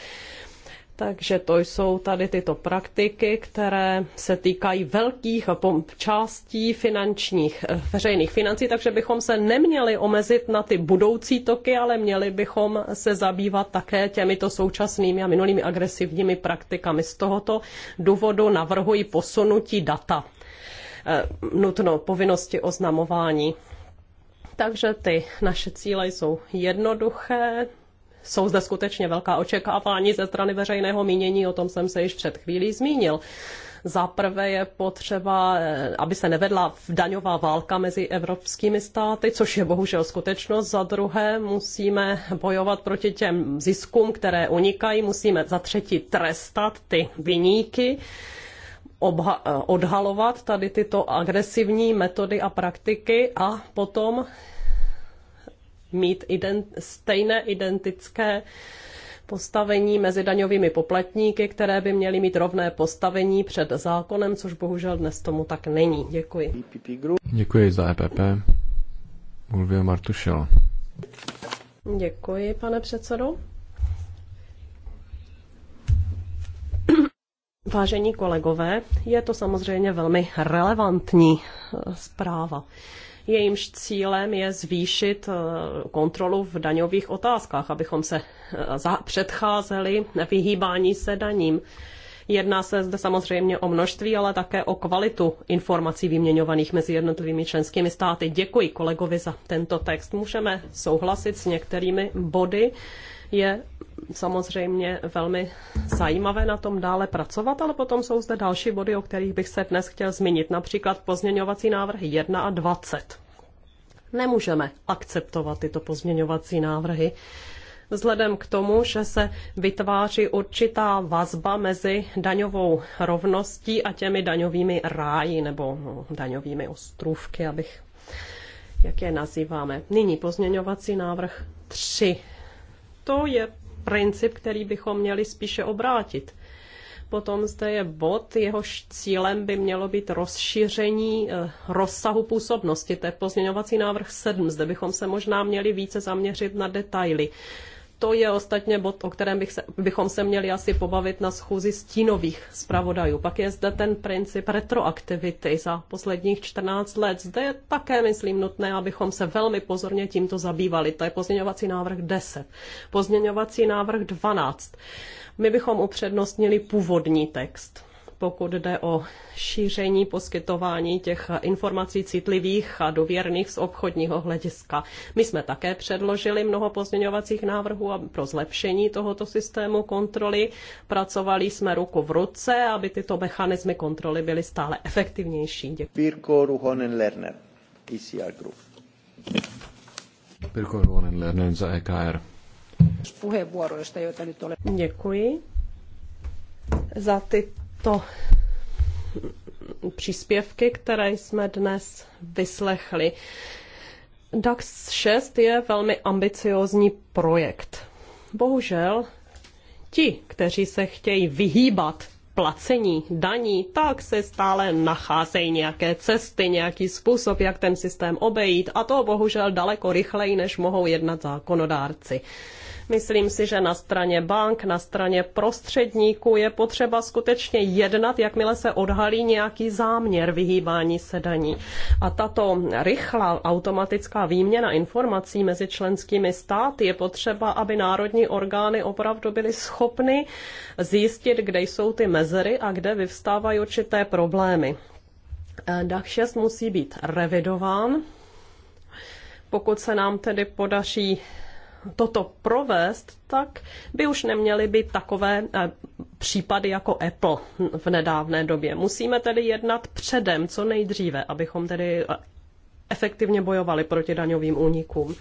Takže to jsou tady tyto praktiky, které se týkají velkých částí finančních, eh, veřejných financí, takže bychom se neměli omezit na ty budoucí toky, ale měli bychom se zabývat také těmito současnými a minulými agresivními praktikami. Z tohoto důvodu navrhuji posunutí data Eh, nutnou povinnosti oznamování. Takže ty naše cíle jsou jednoduché, jsou zde skutečně velká očekávání ze strany veřejného mínění, o tom jsem se již před chvílí zmínil. Za prvé je potřeba, eh, aby se nevedla daňová válka mezi evropskými státy, což je bohužel skutečnost. Za druhé musíme bojovat proti těm ziskům, které unikají. Musíme za třetí trestat ty vyníky. Eh, odhalovat tady tyto agresivní metody a praktiky a potom mít ident, stejné identické postavení mezi daňovými poplatníky, které by měly mít rovné postavení před zákonem, což bohužel dnes tomu tak není. Děkuji. Děkuji za EPP. Ulvio Martušel. Děkuji, pane předsedo. Vážení kolegové, je to samozřejmě velmi relevantní eh, zpráva. Jejímž cílem je zvýšit eh, kontrolu v daňových otázkách, abychom se eh, předcházeli vyhýbání se daním. Jedná se zde samozřejmě o množství, ale také o kvalitu informací vyměňovaných mezi jednotlivými členskými státy. Děkuji kolegovi za tento text. Můžeme souhlasit s některými body. Je samozřejmě velmi zajímavé na tom dále pracovat, ale potom jsou zde další body, o kterých bych se dnes chtěl zmínit, například pozměňovací návrhy 1 a 20. Nemůžeme akceptovat tyto pozměňovací návrhy, vzhledem k tomu, že se vytváří určitá vazba mezi daňovou rovností a těmi daňovými ráji nebo no, daňovými ostrůvky, abych jak je nazýváme. Nyní pozměňovací návrh 3. To je princip, který bychom měli spíše obrátit. Potom zde je bod, jehož cílem by mělo být rozšíření eh, rozsahu působnosti. To je pozměňovací návrh 7. Zde bychom se možná měli více zaměřit na detaily. To je ostatně bod, o kterém bych se, bychom se měli asi pobavit na schůzi stínových zpravodajů. Pak je zde ten princip retroaktivity za posledních 14 let. Zde je také, myslím, nutné, abychom se velmi pozorně tímto zabývali. To je pozměňovací návrh 10. Pozměňovací návrh 12. My bychom upřednostnili původní text pokud jde o šíření, poskytování těch informací citlivých a důvěrných z obchodního hlediska. My jsme také předložili mnoho pozměňovacích návrhů pro zlepšení tohoto systému kontroly. Pracovali jsme ruku v ruce, aby tyto mechanismy kontroly byly stále efektivnější. Děkuji. Pirko Ruhonen Lerner, ECR Group. Pirko Ruhonen Lerner za EKR. Děkuji za ty to příspěvky, které jsme dnes vyslechli. DAX 6 je velmi ambiciózní projekt. Bohužel ti, kteří se chtějí vyhýbat placení daní, tak se stále nacházejí nějaké cesty, nějaký způsob, jak ten systém obejít a to bohužel daleko rychleji, než mohou jednat zákonodárci. Myslím si, že na straně bank, na straně prostředníků je potřeba skutečně jednat, jakmile se odhalí nějaký záměr vyhýbání se daní. A tato rychlá automatická výměna informací mezi členskými státy je potřeba, aby národní orgány opravdu byly schopny zjistit, kde jsou ty mezery a kde vyvstávají určité problémy. DAC 6 musí být revidován. Pokud se nám tedy podaří toto provést, tak by už neměly být takové eh, případy jako Apple v nedávné době. Musíme tedy jednat předem, co nejdříve, abychom tedy eh, efektivně bojovali proti daňovým únikům.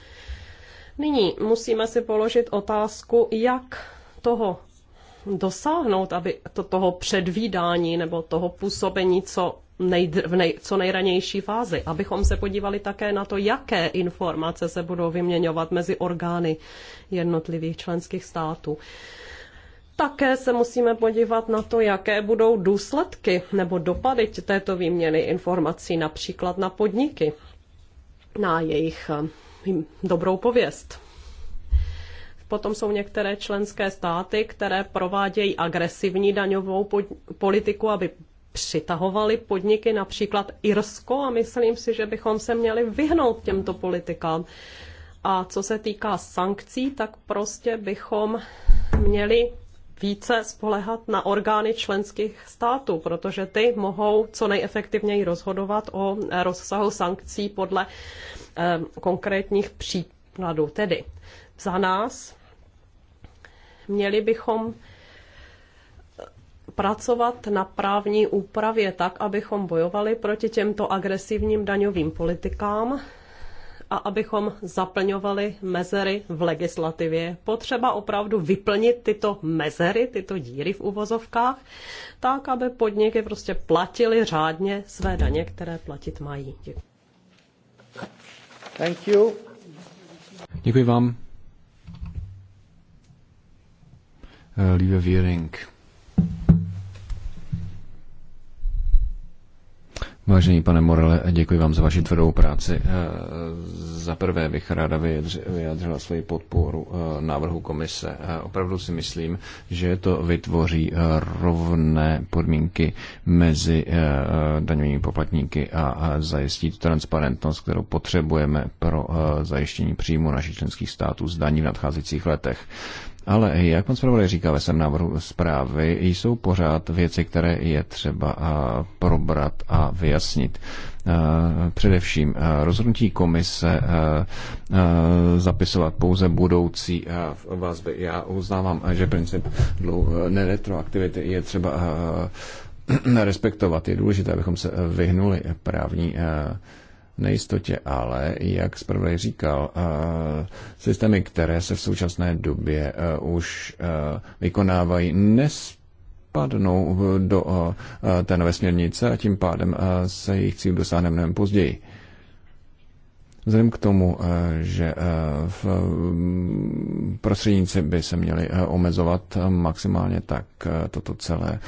Nyní musíme si položit otázku, jak toho dosáhnout, aby to, toho předvídání nebo toho působení, co nejdr, v nej, co nejranější fázi, abychom se podívali také na to, jaké informace se budou vyměňovat mezi orgány jednotlivých členských států. Také se musíme podívat na to, jaké budou důsledky nebo dopady této výměny informací například na podniky, na jejich eh, dobrou pověst. Potom jsou některé členské státy, které provádějí agresivní daňovou politiku, aby přitahovali podniky, například Irsko, a myslím si, že bychom se měli vyhnout těmto politikám. A co se týká sankcí, tak prostě bychom měli více spolehat na orgány členských států, protože ty mohou co nejefektivněji rozhodovat o rozsahu sankcí podle eh, konkrétních případů. Tedy za nás měli bychom pracovat na právní úpravě tak, abychom bojovali proti těmto agresivním daňovým politikám a abychom zaplňovali mezery v legislativě. Potřeba opravdu vyplnit tyto mezery, tyto díry v uvozovkách, tak, aby podniky prostě platily řádně své daně, které platit mají. Thank you. Děkuji vám. Eh, Liebe Viering. Vážený pane Morele, děkuji vám za vaši tvrdou práci. Eh, za prvé bych ráda vyjádřila svoji podporu eh, návrhu komise. Eh, opravdu si myslím, že to vytvoří rovné podmínky mezi daňovými poplatníky a zajistí transparentnost, kterou potřebujeme pro zajištění příjmu našich členských států z daní v nadcházejících letech. Ale jak pan zpravodaj říká ve svém návrhu zprávy, jsou pořád věci, které je třeba probrat a vyjasnit. Především rozhodnutí komise zapisovat pouze budoucí vazby. Já uznávám, že princip neretroaktivity je třeba respektovat. Je důležité, abychom se vyhnuli právní nejistotě, ale, jak zprve říkal, eh, systémy, které se v současné době eh, už eh, vykonávají, nespadnou do té nové směrnice a tím pádem se jejich cíl dosáhne mnohem později. Vzhledem k tomu, eh, že eh, v mm, prostředníci by se měli eh, omezovat maximálně, tak toto celé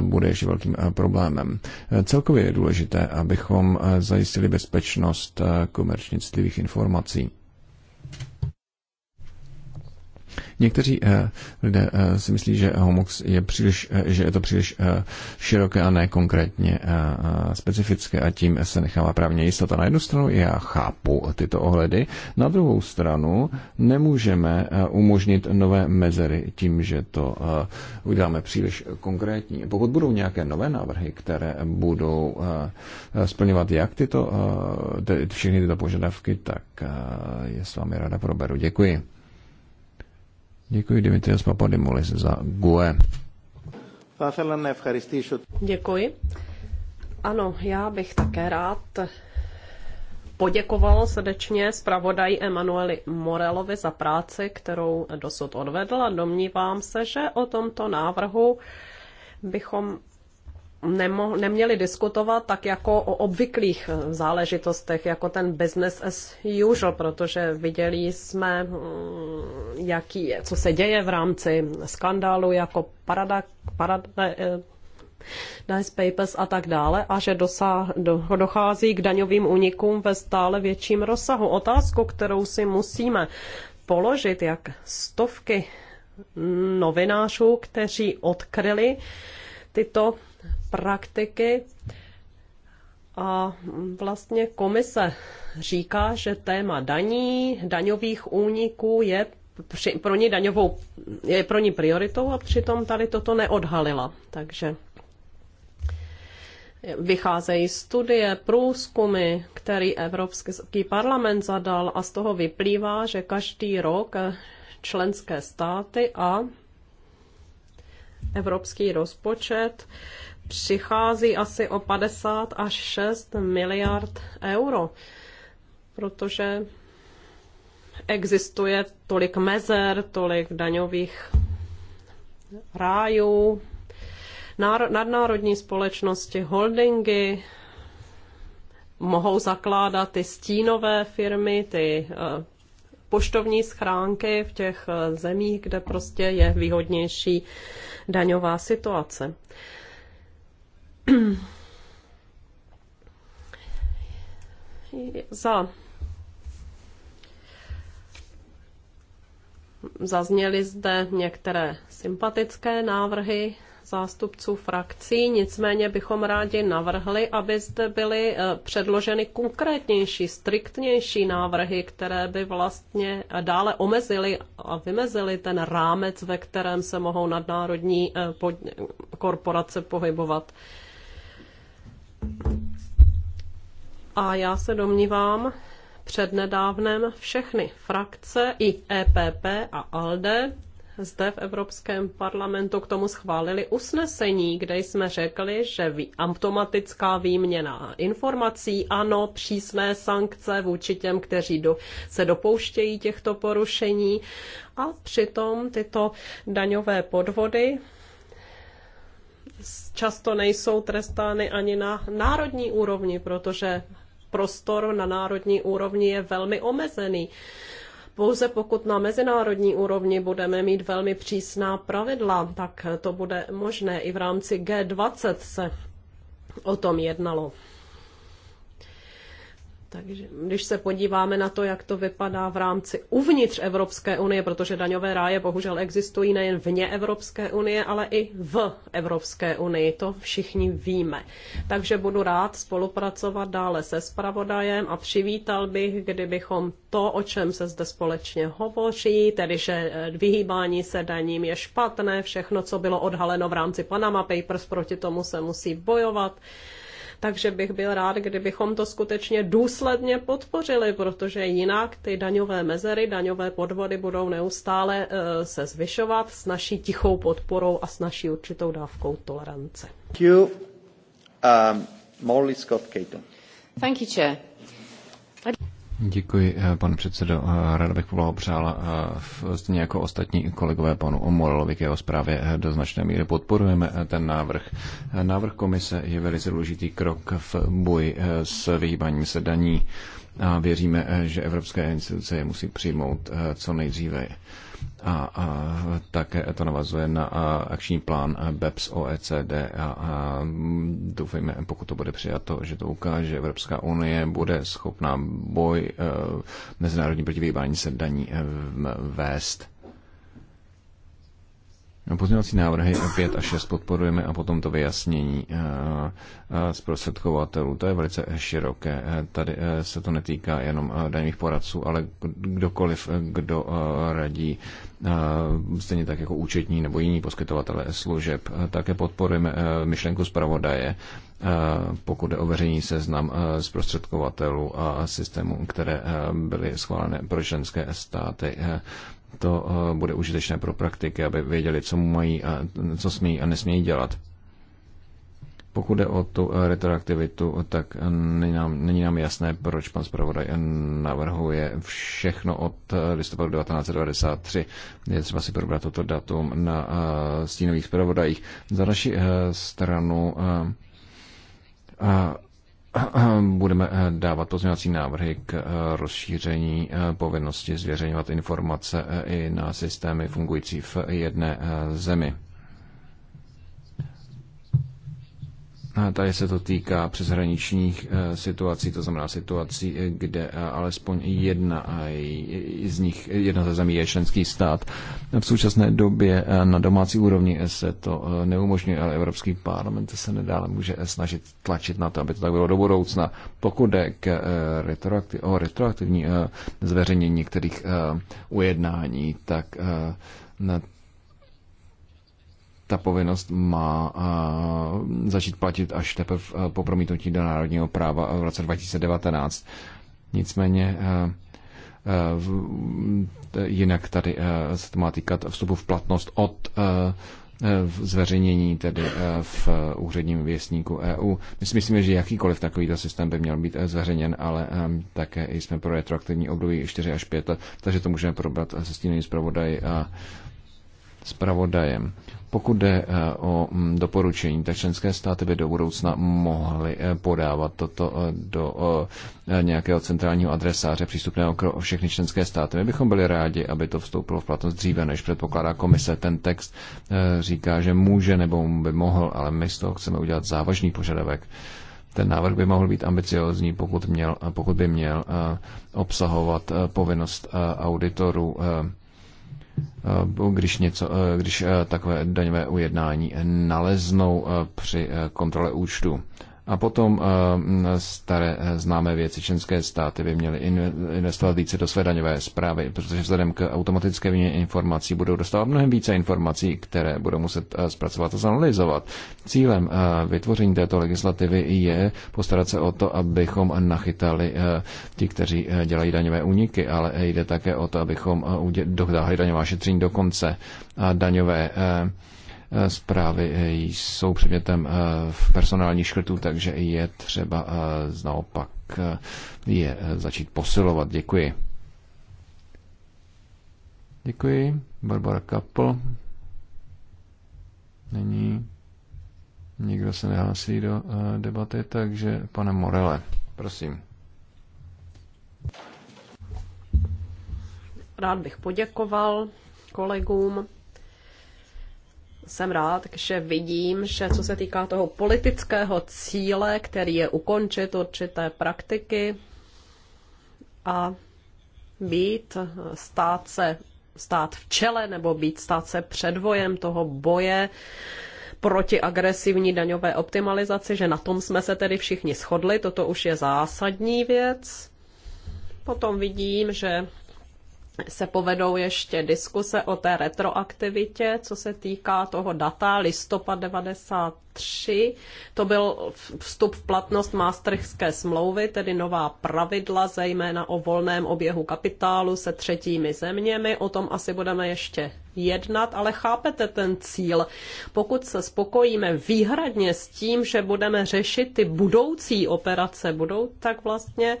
bude ještě velkým problémem. Celkově je důležité, abychom zajistili bezpečnost komerčně citlivých informací. Někteří eh, lidé eh, si myslí, že homox je příliš, eh, že je to příliš široké a ne konkrétně specifické a tím se nechává právně jistota. Na jednu stranu já chápu tyto ohledy, na druhou stranu nemůžeme umožnit nové mezery tím, že to uděláme příliš konkrétní. Pokud budou nějaké nové návrhy, které budou splňovat jak tyto, všechny tyto požadavky, tak je s vámi rada proberu. Děkuji. Děkuji Dimitrios Papadimulis za GUE. Děkuji. Ano, já bych také rád poděkoval srdečně zpravodaji Emanueli Morelovi za práci, kterou dosud odvedl a domnívám se, že o tomto návrhu bychom nemo, neměli diskutovat tak jako o obvyklých eh, záležitostech, jako ten business as usual, protože viděli jsme, mm, jaký je, co se děje v rámci skandálu jako parada, eh, Nice Papers a tak dále a že dosáh, do, dochází k daňovým unikům ve stále větším rozsahu. Otázku, kterou si musíme položit, jak stovky novinářů, kteří odkryli tyto praktiky. A vlastně komise říká, že téma daní, daňových úniků je pro ní daňovou, je pro ní prioritou a přitom tady toto neodhalila. Takže vycházejí studie, průzkumy, který Evropský parlament zadal a z toho vyplývá, že každý rok členské státy a evropský rozpočet přichází asi o 50 až 6 miliard euro, protože existuje tolik mezer, tolik daňových rájů, nadnárodní společnosti, holdingy, mohou zakládat ty stínové firmy, ty eh, poštovní schránky v těch eh, zemích, kde prostě je výhodnější daňová situace. za Zazněly zde některé sympatické návrhy zástupců frakcí, nicméně bychom rádi navrhli, aby zde byly eh, předloženy konkrétnější, striktnější návrhy, které by vlastně dále omezily a vymezily ten rámec, ve kterém se mohou nadnárodní eh, korporace pohybovat. A já se domnívám, přednedávnem všechny frakce i EPP a ALDE zde v Evropském parlamentu k tomu schválili usnesení, kde jsme řekli, že automatická výměna informací, ano, přísné sankce vůči těm, kteří do, se dopouštějí těchto porušení a přitom tyto daňové podvody často nejsou trestány ani na národní úrovni, protože prostor na národní úrovni je velmi omezený. Pouze pokud na mezinárodní úrovni budeme mít velmi přísná pravidla, tak to bude možné. I v rámci G20 se o tom jednalo. Takže když se podíváme na to, jak to vypadá v rámci uvnitř Evropské unie, protože daňové ráje bohužel existují nejen vně Evropské unie, ale i v Evropské unii, to všichni víme. Takže budu rád spolupracovat dále se spravodajem a přivítal bych, kdybychom to, o čem se zde společně hovoří, tedy že vyhýbání se daním je špatné, všechno, co bylo odhaleno v rámci Panama Papers, proti tomu se musí bojovat takže bych byl rád, kdybychom to skutečně důsledně podpořili, protože jinak ty daňové mezery, daňové podvody budou neustále eh, se zvyšovat s naší tichou podporou a s naší určitou dávkou tolerance. Thank you. Um, Molly Scott Thank you, Chair. Děkuji, eh, pane předsedo. Eh, ráda bych přál eh, stejně jako ostatní kolegové panu Omorolovi k jeho zprávě. Do značné míry podporujeme ten návrh. Návrh komise je velice důležitý krok v boji s vyhýbaním se daní a věříme, že evropské instituce je musí přijmout co nejdříve a, a také to navazuje na a, akční plán BEPS OECD a, a doufejme, pokud to bude přijato, že to ukáže, že Evropská unie bude schopná boj e, mezinárodní proti se daní e, vést Pozměňovací návrhy 5 a 6 podporujeme a potom to vyjasnění eh, eh, zprostředkovatelů. To je velice široké. Eh, tady se to netýká jenom daných poradců, ale kdokoliv, kdo radí, stejně tak jako účetní nebo jiní poskytovatelé služeb. Také podporujeme myšlenku zpravodaje, pokud je o veřejný seznam zprostředkovatelů a systémů, které byly schváleny pro členské státy to eh, bude užitečné pro praktiky, aby věděli, co mají a co smějí a nesmějí dělat. Pokud jde o tu eh, retroaktivitu, tak eh, není nám, není nám jasné, proč pan zpravodaj navrhuje všechno od listopadu 1993. Je třeba si probrat toto datum na stínových zpravodajích. Za naši stranu a Budeme eh, dávat pozměňovací návrhy k eh, rozšíření eh, povinnosti zveřejňovat informace i na systémy fungující v jedné zemi. Tady se to týká přeshraničních eh, situací, to znamená situací, eh, kde eh, alespoň jedna z nich, jedna ze zemí je členský stát. V současné době na domácí úrovni se to neumožňuje, ale Evropský parlament se nedále může snažit tlačit na to, aby to tak bylo do budoucna. Pokud jde k retroaktiv, o retroaktivní zveřejnění některých ujednání, tak ta povinnost má začít platit až teprve po promítnutí do národního práva v roce 2019. Nicméně jinak tady se to má týkat vstupu v platnost od zveřejnění tedy v úředním věstníku EU. My si myslíme, že jakýkoliv takovýto systém by měl být zveřejněn, ale také jsme pro retroaktivní období 4 až 5 let, takže to můžeme probrat se stínovým a zpravodajem. Pokud jde eh, o mm, doporučení, tak členské státy by do budoucna mohly eh, podávat toto eh, do nějakého centrálního adresáře přístupného pro všechny členské státy. My bychom byli rádi, aby to vstoupilo v platnost dříve, než předpokládá komise. Ten text říká, že může nebo by mohl, ale my z toho chceme udělat závažný požadavek ten návrh by mohl být ambiciozní, pokud, měl, pokud by měl obsahovat povinnost auditorů Eh, když, něco, eh, když eh, takové daňové ujednání naleznou při kontrole účtu. A potom eh, staré eh, známé věci, členské státy by měly investovat více do své daňové zprávy, protože vzhledem k automatické výměně informací budou dostávat mnohem více informací, které budou muset eh, zpracovat a zanalizovat. Cílem vytvoření této legislativy je postarat se o to, abychom nachytali ti, kteří dělají daňové úniky, ale jde také o to, abychom dohdáhli daňová šetření do konce a daňové Eh, zprávy eh, jsou předmětem eh, v personální škrtů, takže je třeba naopak je začít posilovat. Děkuji. Děkuji. Barbara Kapl. Není. Nikdo se nehlásí do debaty, takže pane Morele, prosím. Rád bych poděkoval kolegům jsem rád, že vidím, že co se týká toho politického cíle, který je ukončit určité praktiky a být, stát se, stát v čele nebo být stát se předvojem toho boje proti agresivní daňové optimalizaci, že na tom jsme se tedy všichni shodli, toto už je zásadní věc. Potom vidím, že se povedou ještě diskuse o té retroaktivitě, co se týká toho data listopad 93. To byl vstup v platnost Maastrichtské smlouvy, tedy nová pravidla, zejména o volném oběhu kapitálu se třetími zeměmi. O tom asi budeme ještě jednat, ale chápete ten cíl. Pokud se spokojíme výhradně s tím, že budeme řešit ty budoucí operace, budou tak vlastně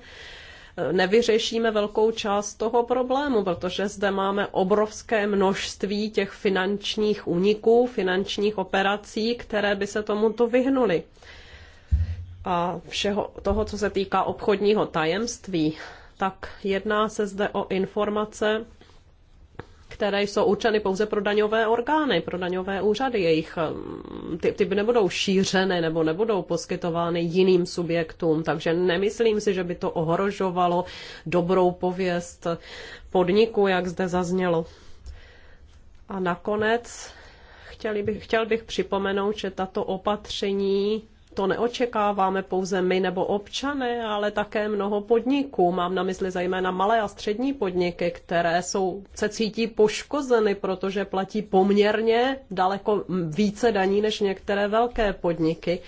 nevyřešíme velkou část toho problému, protože zde máme obrovské množství těch finančních úniků, finančních operací, které by se tomuto vyhnuly. A všeho toho, co se týká obchodního tajemství, tak jedná se zde o informace, které jsou určeny pouze pro daňové orgány, pro daňové úřady. Jejich, um, ty, ty nebudou šířeny nebo nebudou poskytovány jiným subjektům, takže nemyslím si, že by to ohrožovalo dobrou pověst podniku, jak zde zaznělo. A nakonec chtěli bych, chtěl bych připomenout, že tato opatření to neočekáváme pouze my nebo občané, ale také mnoho podniků. Mám na mysli zejména malé a střední podniky, které jsou, se cítí poškozeny, protože platí poměrně daleko více daní než některé velké podniky.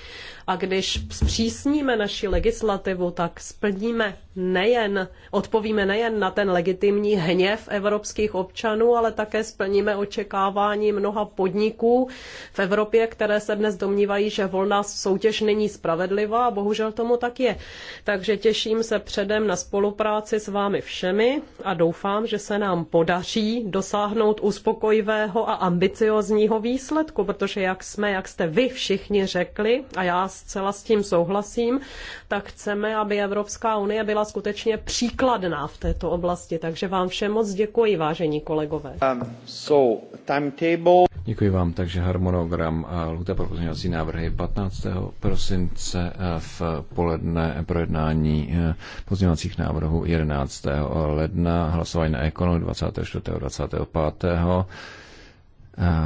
A když zpřísníme naši legislativu, tak splníme nejen, odpovíme nejen na ten legitimní hněv evropských občanů, ale také splníme očekávání mnoha podniků v Evropě, které se dnes domnívají, že volná soutěž není spravedlivá a bohužel tomu tak je. Takže těším se předem na spolupráci s vámi všemi a doufám, že se nám podaří dosáhnout uspokojivého a ambiciozního výsledku, protože jak jsme, jak jste vy všichni řekli a já zcela s tím souhlasím, tak chceme, aby Evropská unie byla skutečně příkladná v této oblasti. Takže vám všem moc děkuji, vážení kolegové. Um, so, timetable. Děkuji vám, takže harmonogram lhuta pro pozměňovací návrhy 15. prosince eh, v poledne projednání eh, pozměňovacích návrhů 11. ledna, hlasování na ekonomii 24. 25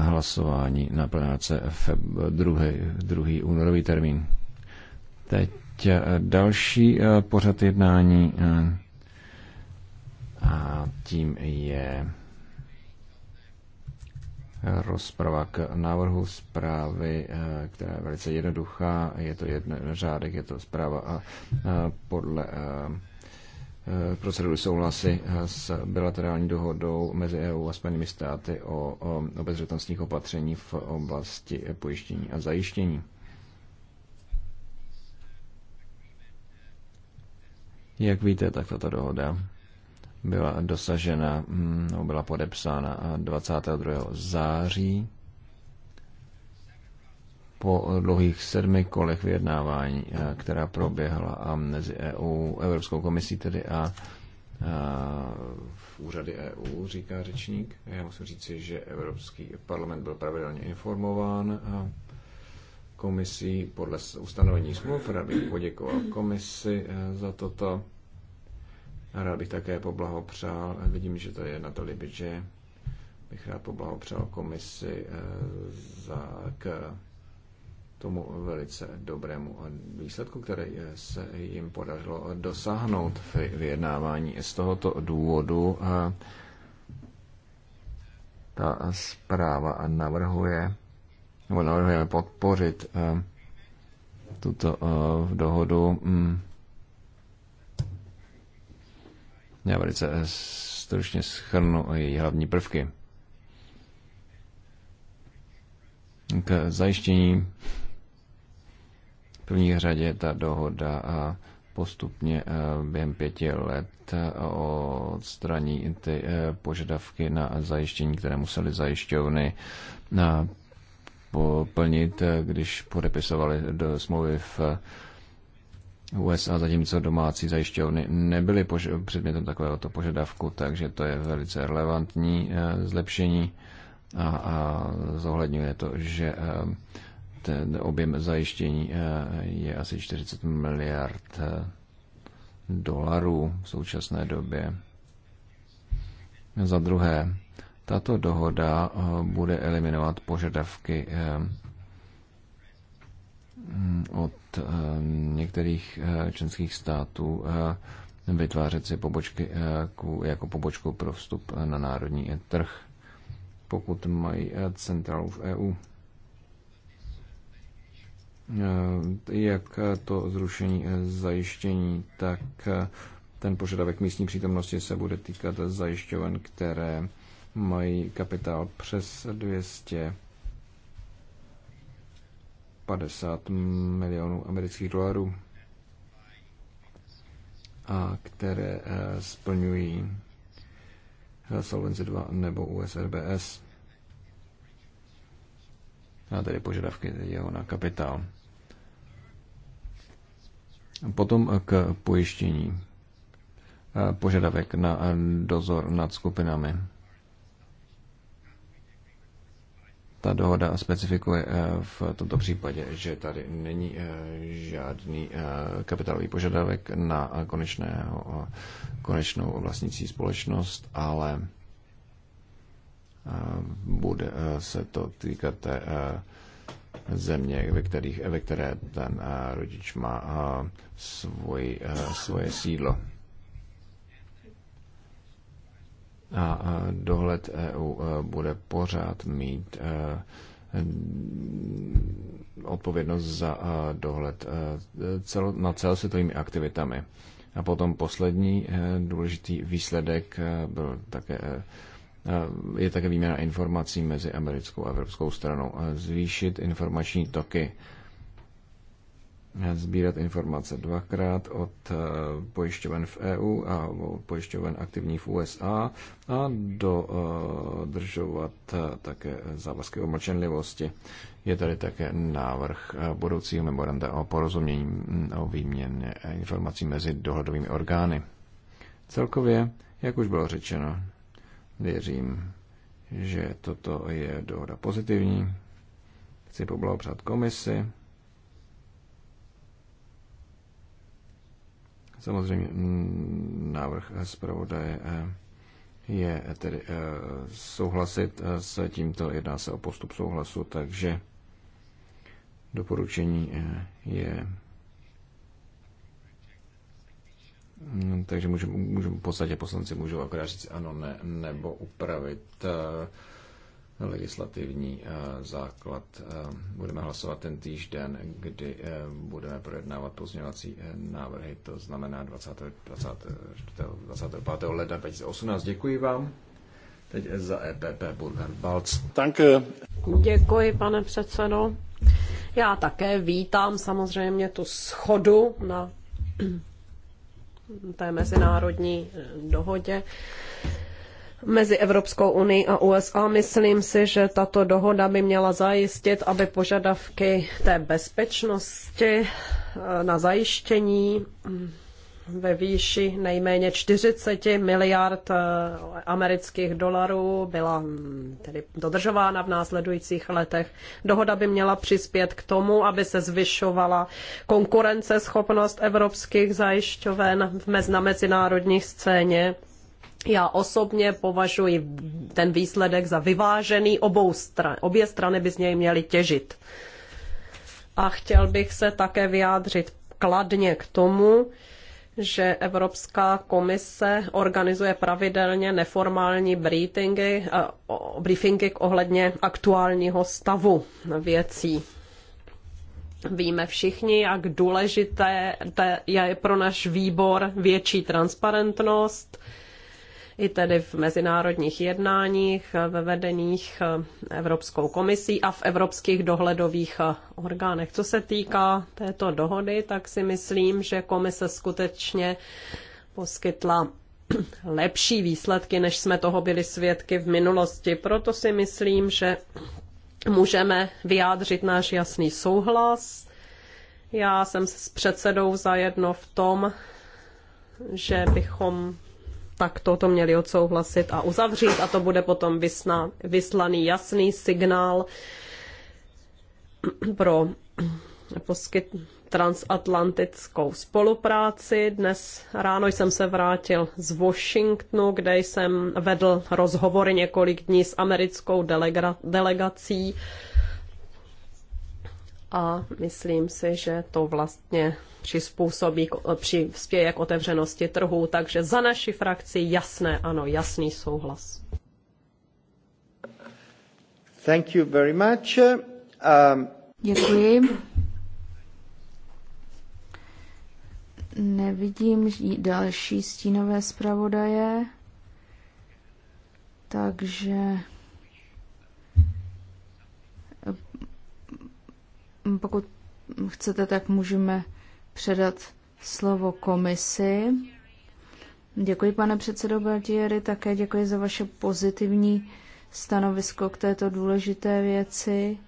hlasování na plenáce v druhý, druhý únorový termín. Teď eh, další eh, pořad jednání eh, a tím je rozprava k návrhu zprávy, která je velice jednoduchá, je to jeden řádek, je to zpráva a podle Eh, procedury souhlasy eh, s bilaterální dohodou mezi EU a Spojenými státy o obezřetnostních opatření v oblasti eh, pojištění a zajištění. Jak víte, tak tato dohoda byla dosažena, mm, byla podepsána 22. září po dlouhých sedmi kolech vyjednávání, eh, která proběhla mezi EU, Evropskou komisí tedy a, a eh, v úřady EU, říká řečník. Já musím říct, že Evropský parlament byl pravidelně informován a eh, komisí podle ustanovení smluv. Rád bych poděkoval komisi za toto. rád bych také poblahopřál, vidím, že to je na to že bych rád poblahopřál komisi za k tomu velice dobrému výsledku, který se jim podařilo dosáhnout v vyjednávání. Z tohoto důvodu eh, ta zpráva navrhuje, nebo navrhujeme podpořit eh, tuto eh, dohodu. Mm, já velice stručně schrnu její hlavní prvky. K zajištění první řadě ta dohoda a postupně e, během pěti let e, odstraní ty e, požadavky na zajištění, které museli zajišťovny plnit, když podepisovali do smlouvy v USA, zatímco domácí zajišťovny nebyly pož- předmětem takovéhoto požadavku, takže to je velice relevantní zlepšení a, a zohledňuje to, že ten objem zajištění eh, je asi 40 miliard eh, dolarů v současné době. Za druhé, tato dohoda eh, bude eliminovat požadavky od některých členských států vytvářet si pobočky jako pobočku pro vstup na národní trh, pokud mají centrálu v EU. Eh, jak to zrušení eh, zajištění, tak eh, ten požadavek místní přítomnosti se bude týkat zajišťoven, které mají kapitál přes 250 milionů amerických dolarů a které splňují Solvency 2 nebo USRBS a tedy požadavky jeho na kapitál. Potom k pojištění. Požadavek na dozor nad skupinami. Ta dohoda specifikuje eh, v tomto případě, že tady není eh, žádný eh, kapitálový požadavek na konečného, konečnou vlastnící společnost, ale bude se to týkat té země, ve, kterých, ve které ten eh, rodič má eh, svoj, eh, svoje sídlo. A dohled EU bude pořád mít odpovědnost za dohled na celosvětovými aktivitami. A potom poslední důležitý výsledek byl také Eh, je také výměna informací mezi americkou a evropskou stranou. Eh, zvýšit informační toky, eh, sbírat informace dvakrát od pojišťoven v EU a pojišťoven aktivní v USA a dodržovat také závazky o mlčenlivosti. Je tady také návrh budoucího memoranda o porozumění mm, o výměně informací mezi dohledovými orgány. Celkově, jak už bylo řečeno, Věřím, že toto je dohoda pozitivní. Chci poblahopřát komisi. Samozřejmě mm, návrh zpravodaje eh, je eh, tedy eh, souhlasit s tímto, jedná se o postup souhlasu, takže doporučení je No, takže můžu, můžu, v podstatě poslanci můžou akorát říct ano, ne, nebo upravit eh, legislativní eh, základ. Eh, budeme hlasovat ten týžden, kdy budeme projednávat pozměňovací návrhy, to znamená 20, 20, 25. ledna 2018. Děkuji vám. Teď za EPP Burger Balc. Danke. Děkuji, pane předsedo. Já také vítám samozřejmě tu schodu na té mezinárodní eh, dohodě mezi Evropskou unii a USA. Myslím si, že tato dohoda by měla zajistit, aby požadavky té bezpečnosti eh, na zajištění mm, ve výši nejméně 40 miliard eh, amerických dolarů byla mm, tedy dodržována v následujících letech. Dohoda by měla přispět k tomu, aby se zvyšovala konkurenceschopnost evropských zajišťoven na mezinárodní scéně. Já osobně považuji ten výsledek za vyvážený obou stran. Obě strany by z něj měly těžit. A chtěl bych se také vyjádřit kladně k tomu, že Evropská komise organizuje pravidelně neformální briefingy, eh, briefingy ohledně aktuálního stavu věcí. Víme všichni, jak důležité je pro náš výbor větší transparentnost, i tedy v mezinárodních jednáních, ve vedeních eh, Evropskou komisí a v evropských dohledových eh, orgánech. Co se týká této dohody, tak si myslím, že komise skutečně poskytla lepší výsledky, než jsme toho byli svědky v minulosti. Proto si myslím, že můžeme vyjádřit náš jasný souhlas. Já jsem s předsedou zajedno v tom, že bychom tak to měli odsouhlasit a uzavřít a to bude potom vysna, vyslaný jasný signál pro poskyt transatlantickou spolupráci. Dnes ráno jsem se vrátil z Washingtonu, kde jsem vedl rozhovory několik dní s americkou delega- delegací a myslím si, že to vlastně při přispěje k otevřenosti trhu, takže za naši frakci jasné ano, jasný souhlas. Thank you very much. Um... Děkuji. Nevidím další stínové zpravodaje, takže Pokud chcete, tak můžeme předat slovo komisi. Děkuji, pane předsedo Beltieri, také děkuji za vaše pozitivní stanovisko k této důležité věci.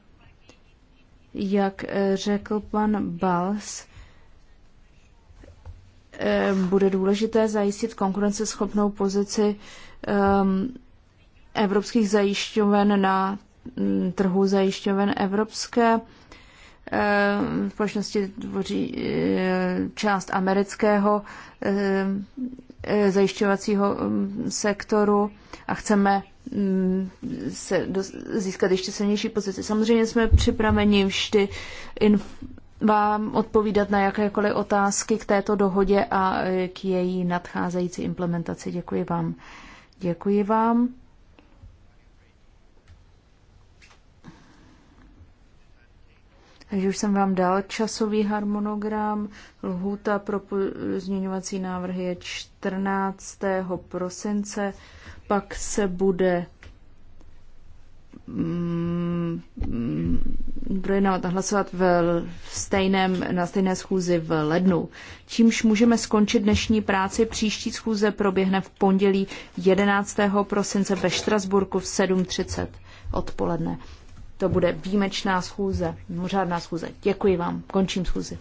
Jak eh, řekl pan Bals, eh, bude důležité zajistit konkurenceschopnou pozici ehm, evropských zajišťoven na mm, trhu zajišťoven evropské Eh, společnosti tvoří eh, část amerického eh, zajišťovacího mm, sektoru a chceme mm, se získat ještě silnější pozici. Samozřejmě jsme připraveni vždy vám odpovídat na jakékoliv otázky k této dohodě a k její nadcházející implementaci. Děkuji vám. Děkuji vám. Takže už jsem vám dal časový harmonogram. Lhůta pro změňovací návrhy je 14. prosince, pak se bude mm, mm, projednávat a hlasovat v stejném, na stejné schůzi v lednu. Čímž můžeme skončit dnešní práci, příští schůze proběhne v pondělí 11. prosince ve Štrasburku v 7.30 odpoledne. To bude výjimečná schůze, mořádná schůze. Děkuji vám, končím schůzi.